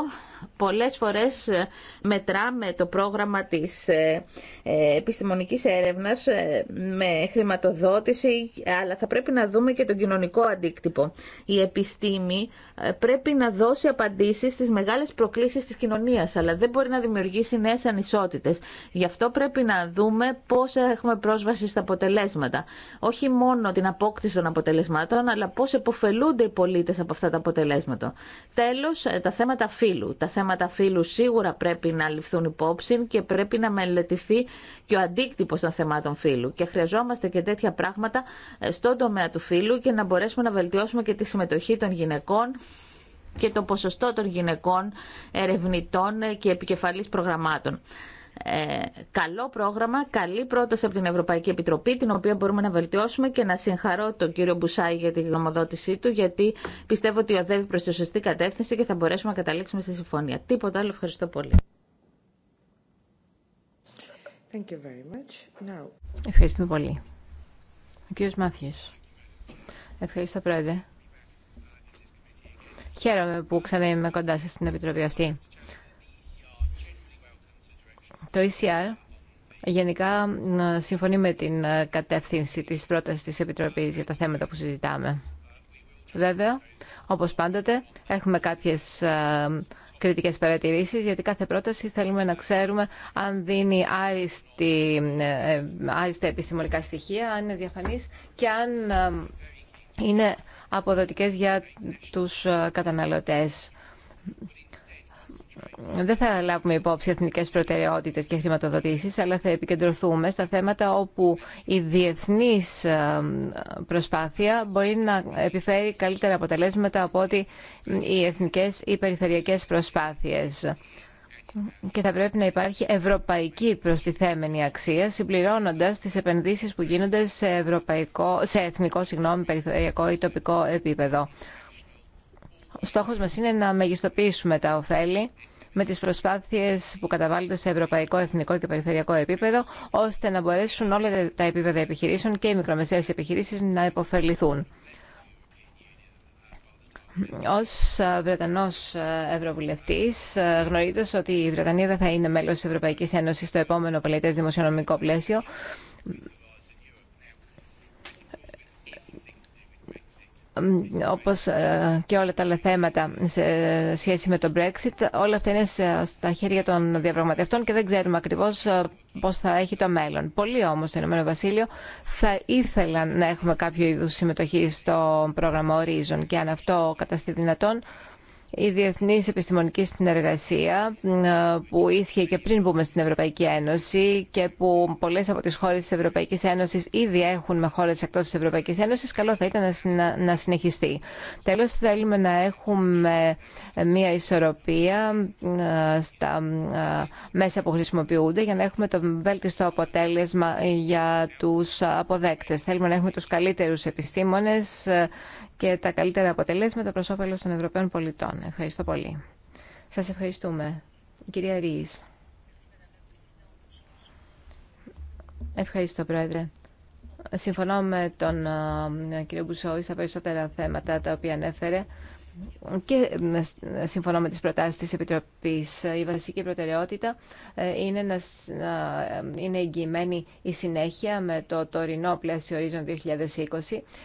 A: πολλές φορές μετράμε το πρόγραμμα της επιστημονικής έρευνας με χρηματοδότηση, αλλά θα πρέπει να δούμε και τον κοινωνικό αντίκτυπο. Η επιστήμη ε, πρέπει να δώσει απαντήσεις στις μεγάλες προκλήσεις της κοινωνίας, αλλά δεν μπορεί να δημιουργήσει νέες ανισότητες. Γι' αυτό πρέπει να δούμε πώς έχουμε πρόσβαση στα αποτελέσματα. Όχι μόνο την απόκτηση των αποτελεσμάτων, αλλά πώς επωφελούνται οι πολίτες από αυτά τα αποτελέσματα. Τέλος, ε, τα θέματα φύλου. Τα θέματα φύλου σίγουρα πρέπει να ληφθούν υπόψη και πρέπει να μελετηθεί και ο αντίκτυπος των θεμάτων φύλου. Και χρειαζόμαστε και τέτοια πράγματα ε, στον τομέα τομέα του φύλου και να μπορέσουμε να βελτιώσουμε και τη συμμετοχή των γυναικών και το ποσοστό των γυναικών ερευνητών και επικεφαλής προγραμμάτων. Ε, καλό πρόγραμμα, καλή πρόταση από την Ευρωπαϊκή Επιτροπή, την οποία μπορούμε να βελτιώσουμε και να συγχαρώ τον κύριο Μπουσάη για τη γνωμοδότησή του, γιατί πιστεύω ότι οδεύει προς τη σωστή κατεύθυνση και θα μπορέσουμε να καταλήξουμε στη συμφωνία. Τίποτα άλλο, ευχαριστώ πολύ. Thank you
D: very much. Now...
A: Ευχαριστούμε πολύ. Ο κύριος Μάθιες.
C: Ευχαριστώ, Πρόεδρε. Χαίρομαι που ξανά είμαι κοντά σας στην Επιτροπή αυτή. Το ECR γενικά συμφωνεί με την ε, κατεύθυνση της πρότασης της Επιτροπής για τα θέματα που συζητάμε. Βέβαια, όπως πάντοτε, έχουμε κάποιες ε, κριτικές παρατηρήσεις, γιατί κάθε πρόταση θέλουμε να ξέρουμε αν δίνει άριστη, ε, άριστα επιστημονικά στοιχεία, αν είναι διαφανής και αν είναι αποδοτικές για τους ε, καταναλωτές. Δεν θα λάβουμε υπόψη εθνικές προτεραιότητες και χρηματοδοτήσεις, αλλά θα επικεντρωθούμε στα θέματα όπου η διεθνής ε, προσπάθεια μπορεί να επιφέρει καλύτερα αποτελέσματα από ότι οι εθνικές ή περιφερειακές προσπάθειες και θα πρέπει να υπάρχει ευρωπαϊκή προστιθέμενη αξία συμπληρώνοντας τις επενδύσεις που γίνονται σε, ευρωπαϊκό, σε εθνικό, συγγνώμη, περιφερειακό ή τοπικό επίπεδο. Ο στόχος μας είναι να μεγιστοποιήσουμε τα ωφέλη με τις προσπάθειες που καταβάλλονται σε ευρωπαϊκό, εθνικό και περιφερειακό επίπεδο, ώστε να μπορέσουν όλα τα επίπεδα επιχειρήσεων και οι μικρομεσαίες επιχειρήσεις να υποφεληθούν. Ως ε, Βρετανός ε, Ευρωβουλευτής ε, γνωρίζω ότι η Βρετανία δεν θα είναι μέλος της Ευρωπαϊκής Ένωσης στο επόμενο πολιτές δημοσιονομικό πλαίσιο όπως ε, και όλα τα άλλα θέματα σε σχέση με το Brexit. Όλα αυτά είναι στα χέρια των διαπραγματευτών και δεν ξέρουμε ακριβώς ε, πώς θα έχει το μέλλον. Πολλοί όμως στο Ηνωμένο Βασίλειο θα ήθελαν να έχουμε κάποιο είδους συμμετοχή στο πρόγραμμα Horizon και αν αυτό καταστεί δυνατόν η διεθνή επιστημονική συνεργασία που ίσχυε και πριν μπούμε στην Ευρωπαϊκή Ένωση και που πολλές από τις χώρες της Ευρωπαϊκής Ένωσης ήδη έχουν με χώρες εκτός της Ευρωπαϊκής Ένωσης, καλό θα ήταν να συνεχιστεί. Τέλος, θέλουμε να έχουμε μια ισορροπία στα μέσα που χρησιμοποιούνται για να έχουμε το βέλτιστο αποτέλεσμα για τους αποδέκτες. Θέλουμε να έχουμε τους καλύτερους επιστήμονες και τα καλύτερα αποτελέσματα προς όφελος των Ευρωπαίων πολιτών. Ευχαριστώ πολύ. Σας ευχαριστούμε. κυρία Ρίης. Ευχαριστώ, Πρόεδρε. Συμφωνώ με τον ε, κύριο Μπουσόη στα περισσότερα θέματα τα οποία ανέφερε και σύμφωνα με τις προτάσεις της Επιτροπής. Η βασική προτεραιότητα ε, είναι να ε, είναι εγγυημένη η συνέχεια με το τωρινό πλαίσιο Horizon 2020.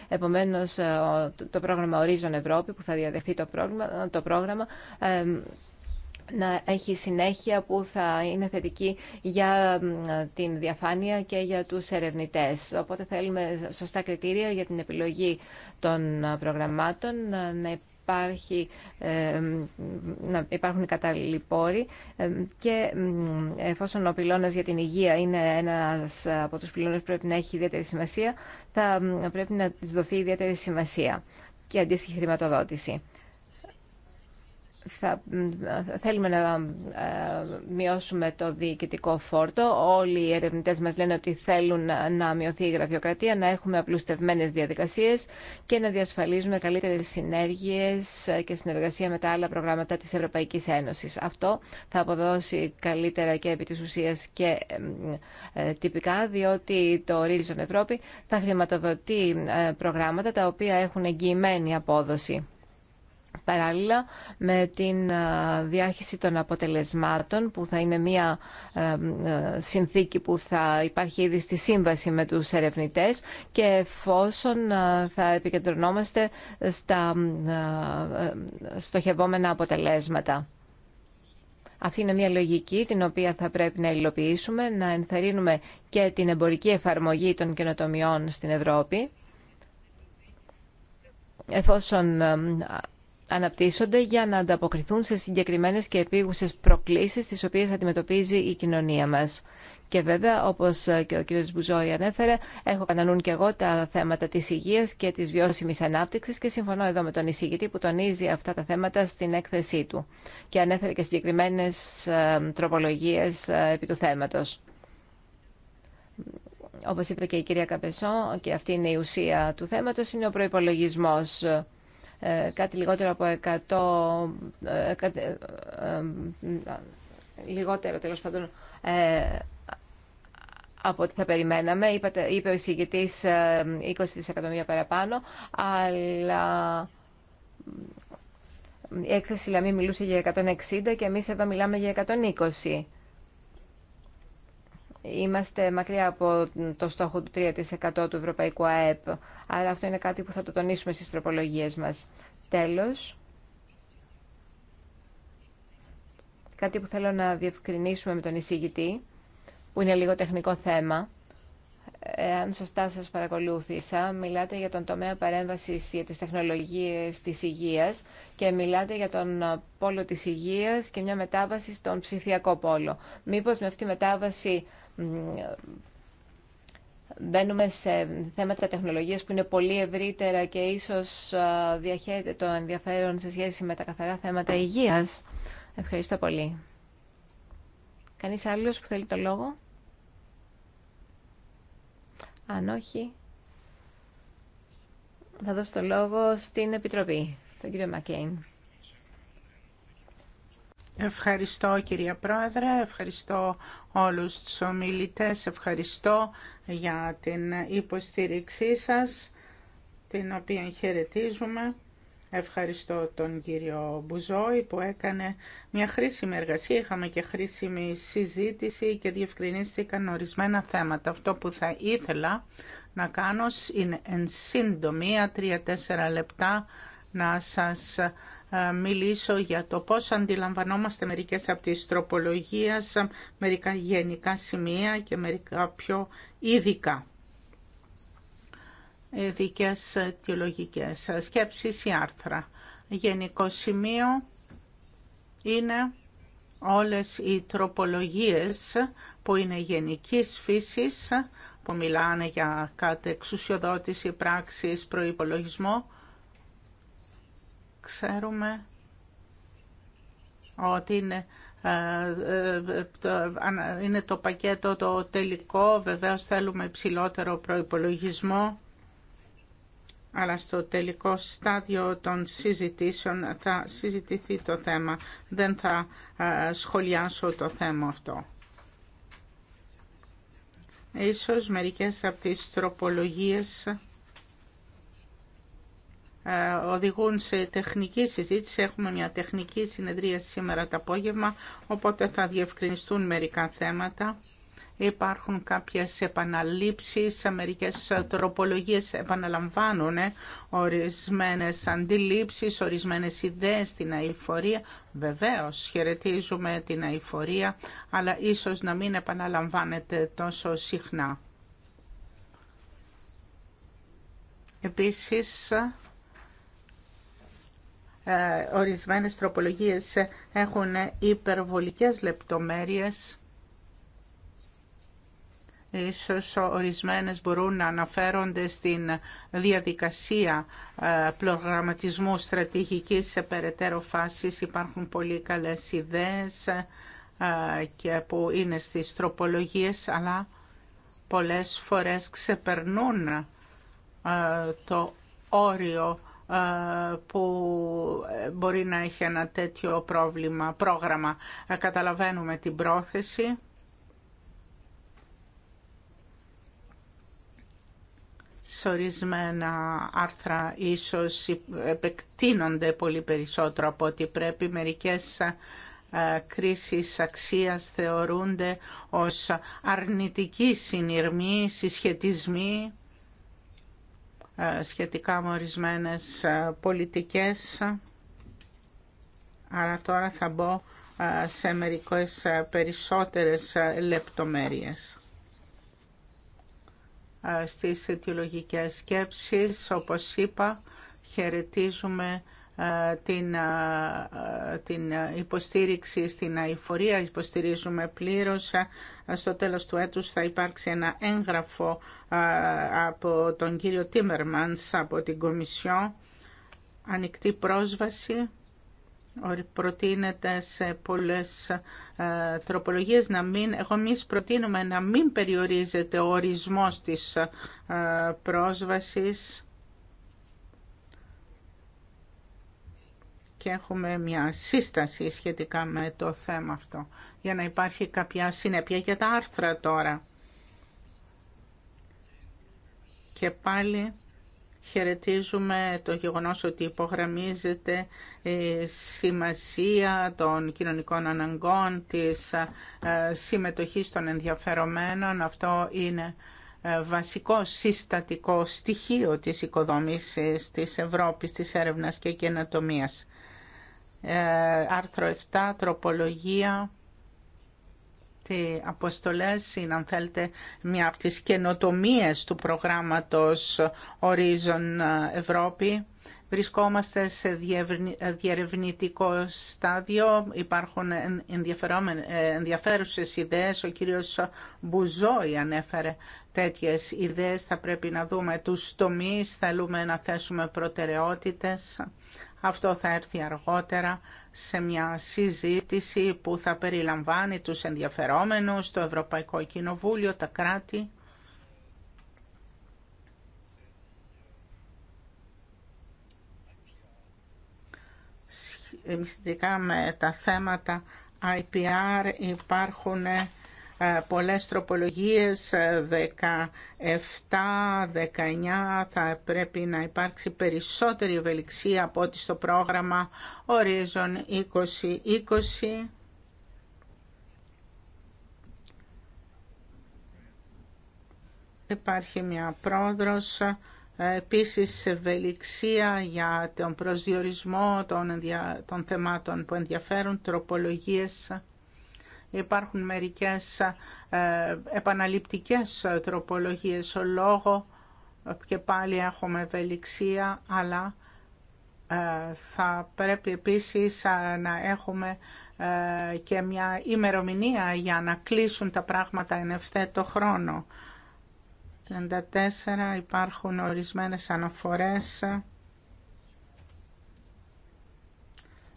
C: Επομένως, ε, το πρόγραμμα Horizon Ευρώπη που θα διαδεχθεί το πρόγραμμα, το πρόγραμμα να έχει συνέχεια που θα είναι θετική για την διαφάνεια και για τους ερευνητές. Οπότε θέλουμε σωστά κριτήρια για την επιλογή των προγραμμάτων, να υπάρχει, ε, να υπάρχουν κατάλληλοι πόροι ε, και εφόσον ο πυλώνας για την υγεία είναι ένας από τους πυλώνες που πρέπει να έχει ιδιαίτερη σημασία, θα πρέπει να της δοθεί ιδιαίτερη σημασία και αντίστοιχη χρηματοδότηση θα θέλουμε να ε, μειώσουμε το διοικητικό φόρτο. Όλοι οι ερευνητές μας λένε ότι θέλουν να μειωθεί η γραφειοκρατία, να έχουμε απλουστευμένες διαδικασίες και να διασφαλίζουμε καλύτερες συνέργειες και συνεργασία με τα άλλα προγράμματα της Ευρωπαϊκής Ένωσης. Αυτό θα αποδώσει καλύτερα και επί της ουσίας και ε, τυπικά, διότι το Horizon Ευρώπη θα χρηματοδοτεί ε, προγράμματα τα οποία έχουν εγγυημένη απόδοση. Παράλληλα με την ε, διάχυση των αποτελεσμάτων που θα είναι μια ε, ε, συνθήκη που θα υπάρχει ήδη στη σύμβαση με τους ερευνητές και εφόσον θα επικεντρωνόμαστε στα στοχευόμενα αποτελέσματα. Αυτή είναι μια λογική την οποία θα πρέπει να υλοποιήσουμε, να ενθαρρύνουμε και την εμπορική εφαρμογή των καινοτομιών στην Ευρώπη εφόσον αναπτύσσονται για να ανταποκριθούν σε συγκεκριμένες και επίγουσες προκλήσεις τις οποίες αντιμετωπίζει η κοινωνία μας. Και βέβαια, όπως και ο κ. Μπουζόη ανέφερε, έχω κατά νου και εγώ τα θέματα της υγείας και της βιώσιμης ανάπτυξης και συμφωνώ εδώ με τον εισηγητή που τονίζει αυτά τα θέματα στην έκθεσή του και ανέφερε και συγκεκριμένες ε, τροπολογίες ε, επί του θέματος. Όπως είπε και η κυρία Καπεσό, και αυτή είναι η ουσία του θέματος, είναι ο προϋπολογισμός ε, κάτι λιγότερο από 100, ε, ε, λιγότερο τέλος πάντων από ό,τι θα περιμέναμε. Είπατε, είπε ο εισηγητής 20 δισεκατομμύρια παραπάνω, αλλά η έκθεση Λαμή μιλούσε για 160 και εμείς εδώ μιλάμε για 120. Είμαστε μακριά από το στόχο του 3% του Ευρωπαϊκού ΑΕΠ, Άρα αυτό είναι κάτι που θα το τονίσουμε στις τροπολογίες μας. Τέλος, κάτι που θέλω να διευκρινίσουμε με τον εισηγητή, που είναι λίγο τεχνικό θέμα, αν σωστά σας παρακολούθησα, μιλάτε για τον τομέα παρέμβασης για τις τεχνολογίες της υγείας και μιλάτε για τον πόλο της υγείας και μια μετάβαση στον ψηφιακό πόλο. Μήπως με αυτή τη μετάβαση μπαίνουμε σε θέματα τεχνολογίας που είναι πολύ ευρύτερα και ίσως διαχέεται το ενδιαφέρον σε σχέση με τα καθαρά θέματα υγείας. Ευχαριστώ πολύ. Κανείς άλλος που θέλει το λόγο? Αν όχι, θα δώσω το λόγο στην Επιτροπή, τον κύριο Μακέιν.
B: Ευχαριστώ κυρία Πρόεδρε, ευχαριστώ όλους τους ομιλητές, ευχαριστώ για την υποστήριξή σας, την οποία χαιρετίζουμε. Ευχαριστώ τον κύριο Μπουζόη που έκανε μια χρήσιμη εργασία. Είχαμε και χρήσιμη συζήτηση και διευκρινίστηκαν ορισμένα θέματα. Αυτό που θα ήθελα να κάνω είναι εν συντομία τρία-τέσσερα λεπτά να σας μιλήσω για το πώς αντιλαμβανόμαστε μερικές από τις τροπολογίες, μερικά γενικά σημεία και μερικά πιο ειδικά ειδικές αιτιολογικές σκέψεις ή άρθρα. Γενικό σημείο είναι όλες οι τροπολογίες που είναι γενικής φύσης, που μιλάνε για κατεξουσιοδότηση, πράξης, προϋπολογισμό, Ξέρουμε ότι είναι ε, ε, είναι το πακέτο το τελικό. Βεβαίως θέλουμε υψηλότερο προϋπολογισμό, αλλά στο τελικό στάδιο των συζητήσεων θα συζητηθεί το θέμα. Δεν θα ε, σχολιάσω το θέμα αυτό. Ίσως μερικές από τις τροπολογίες ε, οδηγούν σε τεχνική συζήτηση. Έχουμε μια τεχνική συνεδρία σήμερα το απόγευμα, οπότε θα διευκρινιστούν μερικά θέματα. Υπάρχουν κάποιες επαναλήψεις, μερικές τροπολογίες επαναλαμβάνουν ε, ορισμένες αντιλήψεις, ορισμένες ιδέες στην αηφορία. Βεβαίως χαιρετίζουμε την αηφορία, αλλά ίσως να μην επαναλαμβάνεται τόσο συχνά. Επίσης, ε, ορισμένες τροπολογίες έχουν υπερβολικές λεπτομέρειες. Ίσως ορισμένες μπορούν να αναφέρονται στην διαδικασία ε, προγραμματισμού στρατηγικής σε περαιτέρω φάση. Υπάρχουν πολύ καλές ιδέες ε, και που είναι στις τροπολογίες, αλλά πολλές φορές ξεπερνούν το όριο ε, που ε, μπορεί να έχει ένα τέτοιο πρόβλημα, πρόγραμμα. Ε, καταλαβαίνουμε την πρόθεση. σε ορισμένα άρθρα ίσως επεκτείνονται πολύ περισσότερο από ό,τι πρέπει. Μερικές κρίσεις αξίας θεωρούνται ως αρνητική συνειρμή, συσχετισμοί ε, σχετικά με ορισμένε ε, πολιτικές. Άρα τώρα θα μπω ε, σε μερικές περισσότερες λεπτομέρειες. Στις αιτιολογικές σκέψεις, όπως είπα, χαιρετίζουμε ε, την, ε, ε, την υποστήριξη στην αηφορία, υποστηρίζουμε πλήρως. Στο τέλος του έτους θα υπάρξει ένα έγγραφο από τον κύριο Τίμερμανς από την Κομισιό. Ανοιχτή πρόσβαση προτείνεται σε πολλές τροπολογίες να μην, εγώ εμείς προτείνουμε να μην περιορίζεται ο ορισμός της πρόσβασης και έχουμε μια σύσταση σχετικά με το θέμα αυτό, για να υπάρχει κάποια συνέπεια για τα άρθρα τώρα. Και πάλι χαιρετίζουμε το γεγονός ότι υπογραμμίζεται η ε, σημασία των κοινωνικών αναγκών, της ε, συμμετοχής των ενδιαφερομένων. Αυτό είναι ε, βασικό συστατικό στοιχείο της οικοδόμησης της Ευρώπης, της έρευνας και καινοτομίας. Ε, άρθρο 7, τροπολογία τι αποστολές είναι αν θέλετε μια από τις καινοτομίες του προγράμματος Horizon Ευρώπη Βρισκόμαστε σε διερευνητικό στάδιο, υπάρχουν ε, ενδιαφέρουσες ιδέες. Ο κύριος Μπουζόη ανέφερε τέτοιες ιδέες. Θα πρέπει να δούμε τους τομείς, θέλουμε να θέσουμε προτεραιότητες. Αυτό θα έρθει αργότερα σε μια συζήτηση που θα περιλαμβάνει τους ενδιαφερόμενους, το Ευρωπαϊκό Κοινοβούλιο, τα κράτη μυστικά με τα θέματα IPR υπάρχουν ε, πολλές τροπολογίες, 17, ε, 19, θα πρέπει να υπάρξει περισσότερη ευελιξία από ό,τι στο πρόγραμμα Horizon 2020. Υπάρχει μια πρόδρος ε, επίσης ευελιξία για τον προσδιορισμό των, των θεμάτων που ενδιαφέρουν, τροπολογίες. Υπάρχουν μερικές ε, επαναληπτικές τροπολογίες. Ο λόγο ε, και πάλι έχουμε ευελιξία, αλλά θα πρέπει επίσης να έχουμε και μια ημερομηνία για να κλείσουν τα πράγματα εν ευθέτω χρόνο. 34 υπάρχουν ορισμένες αναφορές.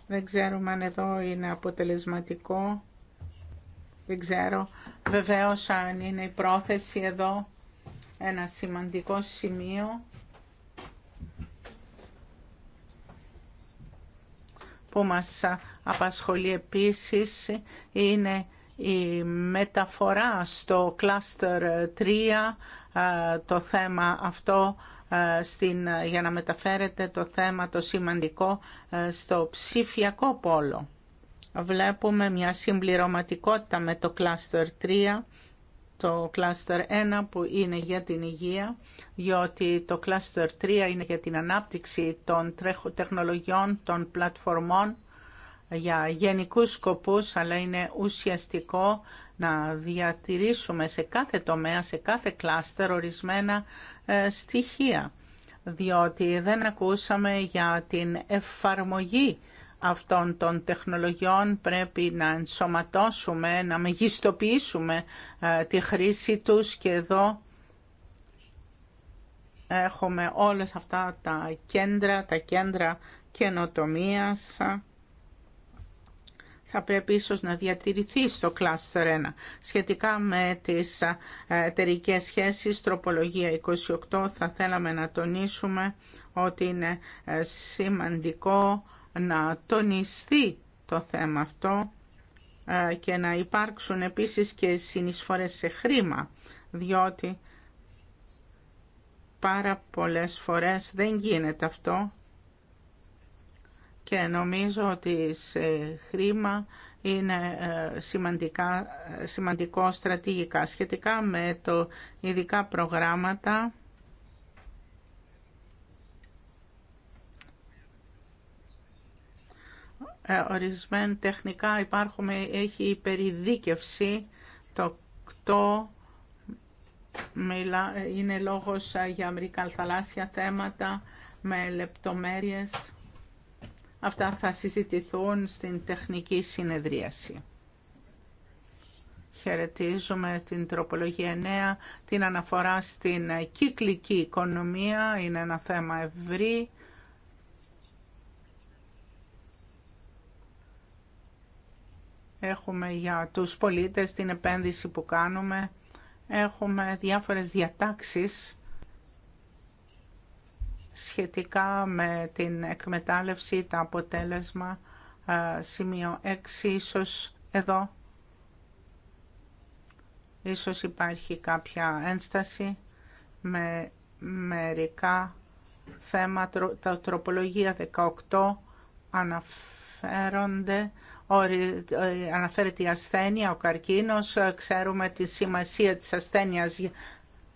B: Δεν ξέρουμε αν εδώ είναι αποτελεσματικό. Δεν ξέρω. Βεβαίως αν είναι η πρόθεση εδώ ένα σημαντικό σημείο που μας απασχολεί επίσης είναι η μεταφορά στο κλάστερ 3 ε, το θέμα αυτό ε, στην, για να μεταφέρετε το θέμα το σημαντικό ε, στο ψηφιακό πόλο. Βλέπουμε μια συμπληρωματικότητα με το κλάστερ 3, το κλάστερ 1 που είναι για την υγεία, διότι το κλάστερ 3 είναι για την ανάπτυξη των τεχνολογιών, των πλατφορμών για γενικούς σκοπούς, αλλά είναι ουσιαστικό να διατηρήσουμε σε κάθε τομέα, σε κάθε κλάστερ ορισμένα ε, στοιχεία, διότι δεν ακούσαμε για την εφαρμογή αυτών των τεχνολογιών πρέπει να ενσωματώσουμε, να μεγιστοποιήσουμε ε, τη χρήση τους και εδώ έχουμε όλες αυτά τα κέντρα, τα κέντρα καινοτομίας θα πρέπει ίσως να διατηρηθεί στο κλάστερ 1. Σχετικά με τις ε, εταιρικέ σχέσεις, τροπολογία 28, θα θέλαμε να τονίσουμε ότι είναι ε, σημαντικό να τονιστεί το θέμα αυτό ε, και να υπάρξουν επίσης και συνεισφορές σε χρήμα, διότι πάρα πολλές φορές δεν γίνεται αυτό και νομίζω ότι σε χρήμα είναι ε, σημαντικά, σημαντικό στρατηγικά. Σχετικά με το ειδικά προγράμματα, ε, ορισμένα τεχνικά υπάρχουμε, έχει υπεριδίκευση, το κτό ε, είναι λόγος για μερικά θαλάσσια θέματα με λεπτομέρειες Αυτά θα συζητηθούν στην τεχνική συνεδρίαση. Χαιρετίζουμε την τροπολογία 9, την αναφορά στην κυκλική οικονομία, είναι ένα θέμα ευρύ. Έχουμε για τους πολίτες την επένδυση που κάνουμε. Έχουμε διάφορες διατάξεις σχετικά με την εκμετάλλευση, τα αποτέλεσμα, σημείο 6 ίσως εδώ. Ίσως υπάρχει κάποια ένσταση με μερικά θέματα, τα τροπολογία 18 αναφέρονται ε, αναφέρεται η ασθένεια, ο καρκίνος. Ξέρουμε τη σημασία της ασθένειας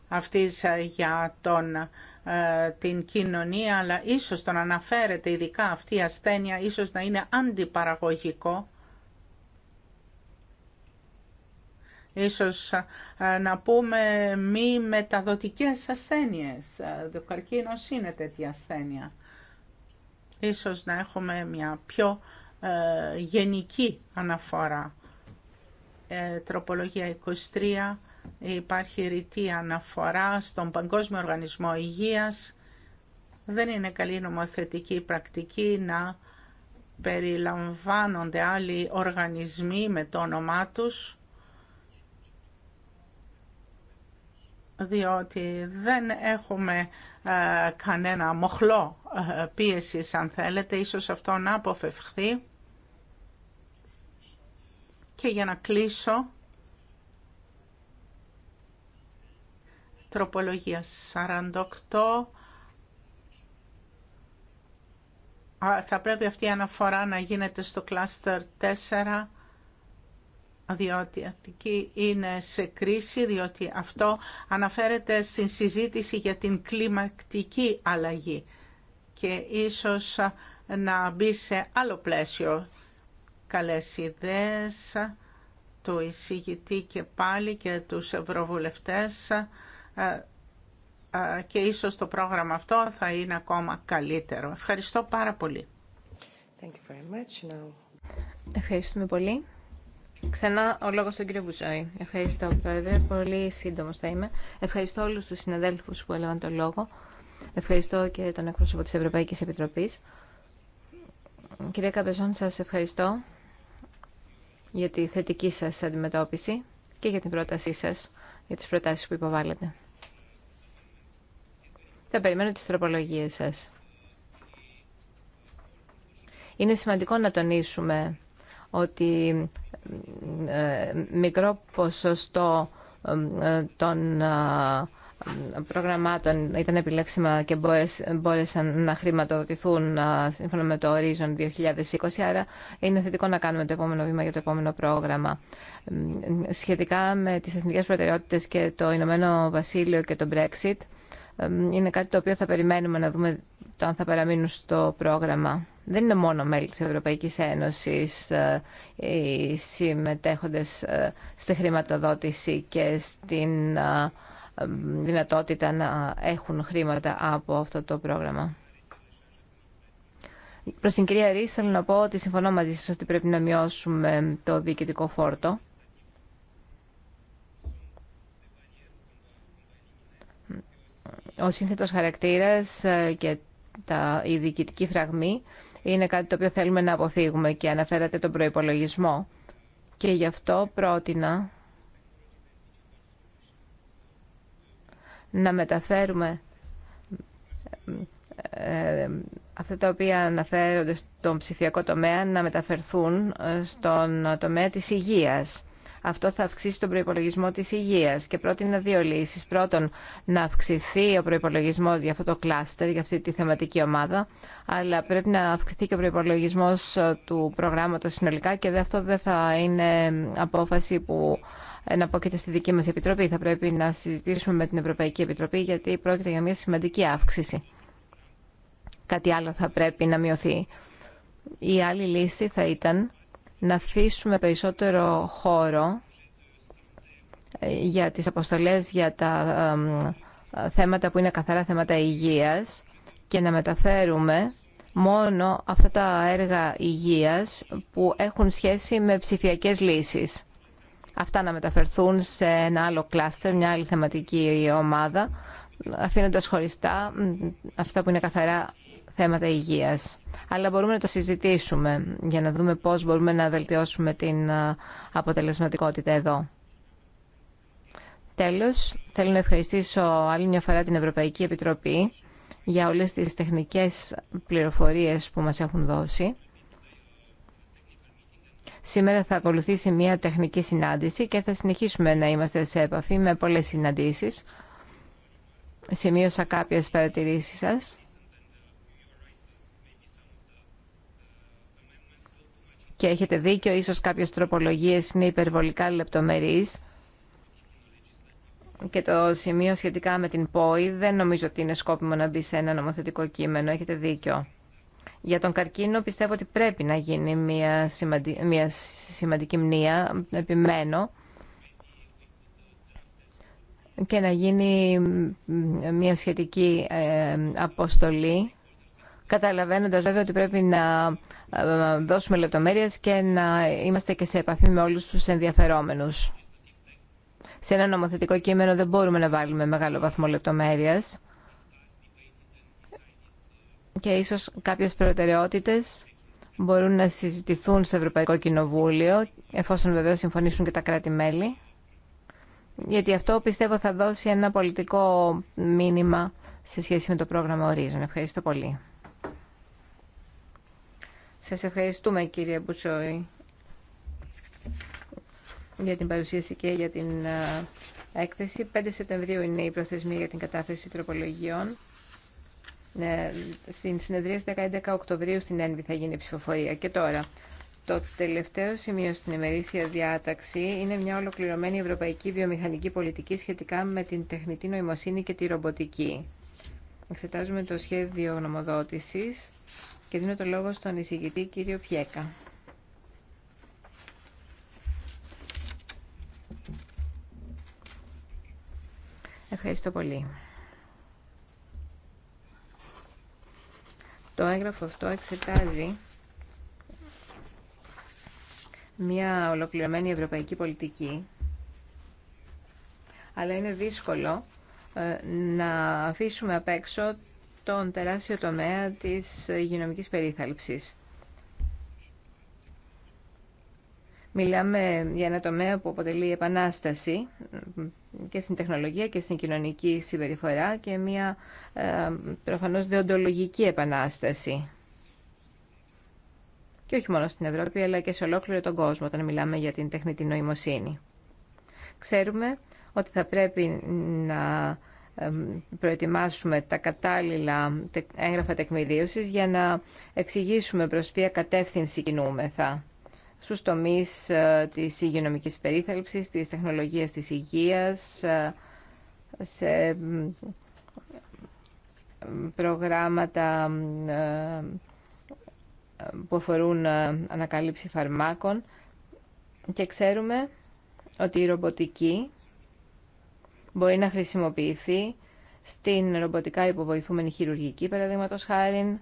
B: αυτής για τον ε, την κοινωνία, αλλά ίσως τον αναφέρεται ειδικά αυτή η ασθένεια, ίσως να είναι αντιπαραγωγικό. Ίσως ε, να πούμε μη μεταδοτικές ασθένειες. Ε, το καρκίνος είναι τέτοια ασθένεια. Ίσως να έχουμε μια πιο γενική αναφορά. τροπολογία 23 Υπάρχει ρητή αναφορά στον Παγκόσμιο Οργανισμό Υγείας. Δεν είναι καλή νομοθετική πρακτική να περιλαμβάνονται άλλοι οργανισμοί με το όνομά τους, διότι δεν έχουμε ε, κανένα μοχλό ε, αν θέλετε, ίσως αυτό να αποφευχθεί. Και για να κλείσω, Τροπολογία 48. Θα πρέπει αυτή η αναφορά να γίνεται στο κλάστερ 4 διότι αυτή είναι σε κρίση, διότι αυτό αναφέρεται στην συζήτηση για την κλιματική αλλαγή και ίσως να μπει σε άλλο πλαίσιο. Καλές ιδέες του εισηγητή και πάλι και τους ευρωβουλευτές και ίσως το πρόγραμμα αυτό θα είναι ακόμα καλύτερο. Ευχαριστώ πάρα πολύ.
C: Thank you very much now. Ευχαριστούμε πολύ. Ξανά ο λόγος στον κύριο Μπουζόη. Ευχαριστώ, Πρόεδρε. Πολύ σύντομος θα είμαι. Ευχαριστώ όλους τους συναδέλφους που έλαβαν το λόγο. Ευχαριστώ και τον εκπρόσωπο της Ευρωπαϊκής Επιτροπής. Κυρία Καπεζόν, σας ευχαριστώ για τη θετική σας αντιμετώπιση και για την πρότασή σας, για τις προτάσεις που υποβάλλετε. Θα περιμένω τις τροπολογίες σας. Είναι σημαντικό να τονίσουμε ότι ε, μικρό ποσοστό ε, των ε, προγραμμάτων ήταν επιλέξιμα και μπόρεσαν να χρηματοδοτηθούν σύμφωνα με το Horizon 2020, άρα είναι θετικό να κάνουμε το επόμενο βήμα για το επόμενο πρόγραμμα. Σχετικά με τις εθνικές προτεραιότητες και το Ηνωμένο Βασίλειο και το Brexit, είναι κάτι το οποίο θα περιμένουμε να δούμε το αν θα παραμείνουν στο πρόγραμμα. Δεν είναι μόνο μέλη της Ευρωπαϊκής Ένωσης ε, οι συμμετέχοντες ε, στη χρηματοδότηση και στην ε, δυνατότητα να έχουν χρήματα από αυτό το πρόγραμμα. Προς την κυρία Ρίσταλ να πω ότι συμφωνώ μαζί σας ότι πρέπει να μειώσουμε το διοικητικό φόρτο. Ο σύνθετος χαρακτήρας ε, και τα, η διοικητική φραγμή είναι κάτι το οποίο θέλουμε να αποφύγουμε και αναφέρατε τον προϋπολογισμό. Και γι' αυτό πρότεινα να μεταφέρουμε ε, ε, αυτά τα οποία αναφέρονται στον ψηφιακό τομέα να μεταφερθούν στον τομέα της υγείας. Αυτό θα αυξήσει τον προπολογισμό τη υγεία και πρότεινα δύο λύσει. Πρώτον, να αυξηθεί ο προπολογισμό για αυτό το κλάστερ, για αυτή τη θεματική ομάδα, αλλά πρέπει να αυξηθεί και ο προπολογισμό ε, του προγράμματο συνολικά και αυτό δεν θα είναι απόφαση που να πω στη δική μας Επιτροπή. Θα πρέπει να συζητήσουμε με την Ευρωπαϊκή Επιτροπή γιατί πρόκειται για μια σημαντική αύξηση. Κάτι άλλο θα πρέπει να μειωθεί. Η άλλη λύση θα ήταν να αφήσουμε περισσότερο χώρο ε, για τις αποστολές για τα θέματα που είναι καθαρά θέματα υγείας και να μεταφέρουμε μόνο αυτά τα έργα υγείας που έχουν σχέση με ψηφιακές λύσεις. Αυτά να μεταφερθούν σε ένα άλλο κλάστερ, μια άλλη θεματική ομάδα, αφήνοντας χωριστά αυτά που είναι καθαρά θέματα υγείας. Αλλά μπορούμε να το συζητήσουμε για να δούμε πώς μπορούμε να βελτιώσουμε την αποτελεσματικότητα εδώ. Τέλος, θέλω να ευχαριστήσω άλλη μια φορά την Ευρωπαϊκή Επιτροπή για όλες τις τεχνικές πληροφορίες που μας έχουν δώσει. Σήμερα θα ακολουθήσει μια τεχνική συνάντηση και θα συνεχίσουμε να είμαστε σε επαφή με πολλές συναντήσεις. Σημείωσα κάποιες παρατηρήσεις σας και έχετε δίκιο, ίσως κάποιες τροπολογίες είναι υπερβολικά λεπτομερείς και το σημείο σχετικά με την ΠΟΗ δεν νομίζω ότι είναι σκόπιμο να μπει σε ένα νομοθετικό κείμενο. Έχετε δίκιο. Για τον καρκίνο πιστεύω ότι πρέπει να γίνει μια, σημαντι... μια σημαντική μνήα, επιμένω, και να γίνει μια σχετική ε, αποστολή, καταλαβαίνοντας βέβαια ότι πρέπει να ε, δώσουμε λεπτομέρειες και να είμαστε και σε επαφή με όλους τους ενδιαφερόμενους. Σε ένα νομοθετικό κείμενο δεν μπορούμε να βάλουμε μεγάλο βαθμό λεπτομέρειας και ίσως κάποιες προτεραιότητες μπορούν να συζητηθούν στο Ευρωπαϊκό Κοινοβούλιο, εφόσον βεβαίως συμφωνήσουν και τα κράτη-μέλη, γιατί αυτό πιστεύω θα δώσει ένα πολιτικό μήνυμα σε σχέση με το πρόγραμμα Ορίζων. Ευχαριστώ πολύ. Σας ευχαριστούμε κύριε Μπουτσόη για την παρουσίαση και για την ε, έκθεση. 5 Σεπτεμβρίου είναι η προθεσμία για την κατάθεση τροπολογιών. Ε, στην συνεδρία 11 Οκτωβρίου στην Ένβη θα γίνει η ψηφοφορία. Και τώρα, το τελευταίο σημείο στην ημερήσια διάταξη είναι μια ολοκληρωμένη ευρωπαϊκή βιομηχανική πολιτική σχετικά με την τεχνητή νοημοσύνη και τη ρομποτική. Εξετάζουμε το σχέδιο γνωμοδότησης και δίνω το λόγο στον εισηγητή κύριο Πιέκα. Ευχαριστώ πολύ. Το έγγραφο αυτό εξετάζει μια ολοκληρωμένη ευρωπαϊκή πολιτική, αλλά είναι δύσκολο ε, να αφήσουμε απ' έξω τον τεράστιο τομέα της υγειονομικής περίθαλψης. Μιλάμε για ένα τομέα που αποτελεί επανάσταση και στην τεχνολογία και στην κοινωνική συμπεριφορά και μια ε, προφανώς δεοντολογική επανάσταση. Και όχι μόνο στην Ευρώπη αλλά και σε ολόκληρο τον κόσμο όταν μιλάμε για την τεχνητή νοημοσύνη. Ξέρουμε ότι θα πρέπει να προετοιμάσουμε τα κατάλληλα έγγραφα τεκμηρίωσης για να εξηγήσουμε προς ποια κατεύθυνση κινούμεθα στους τομείς ε, της υγειονομικής περίθαλψης, της τεχνολογίας της υγείας, ε, σε προγράμματα ε, που αφορούν ανακάλυψη φαρμάκων και ξέρουμε ότι η ρομποτική μπορεί να χρησιμοποιηθεί στην ρομποτικά υποβοηθούμενη χειρουργική, παραδείγματο χάρη,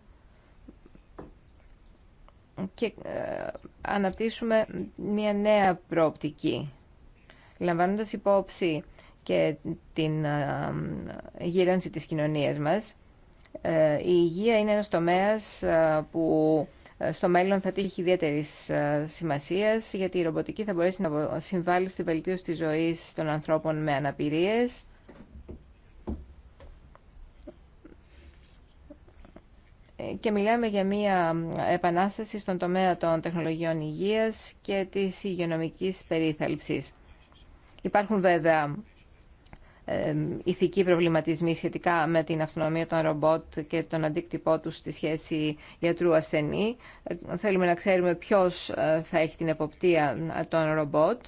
C: και ε, αναπτύσσουμε μια νέα προοπτική, λαμβάνοντας υπόψη και την ε, γύρανση της κοινωνίας μας. Ε, η υγεία είναι ένας τομέας που ε, στο μέλλον θα τύχει ιδιαίτερη ε, σημασία γιατί η ρομποτική θα μπορέσει να συμβάλλει στη βελτίωση της ζωής των ανθρώπων με αναπηρίε. Ε, και μιλάμε για μια επανάσταση στον τομέα των τεχνολογιών υγείας και της υγειονομικής περίθαλψης. Υπάρχουν βέβαια ηθικοί προβληματισμοί σχετικά με την αυτονομία των ρομπότ και τον αντίκτυπό τους στη σχεση γιατρου ιατρού-ασθενή. Ε, θέλουμε να ξέρουμε ποιος ε, θα έχει την εποπτεία ε, των ρομπότ.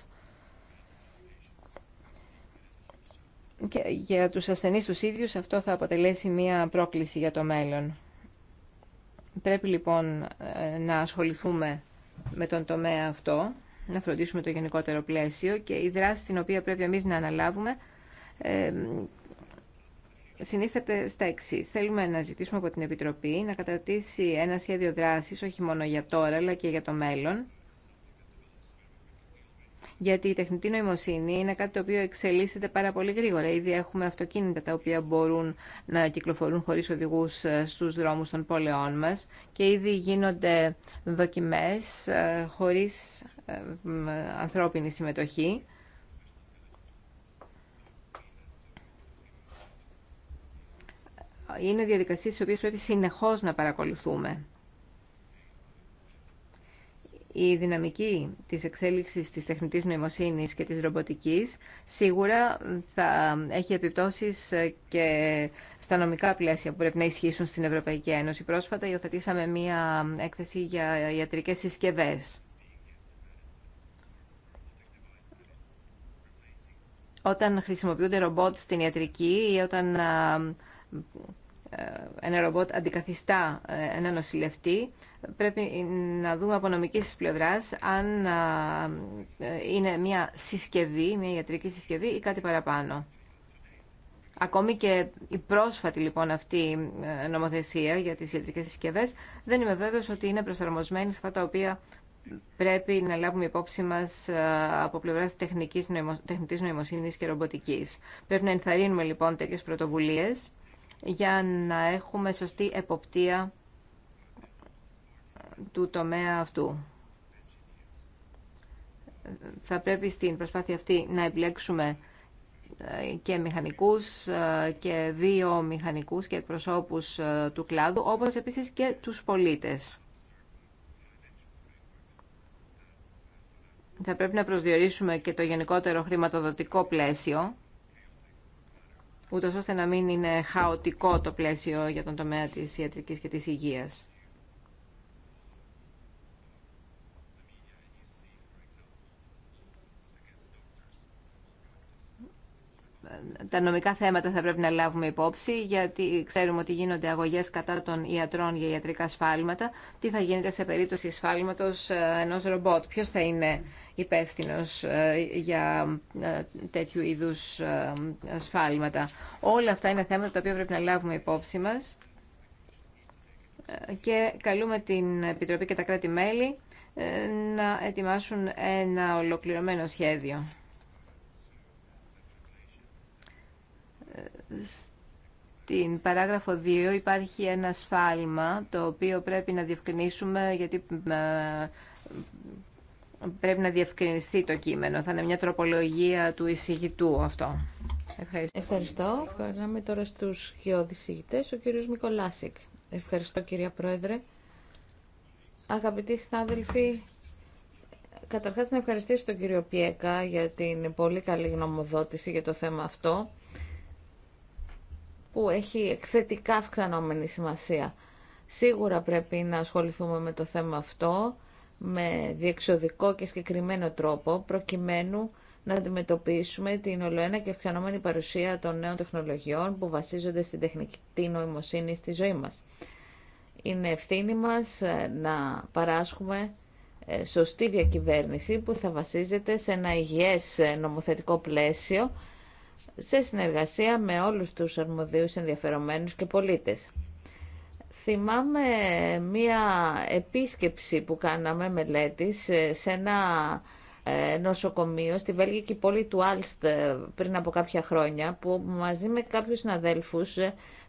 C: Και για τους ασθενείς τους ίδιους αυτό θα αποτελέσει μια πρόκληση για το μέλλον. Πρέπει λοιπόν να ασχοληθούμε με τον τομέα αυτό, να φροντίσουμε το γενικότερο πλαίσιο και η δράση την οποία πρέπει εμείς να αναλάβουμε συνίσταται στα εξή. Θέλουμε να ζητήσουμε από την Επιτροπή να καταρτήσει ένα σχέδιο δράσης, όχι μόνο για τώρα, αλλά και για το μέλλον, γιατί η τεχνητή νοημοσύνη είναι κάτι το οποίο εξελίσσεται πάρα πολύ γρήγορα. Ήδη έχουμε αυτοκίνητα τα οποία μπορούν να κυκλοφορούν χωρίς οδηγούς ε, στους δρόμους των πόλεών μας και ήδη γίνονται δοκιμές ε, χωρίς ε, ανθρώπινη συμμετοχή. είναι διαδικασίες τις οποίες πρέπει συνεχώς να παρακολουθούμε. Η δυναμική της εξέλιξης της τεχνητής νοημοσύνης και της ρομποτικής σίγουρα θα έχει επιπτώσεις και στα νομικά πλαίσια που πρέπει να ισχύσουν στην Ευρωπαϊκή Ένωση. Πρόσφατα υιοθετήσαμε μία έκθεση για ιατρικές συσκευές. Όταν χρησιμοποιούνται ρομπότ στην ιατρική ή όταν ε, ένα ρομπότ αντικαθιστά ε, ένα νοσηλευτή. Πρέπει να δούμε από νομικής πλευράς αν ε, είναι μια συσκευή, μια ιατρική συσκευή ή κάτι παραπάνω. Ακόμη και η πρόσφατη λοιπόν αυτή νομοθεσία για τις ιατρικές συσκευές δεν είμαι βέβαιος ότι είναι προσαρμοσμένη σε αυτά τα οποία πρέπει να λάβουμε υπόψη μας από πλευράς τεχνικής, τεχνητής νοημοσύνης και ρομποτικής. Πρέπει να ενθαρρύνουμε λοιπόν τέτοιες πρωτοβουλίες για να έχουμε σωστή εποπτεία του τομέα αυτού. Θα πρέπει στην προσπάθεια αυτή να επιλέξουμε ε, και μηχανικούς ε, και βιομηχανικούς και εκπροσώπους ε, του κλάδου, όπως επίσης και τους πολίτες. Θα πρέπει να προσδιορίσουμε και το γενικότερο χρηματοδοτικό πλαίσιο ούτως ώστε να μην είναι χαοτικό το πλαίσιο για τον τομέα της ιατρικής και της υγείας. τα νομικά θέματα θα πρέπει να λάβουμε υπόψη, γιατί ξέρουμε ότι γίνονται αγωγές κατά των ιατρών για ιατρικά σφάλματα. Τι θα γίνεται σε περίπτωση σφάλματος ε, ενός ρομπότ, Ποιο θα είναι υπεύθυνο ε, για ε, τέτοιου είδου σφάλματα. Όλα αυτά είναι θέματα τα οποία πρέπει να λάβουμε υπόψη μας και καλούμε την Επιτροπή και τα κράτη-μέλη να ετοιμάσουν ένα ολοκληρωμένο σχέδιο. Στην παράγραφο 2 υπάρχει ένα σφάλμα το οποίο πρέπει να διευκρινίσουμε γιατί ε, πρέπει να διευκρινιστεί
A: το κείμενο. Θα είναι μια τροπολογία του εισηγητού αυτό. Ευχαριστώ. Ευχαριστώ. τώρα στους γεώδης ο κύριος Μικολάσικ. Ευχαριστώ κυρία Πρόεδρε. Αγαπητοί συνάδελφοι, καταρχάς να ευχαριστήσω τον κύριο Πιέκα για την πολύ καλή γνωμοδότηση για το θέμα αυτό που έχει εκθετικά αυξανόμενη σημασία. Σίγουρα πρέπει να ασχοληθούμε με το θέμα αυτό με διεξοδικό και συγκεκριμένο τρόπο προκειμένου να αντιμετωπίσουμε την ολοένα και αυξανόμενη παρουσία των νέων τεχνολογιών που βασίζονται στην τεχνική νοημοσύνη στη ζωή μας. Είναι ευθύνη μας ε, να παράσχουμε ε, σωστή διακυβέρνηση που θα βασίζεται σε ένα υγιές ε, νομοθετικό πλαίσιο σε συνεργασία με όλους τους αρμοδίους ενδιαφερομένους και πολίτες. Θυμάμαι μία επίσκεψη που κάναμε μελέτης ε, σε ένα ε, νοσοκομείο στη βέλγικη πόλη του Άλστ ε, πριν από κάποια χρόνια που μαζί με κάποιους συναδέλφους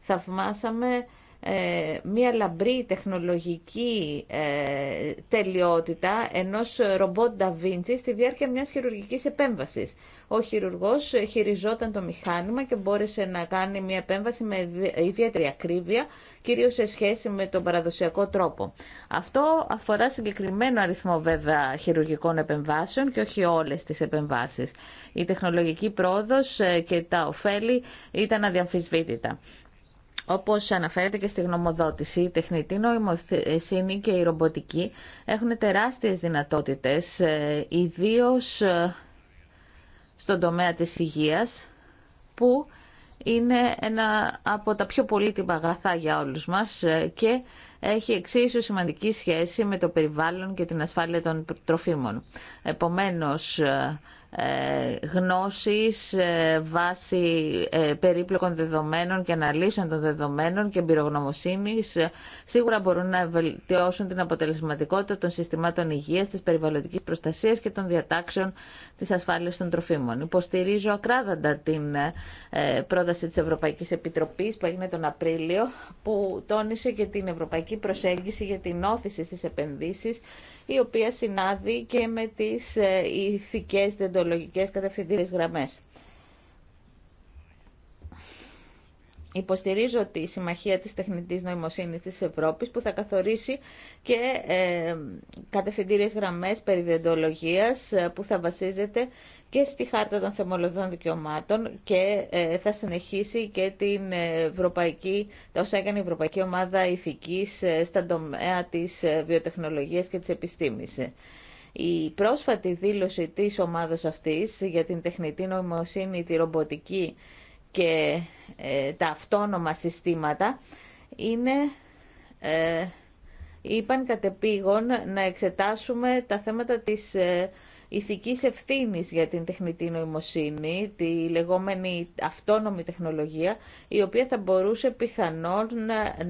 A: θαυμάσαμε ε, μία λαμπρή τεχνολογική ε, τελειότητα ενός ρομπότ Νταβίντσι στη διάρκεια μιας χειρουργικής επέμβασης. Ο χειρουργός χειριζόταν το μηχάνημα και μπόρεσε να κάνει μία επέμβαση με ιδιαίτερη ακρίβεια, κυρίως σε σχέση με τον παραδοσιακό τρόπο. Αυτό αφορά συγκεκριμένο αριθμό βέβαια χειρουργικών επεμβάσεων και όχι όλες τις επεμβάσεις. Η τεχνολογική πρόοδος ε, και τα ωφέλη ήταν αδιαμφισβήτητα. Όπω αναφέρεται και στη γνωμοδότηση, η τεχνητή νοημοσύνη και η ρομποτική έχουν τεράστιες δυνατότητες, ε, ιδίω ε, στον τομέα της υγείας, που είναι ένα από τα πιο πολύτιμα αγαθά για όλους μας ε, και έχει εξίσου σημαντική σχέση με το περιβάλλον και την ασφάλεια των τροφίμων. Επομένως, ε, γνώσης ε, βάσει περίπλοκων δεδομένων και αναλύσεων των δεδομένων και εμπειρογνωμοσύνης ε, σίγουρα μπορούν να βελτιώσουν την αποτελεσματικότητα των συστημάτων υγείας, της περιβαλλοντικής προστασίας και των διατάξεων της ασφάλειας των τροφίμων. Υποστηρίζω ακράδαντα την πρόταση της Ευρωπαϊκής Επιτροπής που έγινε τον Απρίλιο που τόνισε και την ευρωπαϊκή προσέγγιση για την όθηση στις επενδύσεις η οποία συνάδει και με τις ε, ηθικές δεντολογικές κατευθυντήριες γραμμές. Υποστηρίζω τη Συμμαχία της Τεχνητής Νοημοσύνης της Ευρώπης που θα καθορίσει και ε, κατευθυντήριες γραμμές περιδιοντολογίας ε, που θα βασίζεται και στη Χάρτα των Θεμολογικών Δικαιωμάτων και ε, θα συνεχίσει και την ε, Ευρωπαϊκή, όσα έκανε η Ευρωπαϊκή Ομάδα Ηθικής ε, στα τομέα της βιοτεχνολογίας και της επιστήμης. Η πρόσφατη δήλωση της ομάδας αυτής για την τεχνητή νοημοσύνη, τη ρομποτική και τα αυτόνομα συστήματα είναι είπαν κατεπήγον να εξετάσουμε τα θέματα της ηθικής ευθύνης για την τεχνητή νοημοσύνη, τη λεγόμενη αυτόνομη τεχνολογία, η οποία θα μπορούσε πιθανόν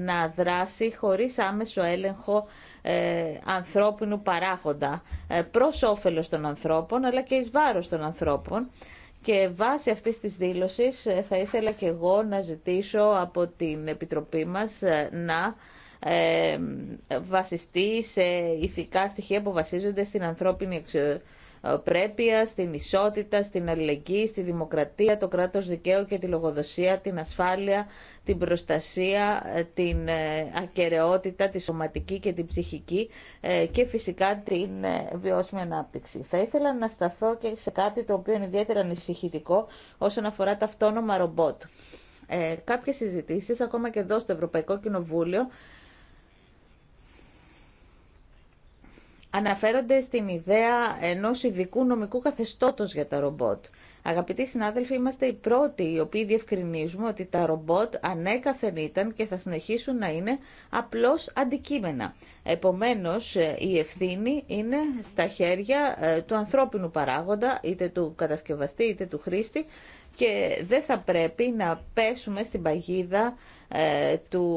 A: να δράσει χωρίς άμεσο έλεγχο ε, ανθρώπινου παράγοντα, ε, προς όφελος των ανθρώπων, αλλά και εις βάρος των ανθρώπων. Και βάσει αυτής της δήλωσης ε, θα ήθελα και εγώ να ζητήσω από την Επιτροπή μας να βασιστεί σε ηθικά στοιχεία που βασίζονται στην ανθρώπινη πρέπεια, στην ισότητα, στην αλληλεγγύη, στη δημοκρατία, το κράτος δικαίου και τη λογοδοσία, την ασφάλεια, την προστασία, την ε, ακαιρεότητα, τη σωματική και την ψυχική ε, και φυσικά την ε, βιώσιμη ανάπτυξη. Θα ήθελα να σταθώ και σε κάτι το οποίο είναι ιδιαίτερα ανησυχητικό όσον αφορά τα αυτόνομα ρομπότ. Ε, κάποιες συζητήσεις, ακόμα και εδώ στο Ευρωπαϊκό Κοινοβούλιο, αναφέρονται στην ιδέα ενός ειδικού νομικού καθεστώτος για τα ρομπότ. Αγαπητοί συνάδελφοι, είμαστε οι πρώτοι οι οποίοι διευκρινίζουμε ότι τα ρομπότ ανέκαθεν ήταν και θα συνεχίσουν να είναι απλώς αντικείμενα. Επομένως, ε, η ευθύνη είναι στα χέρια ε, του ανθρώπινου παράγοντα, είτε του κατασκευαστή είτε του χρήστη και δεν θα πρέπει να πέσουμε στην παγίδα ε, του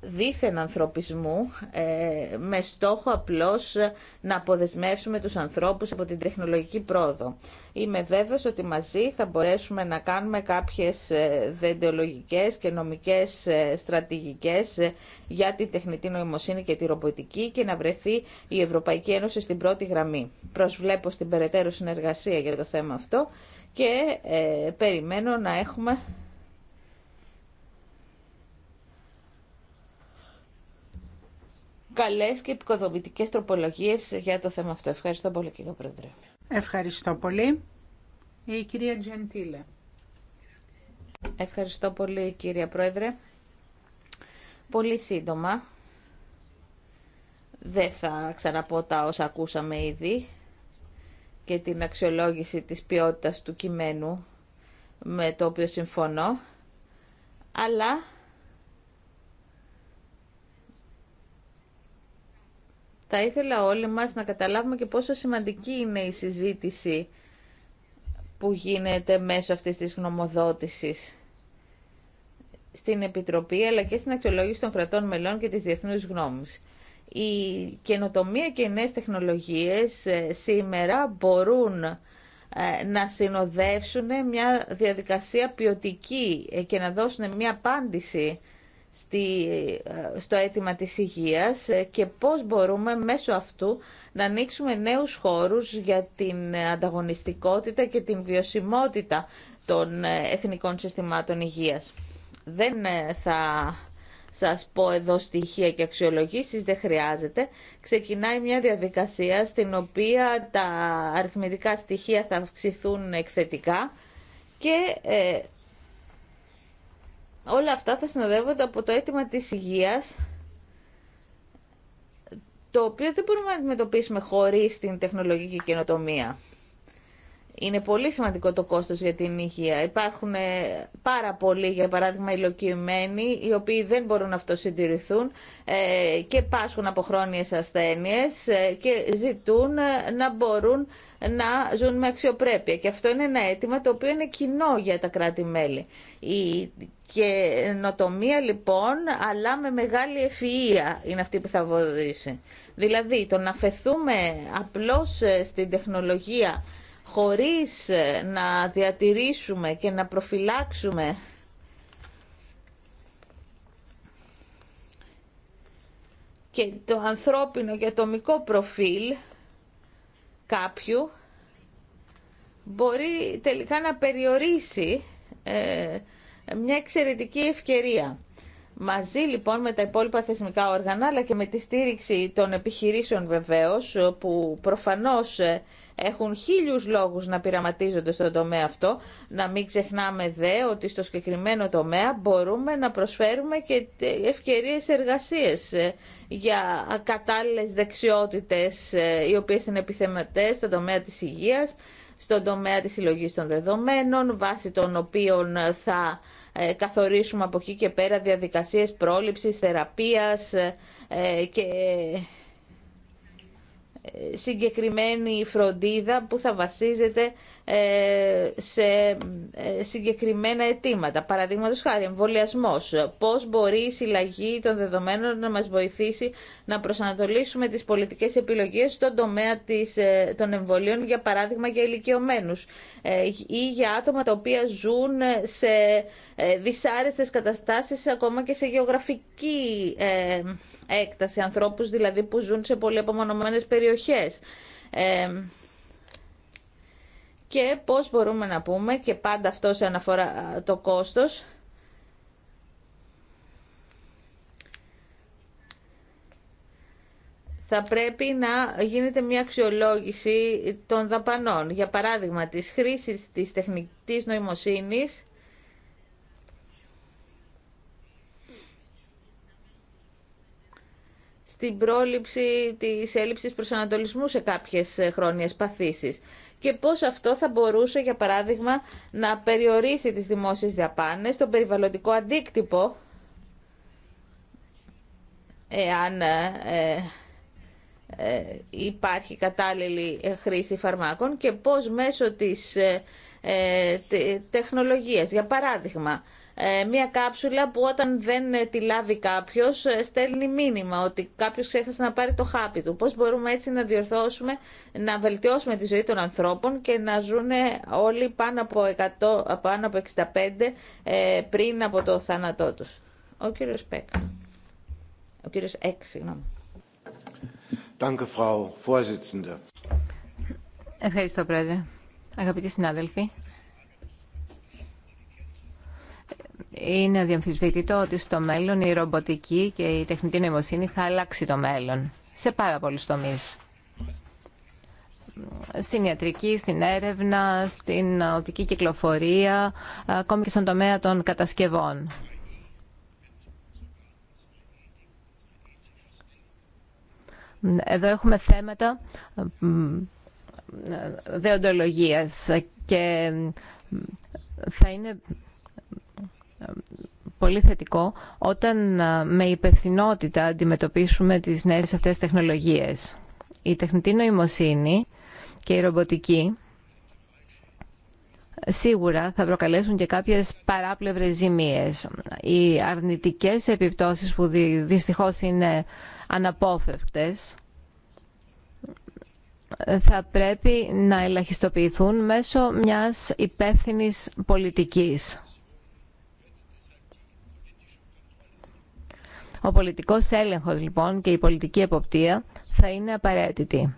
A: δίθεν ανθρωπισμού ε, με στόχο απλώς να αποδεσμεύσουμε τους ανθρώπους από την τεχνολογική πρόοδο. Είμαι βέβαιος ότι μαζί θα μπορέσουμε να κάνουμε κάποιες ε, δεντεολογικές και νομικές ε, στρατηγικές για την τεχνητή νοημοσύνη και τη ρομποτική και να βρεθεί η Ευρωπαϊκή Ένωση στην πρώτη γραμμή. Προσβλέπω στην περαιτέρω συνεργασία για το θέμα αυτό και περιμένω να έχουμε καλές και επικοδομητικέ τροπολογίες για το θέμα αυτό. Ευχαριστώ πολύ κύριε Πρόεδρε.
B: Ευχαριστώ πολύ. Η κυρία Τζεντήλε.
A: Ευχαριστώ πολύ κύριε Πρόεδρε. Πολύ σύντομα. Δεν θα ξαναπώ τα όσα ακούσαμε ήδη και την αξιολόγηση της ποιότητας του κειμένου με το οποίο συμφωνώ, αλλά Θα ήθελα όλοι μας να καταλάβουμε και πόσο σημαντική είναι η συζήτηση που γίνεται μέσω αυτής της γνωμοδότησης στην Επιτροπή αλλά και στην αξιολόγηση των κρατών μελών και της διεθνούς γνώμης. Η καινοτομία και οι νέες τεχνολογίες ε, σήμερα μπορούν ε, να συνοδεύσουν μια διαδικασία ποιοτική ε, και να δώσουν μια απάντηση στη, ε, στο αίτημα της υγείας ε, και πώς μπορούμε μέσω αυτού να ανοίξουμε νέους χώρους για την ανταγωνιστικότητα και την βιωσιμότητα των ε, εθνικών συστημάτων υγείας. Δεν θα σας πω εδώ στοιχεία και αξιολογήσεις, δεν χρειάζεται. Ξεκινάει μια διαδικασία στην οποία τα αριθμητικά στοιχεία θα αυξηθούν εκθετικά και όλα αυτά θα συνοδεύονται από το αίτημα της υγείας, το οποίο δεν μπορούμε να αντιμετωπίσουμε χωρίς την τεχνολογική καινοτομία. Είναι πολύ σημαντικό το κόστος για την υγεία. Υπάρχουν ε, πάρα πολλοί, για παράδειγμα, οι οποίοι δεν μπορούν να αυτοσυντηρηθούν ε, και πάσχουν από χρόνιες ασθένειες ε, και ζητούν να μπορούν να ζουν με αξιοπρέπεια. Και αυτό είναι ένα αίτημα το οποίο είναι κοινό για τα κράτη-μέλη. Η καινοτομία λοιπόν, αλλά με μεγάλη ευφυΐα είναι αυτή που θα βοηθήσει. Δηλαδή το να φεθούμε απλώς στην τεχνολογία χωρίς ε, να διατηρήσουμε και να προφυλάξουμε και το ανθρώπινο και ατομικό προφίλ κάποιου μπορεί τελικά να περιορίσει ε, μια εξαιρετική ευκαιρία. Μαζί λοιπόν με τα υπόλοιπα θεσμικά όργανα, αλλά και με τη στήριξη των επιχειρήσεων βεβαίως, που προφανώς ε, έχουν χίλιους λόγους να πειραματίζονται στον τομέα αυτό, να μην ξεχνάμε δε ότι στο συγκεκριμένο τομέα μπορούμε να προσφέρουμε και ε, ευκαιρίες εργασίες ε, για κατάλληλες δεξιότητες οι οποίες είναι επιθεματές στον τομέα της υγείας, στον τομέα της συλλογής των δεδομένων, βάσει των οποίων θα ε, καθορίσουμε από εκεί και πέρα διαδικασίες πρόληψης, θεραπείας ε, ε, και συγκεκριμένη φροντίδα που θα βασίζεται ε, σε ε, συγκεκριμένα αιτήματα. Παραδείγματο χάρη, εμβολιασμό. Πώ μπορεί η συλλαγή των δεδομένων να μα βοηθήσει να προσανατολίσουμε τι πολιτικέ επιλογέ στον τομέα ε, των εμβολίων, για παράδειγμα για ηλικιωμένου ή για άτομα τα οποία ζουν σε δυσάρεστες καταστάσεις ακόμα και σε γεωγραφική έκταση, ανθρώπους δηλαδή που ζουν σε πολύ απομονωμένες περιοχές και πώς μπορούμε να πούμε, και πάντα αυτό σε αναφορά το κόστος, θα πρέπει να γίνεται μια αξιολόγηση των δαπανών. Για παράδειγμα, της χρήσης της τεχνητής νοημοσύνης, στην πρόληψη της έλλειψης προσανατολισμού σε κάποιες ε, χρόνιες παθήσεις και πώς αυτό θα μπορούσε, για παράδειγμα, να περιορίσει τις δημόσιες διαπάνες, τον περιβαλλοντικό αντίκτυπο, εάν ε, ε, ε υπάρχει κατάλληλη χρήση φαρμάκων και πώς μέσω της ε, ε τεχνολογίας, για παράδειγμα, ε, μια κάψουλα που όταν δεν ε, τη λάβει κάποιος ε, στέλνει μήνυμα ότι κάποιο ξέχασε να πάρει το χάπι του. Πώς μπορούμε έτσι να διορθώσουμε, να βελτιώσουμε τη ζωή των ανθρώπων και να ζουν όλοι πάνω από, 100, πάνω από 65 πριν από το θάνατό τους. Ο κύριο Πέκ. Ο κύριο Έκ, συγγνώμη.
C: Ευχαριστώ, Πρόεδρε. Αγαπητοί συνάδελφοι, Είναι αδιαμφισβητητό ότι στο μέλλον η ρομποτική και η τεχνητή νοημοσύνη θα αλλάξει το μέλλον σε πάρα πολλούς τομείς. Στην ιατρική, στην έρευνα, στην οδική κυκλοφορία, ακόμη και στον τομέα των κατασκευών. Εδώ έχουμε θέματα δεοντολογίας και θα είναι πολύ θετικό όταν ε, με υπευθυνότητα αντιμετωπίσουμε τις νέες αυτές τεχνολογίες. Η τεχνητή νοημοσύνη και η ρομποτική σίγουρα θα προκαλέσουν και κάποιες παράπλευρες ζημίες. Οι αρνητικές επιπτώσεις που δυστυχώς είναι αναπόφευκτες θα πρέπει να ελαχιστοποιηθούν μέσω μιας υπεύθυνης πολιτικής. Ο πολιτικός έλεγχος λοιπόν και η πολιτική εποπτεία θα είναι απαραίτητη.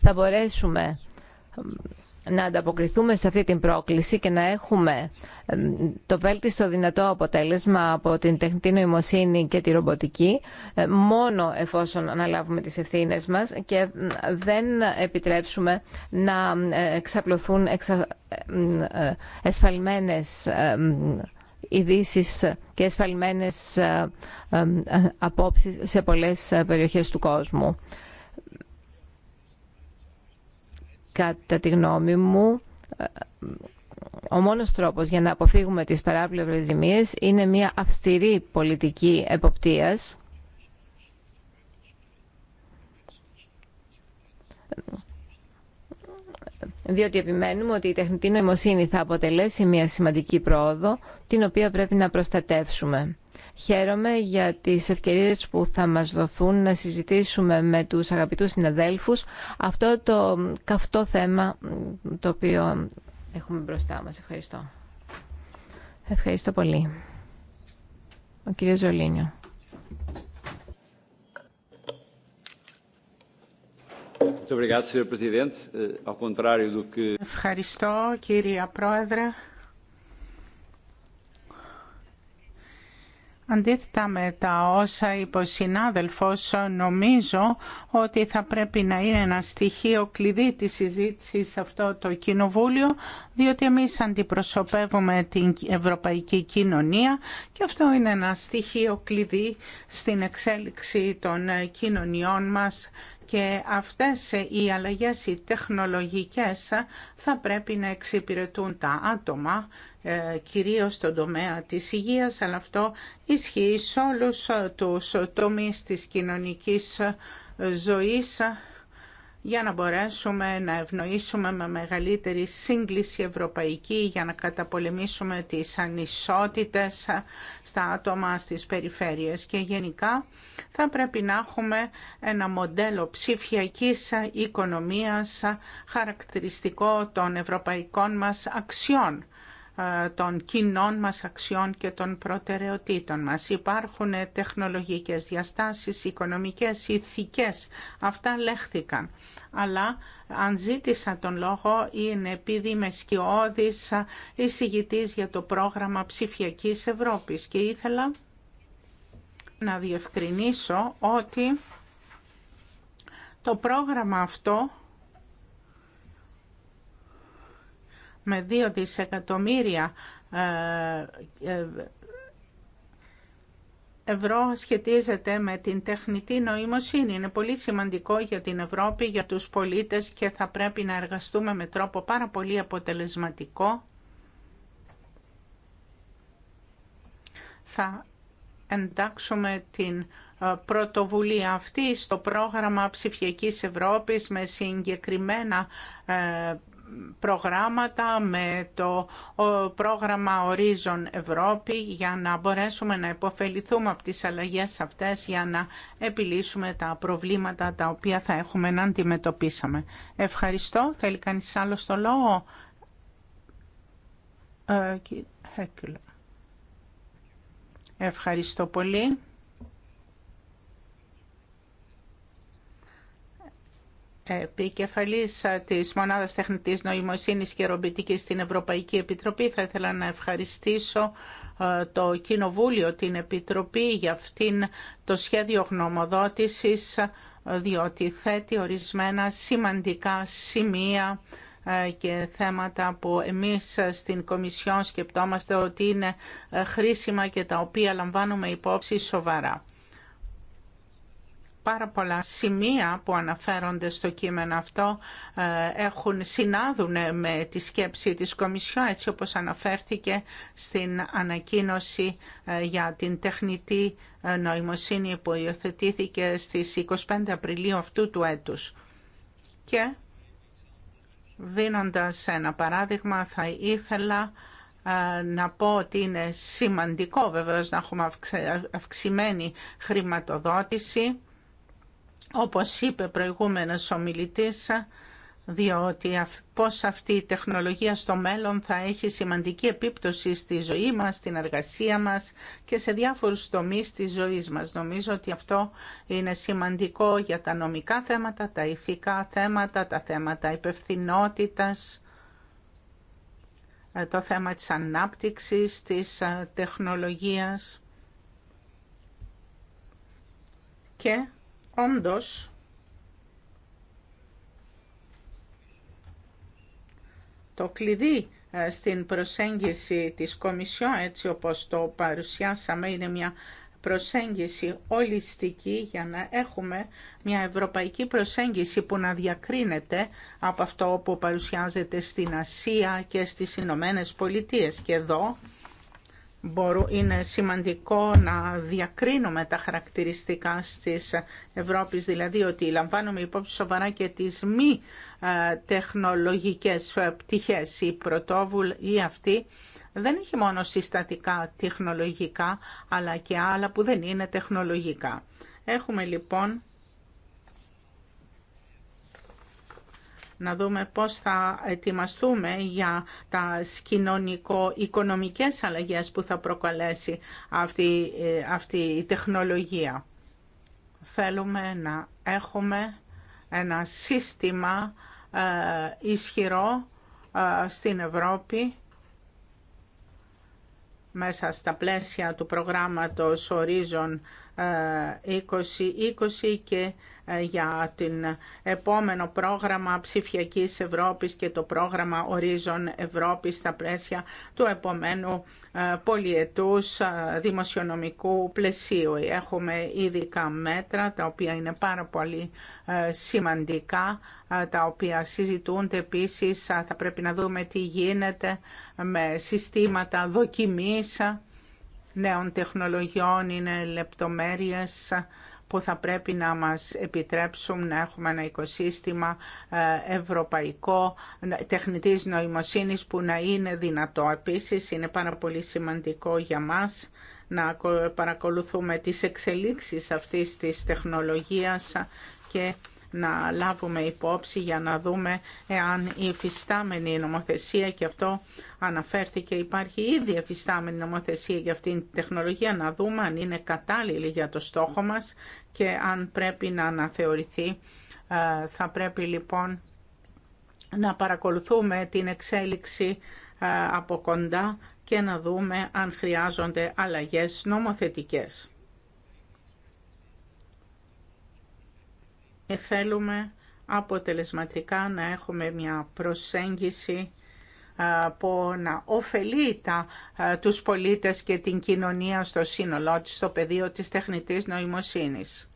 C: Θα μπορέσουμε να ανταποκριθούμε σε αυτή την πρόκληση και να έχουμε το βέλτιστο δυνατό αποτέλεσμα από την τεχνητή νοημοσύνη και τη ρομποτική ε, μόνο εφόσον αναλάβουμε τις ευθύνες μας και δεν επιτρέψουμε να ε, εξαπλωθούν ε, εσφαλμένες ειδήσει και εσφαλμένε ε, ε, ε, απόψεις σε πολλές περιοχές του κόσμου. Κατά τη γνώμη μου, ο μόνος τρόπος για να αποφύγουμε τις παράπλευρες ζημίες είναι μια αυστηρή πολιτική εποπτείας διότι επιμένουμε ότι η τεχνητή νοημοσύνη θα αποτελέσει μια σημαντική πρόοδο, την οποία πρέπει να προστατεύσουμε. Χαίρομαι για τις ευκαιρίες που θα μας δοθούν να συζητήσουμε με τους αγαπητούς συναδέλφους αυτό το καυτό θέμα το οποίο έχουμε μπροστά μας. Ευχαριστώ. Ευχαριστώ πολύ. Ο κύριος Ζολίνιο.
D: Eh,
B: Ευχαριστώ κύριε Πρόεδρε. Αντίθετα με τα όσα είπε ο συνάδελφος, νομίζω ότι θα πρέπει να είναι ένα στοιχείο κλειδί της συζήτησης σε αυτό το κοινοβούλιο, διότι εμείς αντιπροσωπεύουμε την ευρωπαϊκή κοινωνία και αυτό είναι ένα στοιχείο κλειδί στην εξέλιξη των κοινωνιών μας και αυτές οι αλλαγές τεχνολογικές θα πρέπει να εξυπηρετούν τα άτομα ε, κυρίως στον τομέα της υγείας, αλλά αυτό ισχύει σε όλους ε, τους τομείς της κοινωνικής ε, ζωής για να μπορέσουμε να ευνοήσουμε με μεγαλύτερη σύγκληση ευρωπαϊκή για να καταπολεμήσουμε τις ανισότητες στα άτομα στις περιφέρειες και γενικά θα πρέπει να έχουμε ένα μοντέλο ψηφιακής οικονομίας χαρακτηριστικό των ευρωπαϊκών μας αξιών των κοινών μας αξιών και των προτεραιοτήτων μας. Υπάρχουν τεχνολογικές διαστάσεις, οικονομικές, ηθικές. Αυτά λέχθηκαν. Αλλά αν ζήτησα τον λόγο είναι επειδή είμαι σκιώδης εισηγητής για το πρόγραμμα ψηφιακής Ευρώπης και ήθελα να διευκρινίσω ότι το πρόγραμμα αυτό με 2 δισεκατομμύρια ε, ε, ευρώ σχετίζεται με την τεχνητή νοημοσύνη. Είναι πολύ σημαντικό για την Ευρώπη, για τους πολίτες και θα πρέπει να εργαστούμε με τρόπο πάρα πολύ αποτελεσματικό. Θα εντάξουμε την ε, πρωτοβουλία αυτή στο πρόγραμμα ψηφιακής Ευρώπης με συγκεκριμένα προγράμματα, με το πρόγραμμα Horizon Ευρώπη για να μπορέσουμε να υποφεληθούμε από τις αλλαγές αυτές για να επιλύσουμε τα προβλήματα τα οποία θα έχουμε να αντιμετωπίσαμε. Ευχαριστώ. Θέλει κανείς άλλο το λόγο. Ε, Ευχαριστώ πολύ. επικεφαλής της Μονάδας Τεχνητής Νοημοσύνης και Ρομπητικής στην Ευρωπαϊκή Επιτροπή. Θα ήθελα να ευχαριστήσω το Κοινοβούλιο, την Επιτροπή για αυτήν το σχέδιο γνωμοδότησης, διότι θέτει ορισμένα σημαντικά σημεία και θέματα που εμείς στην Κομισιόν σκεπτόμαστε ότι είναι χρήσιμα και τα οποία λαμβάνουμε υπόψη σοβαρά πάρα πολλά σημεία που αναφέρονται στο κείμενο αυτό ε, έχουν συνάδουν με τη σκέψη της Κομισιό, έτσι όπως αναφέρθηκε στην ανακοίνωση ε, για την τεχνητή ε, νοημοσύνη που υιοθετήθηκε στις 25 Απριλίου αυτού του έτους. Και δίνοντας ένα παράδειγμα θα ήθελα να πω ότι είναι σημαντικό βεβαίως να έχουμε αυξημένη χρηματοδότηση όπως είπε προηγούμενος ομιλητής, διότι πώς αυτή η τεχνολογία στο μέλλον θα έχει σημαντική επίπτωση στη ζωή μας, στην εργασία μας και σε διάφορους τομείς της ζωής μας. Νομίζω ότι αυτό είναι σημαντικό για τα νομικά θέματα, τα ηθικά θέματα, τα θέματα υπευθυνότητας, ε, το θέμα της ανάπτυξης, της ε, τεχνολογίας και Όντως, το κλειδί ε, στην προσέγγιση της Κομισιό, έτσι όπως το παρουσιάσαμε, είναι μια προσέγγιση ολιστική για να έχουμε μια ευρωπαϊκή προσέγγιση που να διακρίνεται από αυτό που παρουσιάζεται στην Ασία και στις Ηνωμένε Πολιτείες. Και εδώ είναι σημαντικό να διακρίνουμε τα χαρακτηριστικά της Ευρώπης, δηλαδή ότι λαμβάνουμε υπόψη σοβαρά και τις μη ε, τεχνολογικές ε, πτυχές. Η πρωτόβουλη αυτή δεν έχει μόνο συστατικά τεχνολογικά, αλλά και άλλα που δεν είναι τεχνολογικά. Έχουμε λοιπόν να δούμε πώς θα ετοιμαστούμε για τα κοινωνικο-οικονομικές αλλαγές που θα προκαλέσει αυτή, ε, αυτή η τεχνολογία. Θέλουμε να έχουμε ένα σύστημα ε, ισχυρό ε, στην Ευρώπη μέσα στα πλαίσια του προγράμματος Horizon 2020 ε, και ε, για την επόμενο πρόγραμμα ψηφιακής Ευρώπης και το πρόγραμμα Ορίζων Ευρώπης στα πλαίσια του επομένου ε, πολιετούς ε, δημοσιονομικού πλαισίου. Έχουμε ειδικά μέτρα τα οποία είναι πάρα πολύ σημαντικά, τα οποία συζητούνται επίσης. Θα πρέπει να δούμε τι γίνεται με συστήματα δοκιμής νέων τεχνολογιών, είναι λεπτομέρειες που θα πρέπει να μας επιτρέψουν να έχουμε ένα οικοσύστημα ε, ευρωπαϊκό τεχνητής νοημοσύνης που να είναι δυνατό. Επίσης είναι πάρα πολύ σημαντικό για μας να παρακολουθούμε τις εξελίξεις αυτής της τεχνολογίας και να λάβουμε υπόψη για να δούμε εάν η εφιστάμενη νομοθεσία και αυτό αναφέρθηκε υπάρχει ήδη εφιστάμενη νομοθεσία για αυτήν την τεχνολογία να δούμε αν είναι κατάλληλη για το στόχο μας και αν πρέπει να αναθεωρηθεί ε, θα πρέπει λοιπόν να παρακολουθούμε την εξέλιξη ε, από κοντά και να δούμε αν χρειάζονται αλλαγές νομοθετικές. Ε, θέλουμε αποτελεσματικά να έχουμε μια προσέγγιση που να ωφελεί τα, τους πολίτες και την κοινωνία στο σύνολό της, στο πεδίο της τεχνητής νοημοσύνης.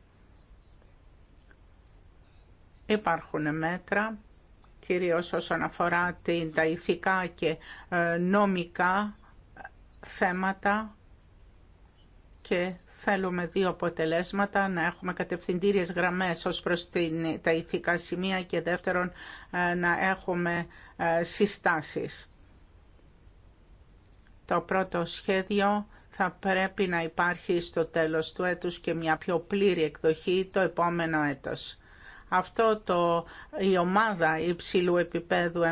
B: Υπάρχουν μέτρα, κυρίως όσον αφορά την, τα ηθικά και ε, νομικά θέματα και Θέλουμε δύο αποτελέσματα, να έχουμε κατευθυντήριες γραμμές ως προς την, τα ηθικά σημεία και δεύτερον ε, να έχουμε ε, συστάσεις. Το πρώτο σχέδιο θα πρέπει να υπάρχει στο τέλος του έτους και μια πιο πλήρη εκδοχή το επόμενο έτος αυτό το, η ομάδα υψηλού επίπεδου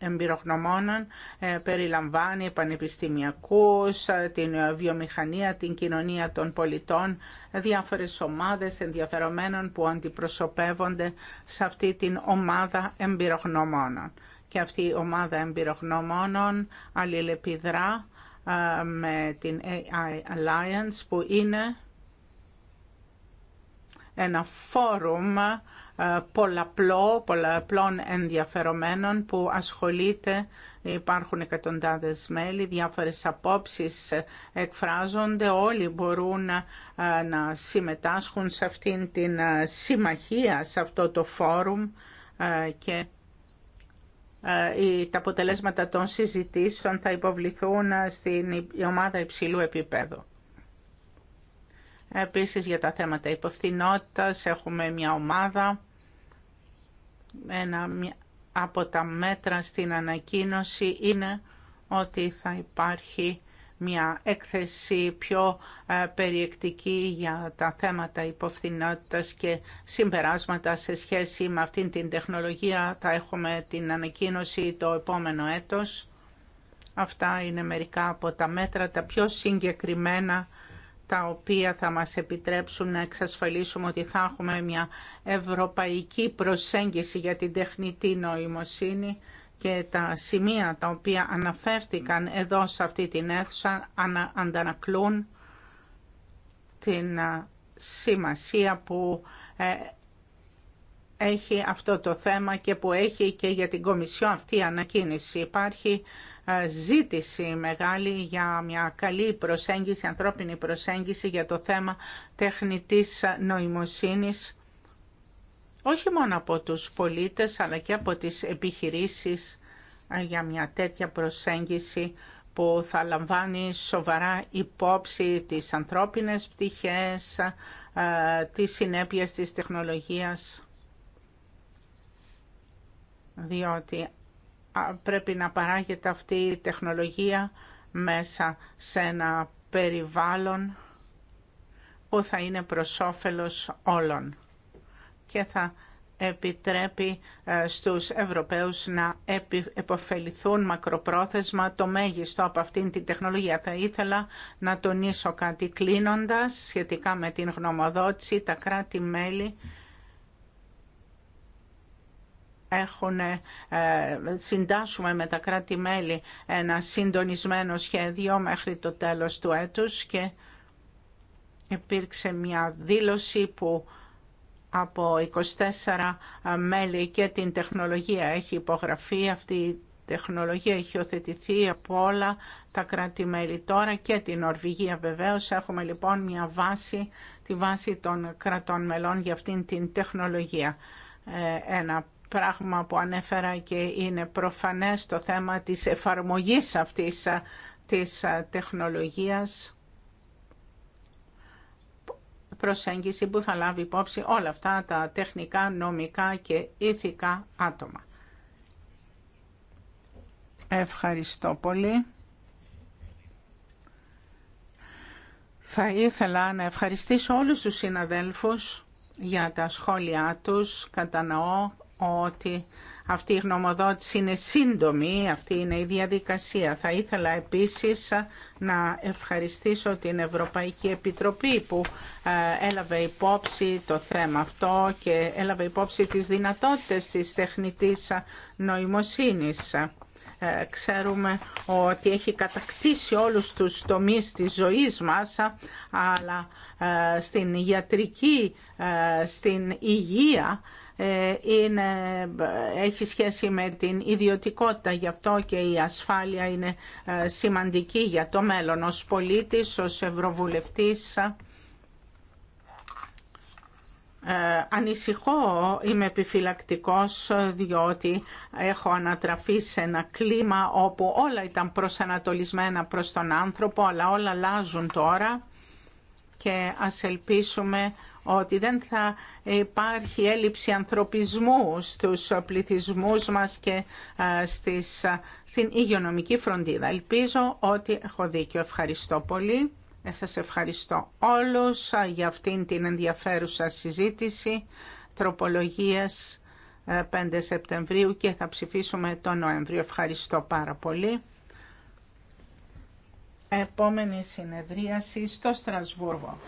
B: εμπειρογνωμόνων ε, περιλαμβάνει πανεπιστημιακούς, ε, την βιομηχανία, την κοινωνία των πολιτών, διάφορες ομάδες ενδιαφερομένων που αντιπροσωπεύονται σε αυτή την ομάδα εμπειρογνωμόνων. Και αυτή η ομάδα εμπειρογνωμόνων αλληλεπιδρά ε, με την AI Alliance που είναι ένα φόρουμ ε, πολλαπλό, πολλαπλών ενδιαφερομένων που ασχολείται, υπάρχουν εκατοντάδες μέλη, διάφορες απόψεις εκφράζονται, όλοι μπορούν να, ε, να συμμετάσχουν σε αυτήν την ε, συμμαχία, σε αυτό το φόρουμ και τα αποτελέσματα των συζητήσεων θα υποβληθούν στην ομάδα υψηλού επίπεδου. Επίσης για τα θέματα υποφθηνότητας έχουμε μια ομάδα, ένα από τα μέτρα στην ανακοίνωση είναι ότι θα υπάρχει μια έκθεση πιο ε, περιεκτική για τα θέματα υποφθηνότητας και συμπεράσματα σε σχέση με αυτήν την τεχνολογία. Θα έχουμε την ανακοίνωση το επόμενο έτος. Αυτά είναι μερικά από τα μέτρα τα πιο συγκεκριμένα τα οποία θα μας επιτρέψουν να εξασφαλίσουμε ότι θα έχουμε μια ευρωπαϊκή προσέγγιση για την τεχνητή νοημοσύνη και τα σημεία τα οποία αναφέρθηκαν εδώ σε αυτή την αίθουσα αντανακλούν την σημασία που ε, έχει αυτό το θέμα και που έχει και για την Κομισιό αυτή η ανακοίνηση. Υπάρχει ζήτηση μεγάλη για μια καλή προσέγγιση, ανθρώπινη προσέγγιση για το θέμα τεχνητής νοημοσύνης όχι μόνο από τους πολίτες αλλά και από τις επιχειρήσεις για μια τέτοια προσέγγιση που θα λαμβάνει σοβαρά υπόψη τις ανθρώπινες πτυχές, τις συνέπειες της τεχνολογίας, διότι πρέπει να παράγεται αυτή η τεχνολογία μέσα σε ένα περιβάλλον που θα είναι προς όφελος όλων και θα επιτρέπει ε, στους Ευρωπαίους να επωφεληθούν μακροπρόθεσμα το μέγιστο από αυτήν την τεχνολογία. Θα ήθελα να τονίσω κάτι κλείνοντας σχετικά με την γνωμοδότηση. Τα κράτη-μέλη έχουν, ε, συντάσσουμε με τα κράτη-μέλη ένα συντονισμένο σχέδιο μέχρι το τέλος του έτους και υπήρξε μια δήλωση που από 24 μέλη και την τεχνολογία έχει υπογραφεί. Αυτή η τεχνολογία έχει οθετηθεί από όλα τα κράτη-μέλη τώρα και την Ορβηγία βεβαίως. Έχουμε λοιπόν μια βάση, τη βάση των κρατών μελών για αυτήν την τεχνολογία. Ε, ένα πράγμα που ανέφερα και είναι προφανές το θέμα της εφαρμογής αυτής της τεχνολογίας προσέγγιση που θα λάβει υπόψη όλα αυτά τα τεχνικά, νομικά και ηθικά άτομα. Ευχαριστώ πολύ. Θα ήθελα να ευχαριστήσω όλους τους συναδέλφους για τα σχόλιά τους. Κατανοώ ότι αυτή η γνωμοδότηση είναι σύντομη, αυτή είναι η διαδικασία. Θα ήθελα επίσης να ευχαριστήσω την Ευρωπαϊκή Επιτροπή που ε, έλαβε υπόψη το θέμα αυτό και έλαβε υπόψη τις δυνατότητες της τεχνητής νοημοσύνης. Ε, ξέρουμε ότι έχει κατακτήσει όλους τους τομείς της ζωής μας, αλλά ε, στην ιατρική, στην υγεία, ε, είναι, έχει σχέση με την ιδιωτικότητα. Γι' αυτό και η ασφάλεια είναι ε, σημαντική για το μέλλον. Ως πολίτης, ως ευρωβουλευτής, ε, ανησυχώ, είμαι επιφυλακτικός διότι έχω ανατραφεί σε ένα κλίμα όπου όλα ήταν προσανατολισμένα προς τον άνθρωπο αλλά όλα αλλάζουν τώρα και ας ελπίσουμε ότι δεν θα υπάρχει έλλειψη ανθρωπισμού στους πληθυσμούς μας και στις, στην υγειονομική φροντίδα. Ελπίζω ότι έχω δίκιο. Ευχαριστώ πολύ. Ε, σας ευχαριστώ όλους για αυτήν την ενδιαφέρουσα συζήτηση τροπολογίας 5 ε, Σεπτεμβρίου και θα ψηφίσουμε τον Νοέμβριο. Ευχαριστώ πάρα πολύ. Επόμενη συνεδρίαση στο Στρασβούργο.